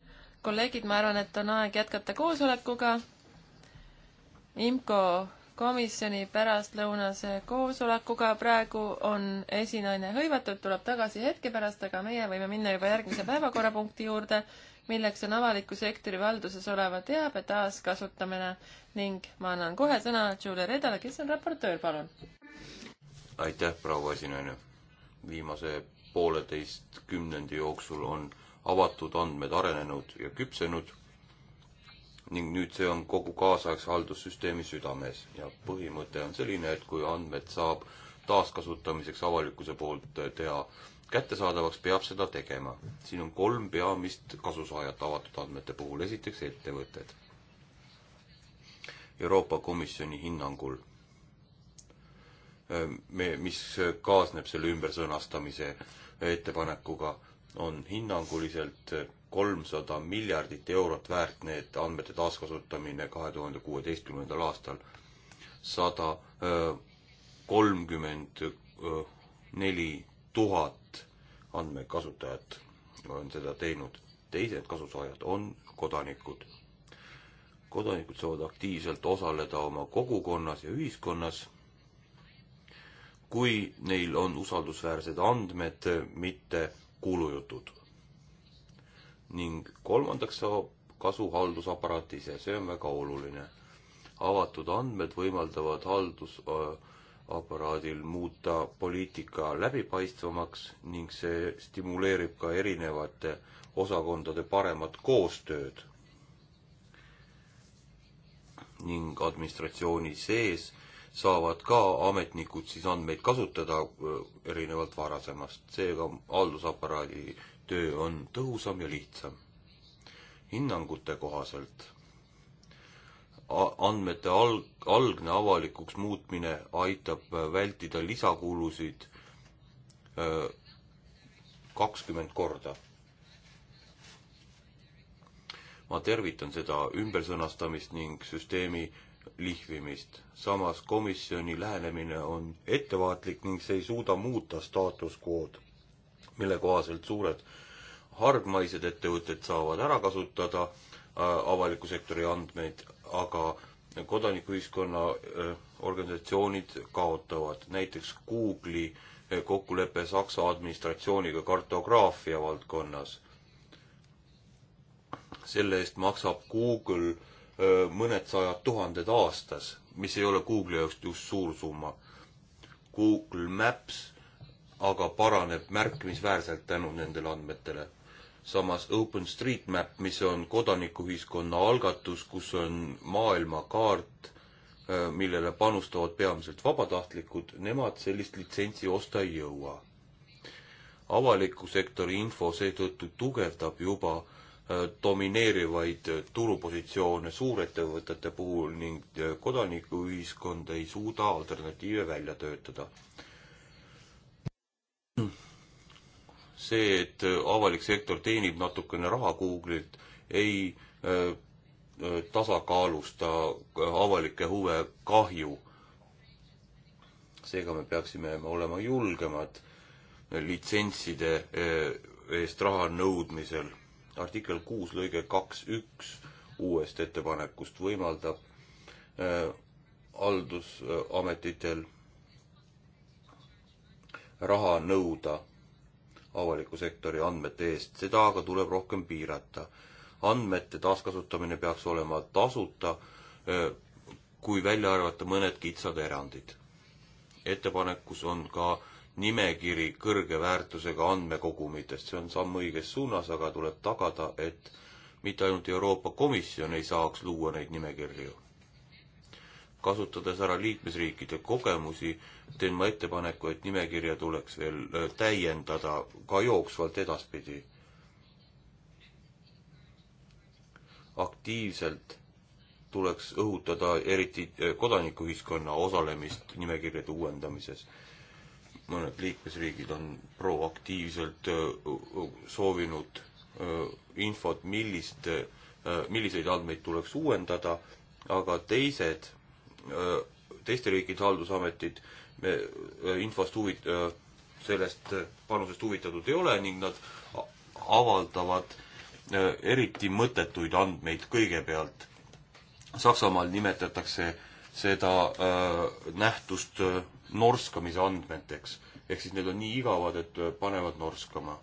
Speaker 1: kolleegid, ma arvan, et on aeg jätkata koosolekuga. IMCO komisjoni pärastlõunase koosolekuga praegu on esinaine hõivatud, tuleb tagasi hetke pärast, aga meie võime minna juba järgmise päevakorrapunkti juurde, milleks on avaliku sektori valduses oleva teabe taaskasutamine ning ma annan kohe sõna Julia Redale, kes on raportöör, palun.
Speaker 2: aitäh, proua esinaine. viimase pooleteist kümnendi jooksul on avatud andmed arenenud ja küpsenud ning nüüd see on kogu kaasaegse haldussüsteemi südames ja põhimõte on selline, et kui andmed saab taaskasutamiseks avalikkuse poolt äh, teha kättesaadavaks, peab seda tegema. siin on kolm peamist kasusaajat avatud andmete puhul, esiteks ettevõtted. Euroopa Komisjoni hinnangul Äh, me, mis kaasneb selle ümbersõnastamise ettepanekuga, on hinnanguliselt kolmsada miljardit eurot väärt need andmete taaskasutamine kahe tuhande kuueteistkümnendal aastal. sada äh, kolmkümmend äh, neli tuhat andmekasutajat on seda teinud. teised kasusaajad on kodanikud. kodanikud saavad aktiivselt osaleda oma kogukonnas ja ühiskonnas kui neil on usaldusväärsed andmed, mitte kuulujutud. ning kolmandaks saab kasu haldusaparaat ise, see on väga oluline. avatud andmed võimaldavad haldusaparaadil muuta poliitika läbipaistvamaks ning see stimuleerib ka erinevate osakondade paremat koostööd ning administratsiooni sees saavad ka ametnikud siis andmeid kasutada äh, erinevalt varasemast, seega haldusaparaadi töö on tõhusam ja lihtsam. hinnangute kohaselt andmete alg, algne avalikuks muutmine aitab äh, vältida lisakulusid äh, kakskümmend korda. ma tervitan seda ümbersõnastamist ning süsteemi lihvimist. samas komisjoni lähenemine on ettevaatlik ning see ei suuda muuta staatus quo'd, mille kohaselt suured hargmaised ettevõtted saavad ära kasutada äh, avaliku sektori andmeid, aga kodanikuühiskonna äh, organisatsioonid kaotavad. näiteks Google'i äh, kokkulepe Saksa administratsiooniga kartograafia valdkonnas. selle eest maksab Google mõned sajad tuhanded aastas, mis ei ole Google'i jaoks just suur summa. Google Maps aga paraneb märkimisväärselt tänu nendele andmetele. samas OpenStreetMap, mis on kodanikuühiskonna algatus, kus on maailmakaart, millele panustavad peamiselt vabatahtlikud, nemad sellist litsentsi osta ei jõua. avaliku sektori info seetõttu tugevdab juba Äh, domineerivaid äh, turupositsioone suurettevõtete puhul ning äh, kodanikuühiskond ei suuda alternatiive välja töötada. see, et avalik sektor teenib natukene raha Google'ilt, ei tasakaalusta avalikke huve kahju. seega me peaksime olema julgemad litsentside eest raha nõudmisel artikkel kuus lõige kaks üks uuest ettepanekust võimaldab äh, haldusametitel raha nõuda avaliku sektori andmete eest, seda aga tuleb rohkem piirata. andmete taaskasutamine peaks olema tasuta, äh, kui välja arvata mõned kitsad erandid. ettepanekus on ka nimekiri kõrge väärtusega andmekogumitest, see on samm õiges suunas, aga tuleb tagada, et mitte ainult Euroopa Komisjon ei saaks luua neid nimekirju. kasutades ära liikmesriikide kogemusi, teen ma ettepaneku, et nimekirja tuleks veel täiendada ka jooksvalt edaspidi. aktiivselt tuleks õhutada eriti kodanikuühiskonna osalemist nimekirjade uuendamises mõned liikmesriigid on proaktiivselt soovinud infot, millist, milliseid andmeid tuleks uuendada, aga teised, teiste riikide haldusametid infost huvi, sellest panusest huvitatud ei ole ning nad avaldavad eriti mõttetuid andmeid kõigepealt. Saksamaal nimetatakse seda nähtust norskamise andmeteks. ehk siis need on nii igavad, et äh, panevad norskama.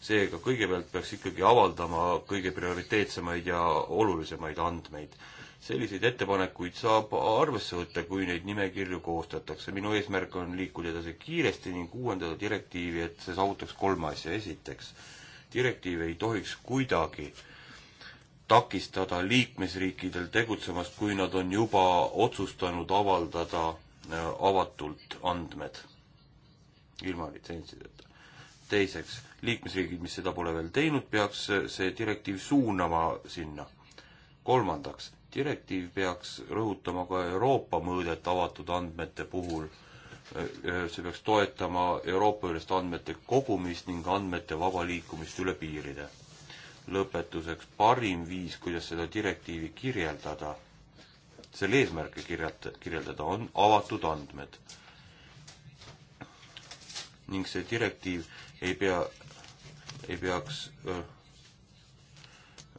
Speaker 2: seega kõigepealt peaks ikkagi avaldama kõige prioriteetsemaid ja olulisemaid andmeid. selliseid ettepanekuid saab arvesse võtta, kui neid nimekirju koostatakse. minu eesmärk on liikuda edasi kiiresti ning uuendada direktiivi, et see saavutaks kolme asja. esiteks, direktiiv ei tohiks kuidagi takistada liikmesriikidel tegutsemast, kui nad on juba otsustanud avaldada avatult andmed ilma litsentsideta. teiseks, liikmesriigid, mis seda pole veel teinud, peaks see direktiiv suunama sinna. kolmandaks, direktiiv peaks rõhutama ka Euroopa mõõdet avatud andmete puhul. see peaks toetama Euroopa-ülest andmete kogumist ning andmete vaba liikumist üle piiride. lõpetuseks, parim viis, kuidas seda direktiivi kirjeldada selle eesmärke kirjata, kirjeldada, on avatud andmed. ning see direktiiv ei pea, ei peaks, äh,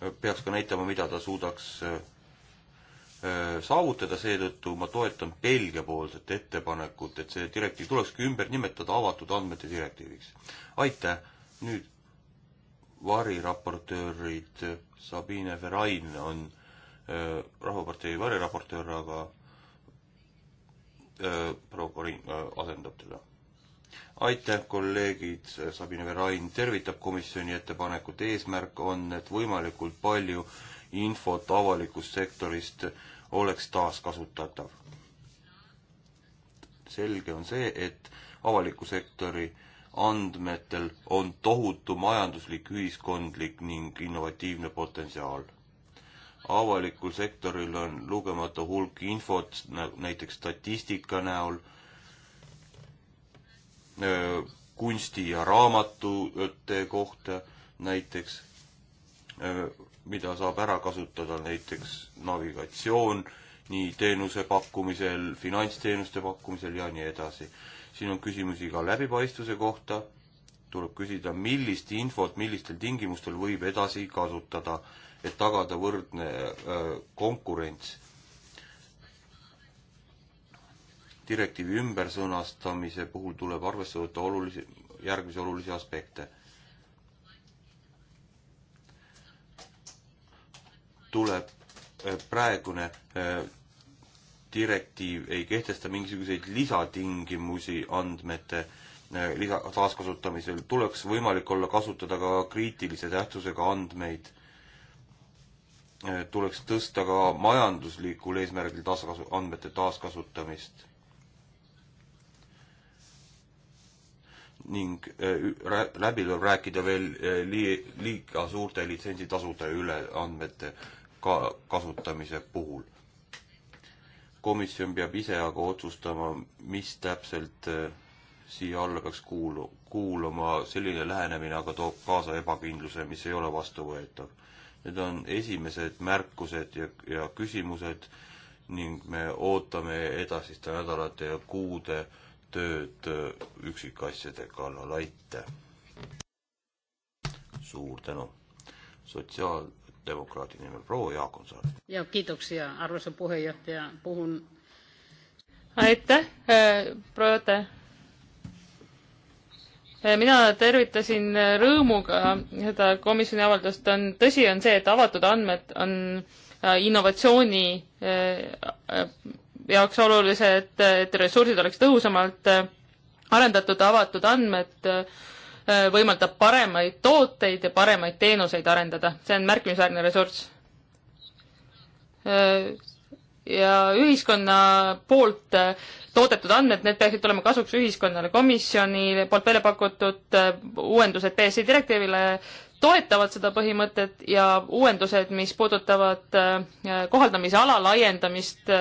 Speaker 2: äh, peaks ka näitama, mida ta suudaks äh, saavutada, seetõttu ma toetan Belgia poolset ettepanekut, et see direktiiv tulekski ümber nimetada avatud andmete direktiiviks. aitäh, nüüd variraportöörid Sabine Verain on Äh, Rahvapartei variraportöör, aga äh, proua Korin äh, asendab teda. aitäh, kolleegid, Sabine Verain tervitab komisjoni ettepanekut, eesmärk on, et võimalikult palju infot avalikust sektorist oleks taaskasutatav. selge on see, et avaliku sektori andmetel on tohutu majanduslik, ühiskondlik ning innovatiivne potentsiaal avalikul sektoril on lugematu hulk infot, näiteks statistika näol, kunsti ja raamatute kohta näiteks, mida saab ära kasutada näiteks navigatsioon nii teenuse pakkumisel, finantsteenuste pakkumisel ja nii edasi. siin on küsimusi ka läbipaistvuse kohta, tuleb küsida, millist infot millistel tingimustel võib edasi kasutada et tagada võrdne äh, konkurents. direktiivi ümbersõnastamise puhul tuleb arvesse võtta olulisi, järgmisi olulisi aspekte. tuleb äh, praegune äh, direktiiv ei kehtesta mingisuguseid lisatingimusi andmete lisa, taaskasutamisel, tuleks võimalik olla kasutada ka kriitilise tähtsusega andmeid. Eh, tuleks tõsta ka majanduslikul eesmärgil taaskasu, andmete taaskasutamist. ning äh, läbi tuleb rääkida veel eh, lii-, liiga suurte litsentsitasude üle andmete ka-, kasutamise puhul. komisjon peab ise aga otsustama, mis täpselt äh, siia alla peaks kuulu-, kuuluma, selline lähenemine aga toob kaasa ebakindluse, mis ei ole vastuvõetav Need on esimesed märkused ja, ja küsimused ning me ootame edasiste nädalate ja kuude tööd äh, üksikasjade kallal, aitäh! suur tänu! sotsiaaldemokraadi nimel proua Jaakonsaar.
Speaker 3: ja kiitoksia, arvamuse puhejuhataja, puhun aitäh, äh, proua juhataja! Äh, mina tervitasin äh, rõõmuga seda komisjoni avaldust, on, tõsi on see, et avatud andmed on äh, innovatsiooni jaoks olulised, et ressursid oleks tõhusamalt arendatud, avatud andmed võimaldab paremaid tooteid ja paremaid teenuseid arendada, see on märkimisväärne ressurss ja ühiskonna poolt äh, toodetud andmed, need peaksid olema kasuks ühiskonnale. komisjoni poolt välja pakutud äh, uuendused BSI direktiivile toetavad seda põhimõtet ja uuendused, mis puudutavad äh, kohaldamise ala laiendamist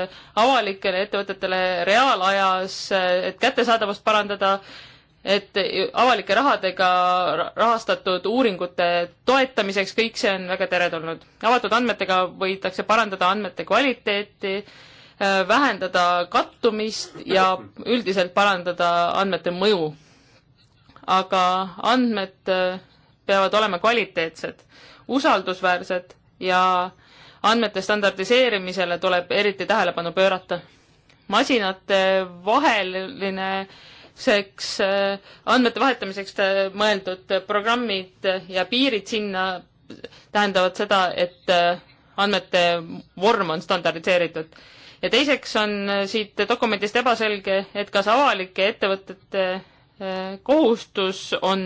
Speaker 3: avalikele ettevõtetele reaalajas, et kättesaadavust parandada et avalike rahadega rahastatud uuringute toetamiseks, kõik see on väga teretulnud. avatud andmetega võidakse parandada andmete kvaliteeti, äh, vähendada kattumist ja üldiselt parandada andmete mõju. aga andmed äh, peavad olema kvaliteetsed, usaldusväärsed ja andmete standardiseerimisele tuleb eriti tähelepanu pöörata. masinate vaheline seks äh, andmete vahetamiseks äh, mõeldud programmid ja piirid sinna tähendavad seda, et äh, andmete vorm on standardiseeritud. ja teiseks on siit dokumendist ebaselge, et kas avalike ettevõtete kohustus on,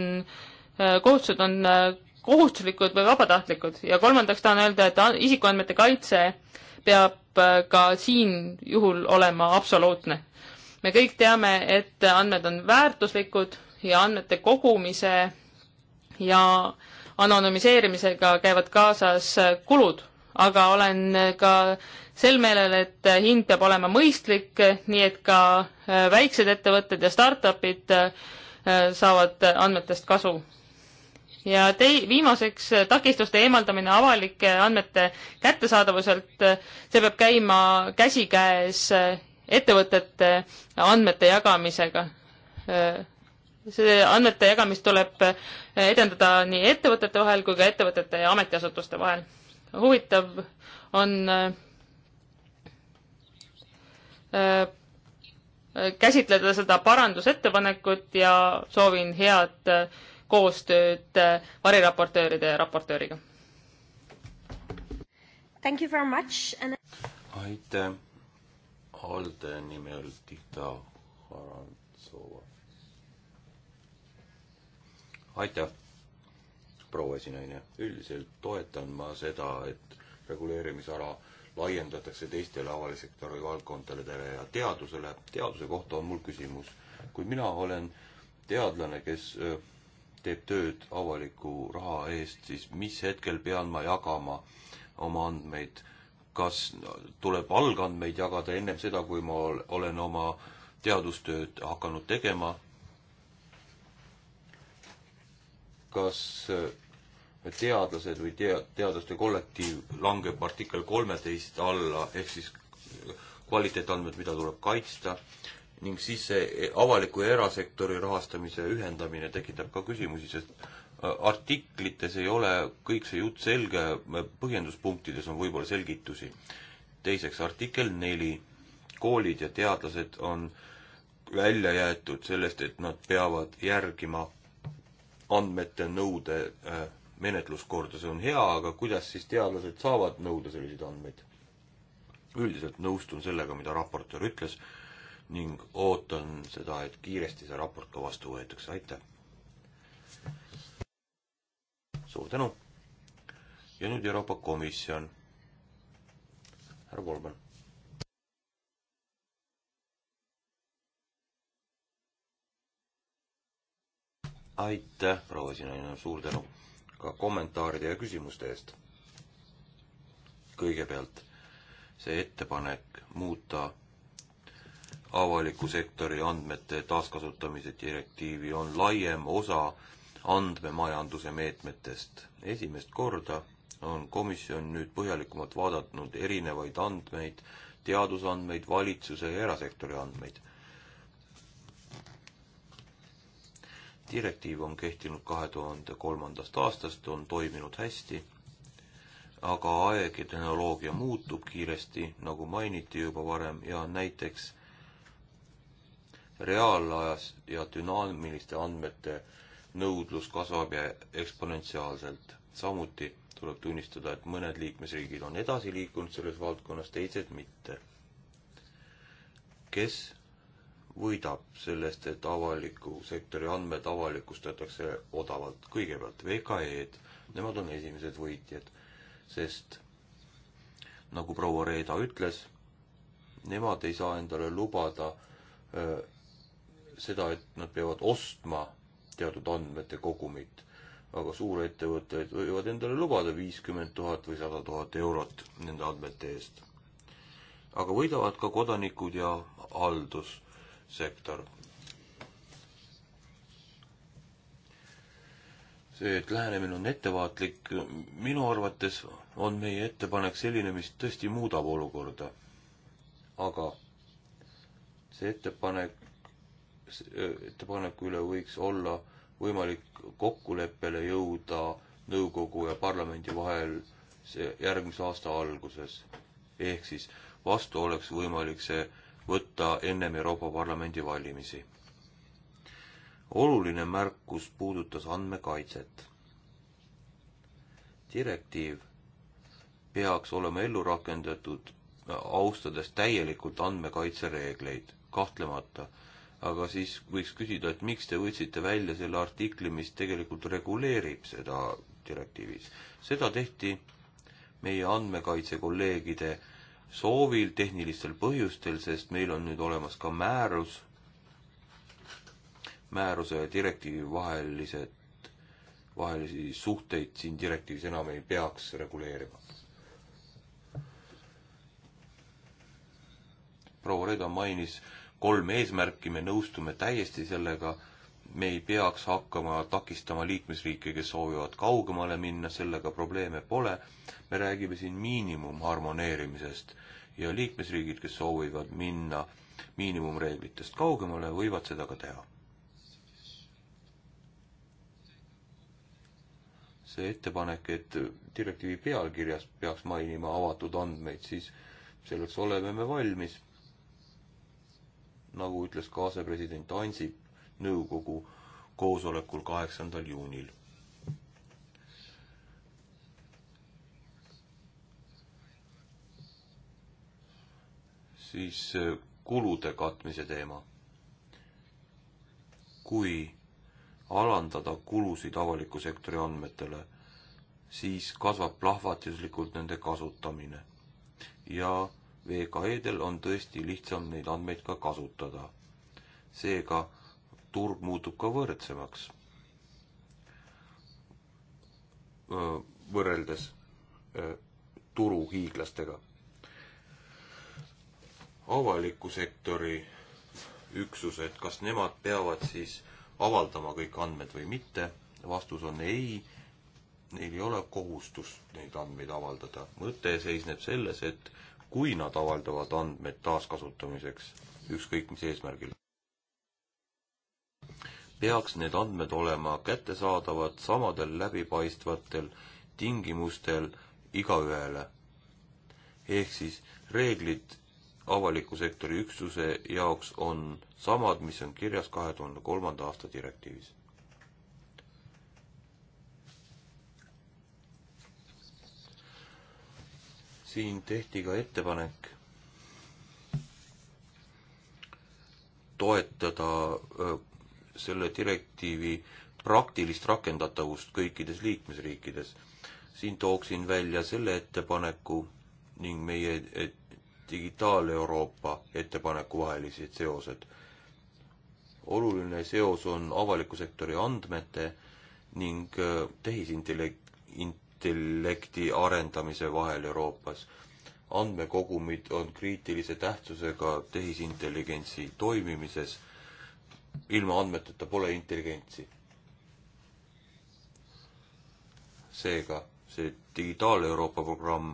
Speaker 3: kohustused on kohustuslikud või vabatahtlikud ja kolmandaks tahan öelda, et isikuandmete kaitse peab ka siin juhul olema absoluutne me kõik teame, et andmed on väärtuslikud ja andmete kogumise ja anonüümiseerimisega käivad kaasas kulud, aga olen ka sel meelel, et hind peab olema mõistlik, nii et ka äh, väiksed ettevõtted ja startup'id äh, saavad andmetest kasu. ja tei-, viimaseks äh, takistuste eemaldamine avalike andmete kättesaadavuselt, see peab käima käsikäes ettevõtete andmete jagamisega. see andmete jagamist tuleb edendada nii ettevõtete vahel kui ka ettevõtete ja ametiasutuste vahel. huvitav on äh, käsitleda seda parandusettepanekut ja soovin head äh, koostööd äh, variraportööride ja raportööriga.
Speaker 2: Then... aitäh Alde nimel Dita Harantsova. aitäh, proua esinaine. üldiselt toetan ma seda, et reguleerimisala laiendatakse teistele avalisektori valdkondadele ja teadusele. teaduse kohta on mul küsimus. kui mina olen teadlane, kes äh, teeb tööd avaliku raha eest, siis mis hetkel pean ma jagama oma andmeid kas tuleb algandmeid jagada ennem seda, kui ma olen oma teadustööd hakanud tegema? kas äh, teadlased või tea-, teadlaste kollektiiv langeb artikkel kolmeteist alla, ehk siis kvaliteetandmed, mida tuleb kaitsta, ning siis see avaliku ja erasektori rahastamise ühendamine tekitab ka küsimusi, sest artiklites ei ole kõik see jutt selge, põhjenduspunktides on võib-olla selgitusi. teiseks, artikkel neli. koolid ja teadlased on välja jäetud sellest, et nad peavad järgima andmete nõude äh, menetluskorda, see on hea, aga kuidas siis teadlased saavad nõuda selliseid andmeid? üldiselt nõustun sellega, mida raportöör ütles ning ootan seda, et kiiresti see raport ka vastu võetakse, aitäh! suur tänu. ja nüüd Euroopa Komisjon. härra Volman. aitäh, proua Sinaine, suur tänu ka kommentaaride ja küsimuste eest. kõigepealt see ettepanek muuta avaliku sektori andmete taaskasutamise direktiivi on laiem osa andmemajanduse meetmetest. esimest korda on komisjon nüüd põhjalikumalt vaadanud erinevaid andmeid, teadusandmeid, valitsuse ja erasektori andmeid. direktiiv on kehtinud kahe tuhande kolmandast aastast, on toiminud hästi, aga aeg ja tehnoloogia muutub kiiresti, nagu mainiti juba varem, ja näiteks reaalajas ja dünaamiliste andmete äh, nõudlus kasvab ja eksponentsiaalselt. samuti tuleb tunnistada, et mõned liikmesriigid on edasi liikunud selles valdkonnas, teised mitte. kes võidab sellest, et avaliku sektori andmed avalikustatakse odavalt? kõigepealt VKE-d, nemad on esimesed võitjad, sest nagu proua Reeda ütles, nemad ei saa endale lubada öö, äh, seda, et nad peavad ostma teatud andmete kogumit, aga suurettevõtted võivad endale lubada viiskümmend tuhat või sada tuhat eurot nende andmete eest. aga võidavad ka kodanikud ja haldussektor. see, et lähenemine on ettevaatlik, minu arvates on meie ettepanek selline, mis tõesti muudab olukorda. aga see ettepanek ettepaneku üle võiks olla võimalik kokkuleppele jõuda nõukogu ja parlamendi vahel see järgmise aasta alguses. ehk siis vastu oleks võimalik see võtta ennem Euroopa Parlamendi valimisi. oluline märkus puudutas andmekaitset. direktiiv peaks olema ellu rakendatud, austades täielikult andmekaitsereegleid, kahtlemata aga siis võiks küsida, et miks te võtsite välja selle artikli, mis tegelikult reguleerib seda direktiivis. seda tehti meie andmekaitsekolleegide soovil, tehnilistel põhjustel, sest meil on nüüd olemas ka määrus, määruse ja direktiivi vahelised, vahelisi suhteid siin direktiivis enam ei peaks reguleerima. proua Reda mainis äh, kolm eesmärki, me nõustume täiesti sellega, me ei peaks hakkama takistama liikmesriike, kes soovivad kaugemale minna, sellega probleeme pole, me räägime siin miinimumharmoneerimisest ja liikmesriigid, kes soovivad minna miinimumreeglitest kaugemale, võivad seda ka teha. see ettepanek, et direktiivi pealkirjas peaks mainima avatud andmeid, siis selleks oleme me valmis nagu ütles ka asepresident Ansip nõukogu koosolekul kaheksandal juunil. siis äh, kulude katmise teema. kui alandada kulusid avaliku sektori andmetele, siis kasvab plahvatuslikult nende kasutamine ja VKE-del on tõesti lihtsam neid andmeid ka kasutada. seega turg muutub ka võrdsemaks. võrreldes turuhiiglastega. avaliku sektori üksused, kas nemad peavad siis avaldama kõik andmed või mitte? vastus on ei, neil ei ole kohustust neid andmeid avaldada. mõte seisneb selles, et kui nad avaldavad andmeid taaskasutamiseks, ükskõik mis eesmärgil. peaks need andmed olema kättesaadavad samadel läbipaistvatel tingimustel igaühele. ehk siis reeglid avaliku sektori üksuse jaoks on samad, mis on kirjas kahe tuhande kolmanda aasta direktiivis siin tehti ka ettepanek toetada selle direktiivi praktilist rakendatavust kõikides liikmesriikides. siin tooksin välja selle ettepaneku ning meie Digitaal-Euroopa ettepaneku vahelised seosed. oluline seos on avaliku sektori andmete ning tehisintellekti tehisintellekti arendamise vahel Euroopas. andmekogumid on kriitilise tähtsusega tehisintelligentsi toimimises. ilma andmeteta pole intelligentsi. seega see Digitaal-Euroopa programm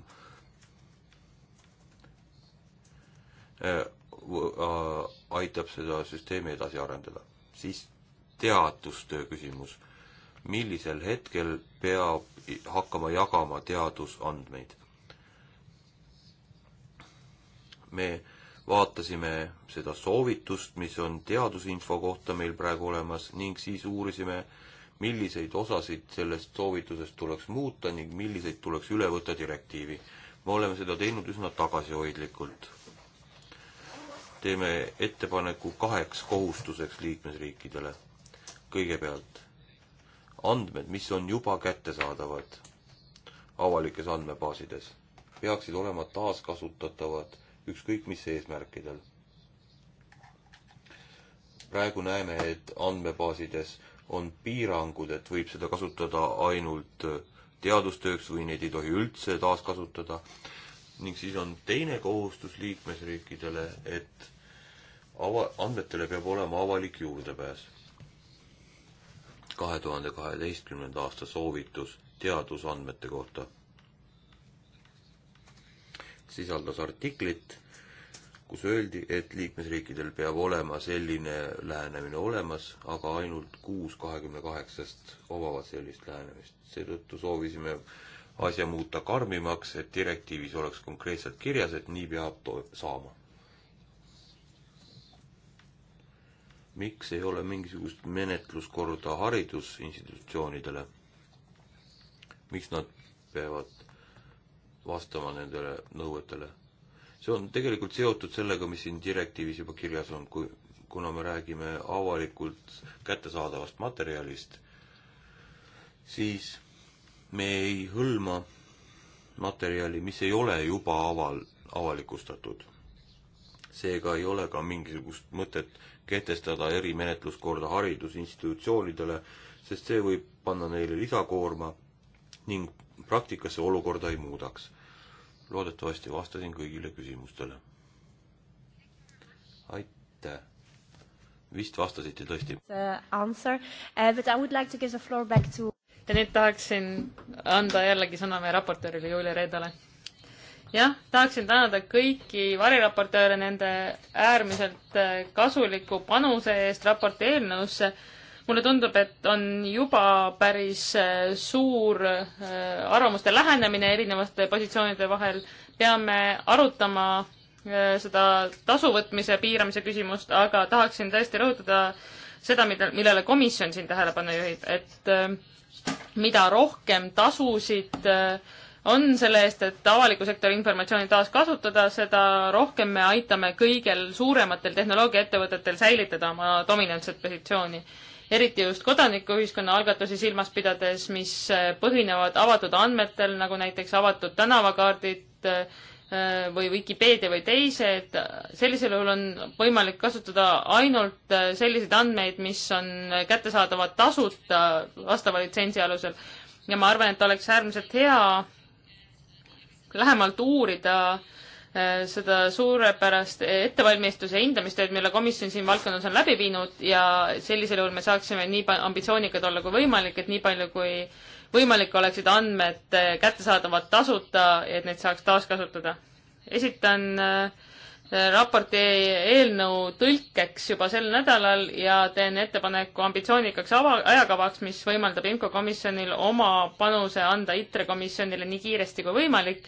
Speaker 2: äh, äh, aitab seda süsteemi edasi arendada. siis teadustöö küsimus millisel hetkel peab hakkama jagama teadusandmeid. me vaatasime seda soovitust, mis on teadusinfo kohta meil praegu olemas ning siis uurisime, milliseid osasid sellest soovitusest tuleks muuta ning milliseid tuleks üle võtta direktiivi. me oleme seda teinud üsna tagasihoidlikult. teeme ettepaneku kaheks kohustuseks liikmesriikidele. kõigepealt andmed, mis on juba kättesaadavad avalikes andmebaasides, peaksid olema taaskasutatavad ükskõik mis eesmärkidel. praegu näeme, et andmebaasides on piirangud, et võib seda kasutada ainult teadustööks või neid ei tohi üldse taaskasutada ning siis on teine kohustus liikmesriikidele, et ava-, andmetele peab olema avalik juurdepääs kahe tuhande kaheteistkümnenda aasta soovitus teadusandmete kohta sisaldas artiklit, kus öeldi, et liikmesriikidel peab olema selline lähenemine olemas, aga ainult kuus kahekümne kaheksast omavad sellist lähenemist. seetõttu soovisime asja muuta karmimaks, et direktiivis oleks konkreetselt kirjas, et nii peab saama miks ei ole mingisugust menetluskorda haridusinstitutsioonidele? miks nad peavad vastama nendele nõuetele? see on tegelikult seotud sellega, mis siin direktiivis juba kirjas on, kui, kuna me räägime avalikult kättesaadavast materjalist, siis me ei hõlma materjali, mis ei ole juba aval, avalikustatud. seega ei ole ka mingisugust mõtet kehtestada erimenetluskorda haridusinstitutsioonidele, sest see võib panna neile lisakoorma ning praktikas see olukorda ei muudaks. loodetavasti vastasin kõigile küsimustele. aitäh! vist vastasite tõesti. Uh,
Speaker 3: ja nüüd tahaksin anda jällegi sõna meie raportöörile Julia Reedale jah, tahaksin tänada kõiki variraportööre nende äärmiselt äh, kasuliku panuse eest raporti eelnõusse. mulle tundub, et on juba päris äh, suur äh, arvamuste lähenemine erinevate positsioonide vahel. peame arutama seda tasuvõtmise piiramise küsimust, aga tahaksin tõesti rõhutada seda, mida, millele komisjon siin tähelepanu juhib, et mida rohkem tasusid äh, on selle eest, et avaliku sektori informatsiooni taaskasutada, seda rohkem me aitame kõigil suurematel tehnoloogiaettevõtetel säilitada oma dominantset positsiooni. eriti just kodanikuühiskonna algatusi silmas pidades, mis eh, põhinevad avatud andmetel, nagu näiteks avatud tänavakaardid eh, või Vikipeedia või teised, sellisel juhul on võimalik kasutada ainult eh, selliseid andmeid, mis on kättesaadavad tasuta vastava litsentsi alusel. ja ma arvan, et oleks äärmiselt hea lähemalt uurida äh, seda suurepärast ettevalmistuse hindamistööd, mille komisjon siin valdkonnas on läbi viinud ja sellisel juhul me saaksime nii ambitsioonikad olla kui võimalik, et nii palju kui võimalik oleksid andmed äh, kättesaadavad tasuta, et neid saaks taaskasutada. esitan äh, raporti eelnõu tõlkeks juba sel nädalal ja teen ettepaneku ambitsioonikaks ava-, ajakavaks, mis võimaldab IMCO komisjonil oma panuse anda ITRE komisjonile nii kiiresti kui võimalik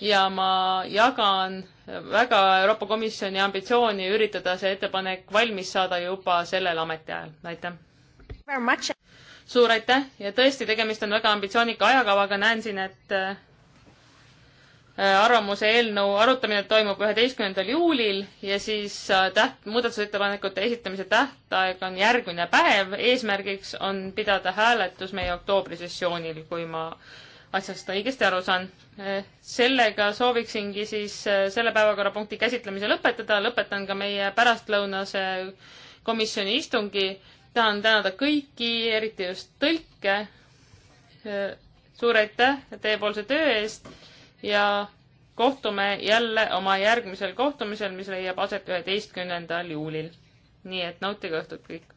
Speaker 3: ja ma jagan väga Euroopa Komisjoni ambitsiooni üritada see ettepanek valmis saada juba sellel ametiajal, aitäh! suur aitäh ja tõesti, tegemist on väga ambitsioonika ajakavaga, näen siin, et Äh, arvamuse eelnõu arutamine toimub üheteistkümnendal juulil ja siis äh, täht-, muudatusettepanekute esitamise tähtaeg on järgmine päev, eesmärgiks on pidada hääletus meie oktoobri sessioonil, kui ma asjast õigesti aru saan. Äh, sellega sooviksingi siis selle päevakorrapunkti käsitlemise lõpetada, lõpetan ka meie pärastlõunase komisjoni istungi. tahan tänada kõiki, eriti just tõlke. suur aitäh teiepoolse töö eest ja kohtume jälle oma järgmisel kohtumisel, mis leiab aset üheteistkümnendal juulil. nii et nautige õhtut kõik!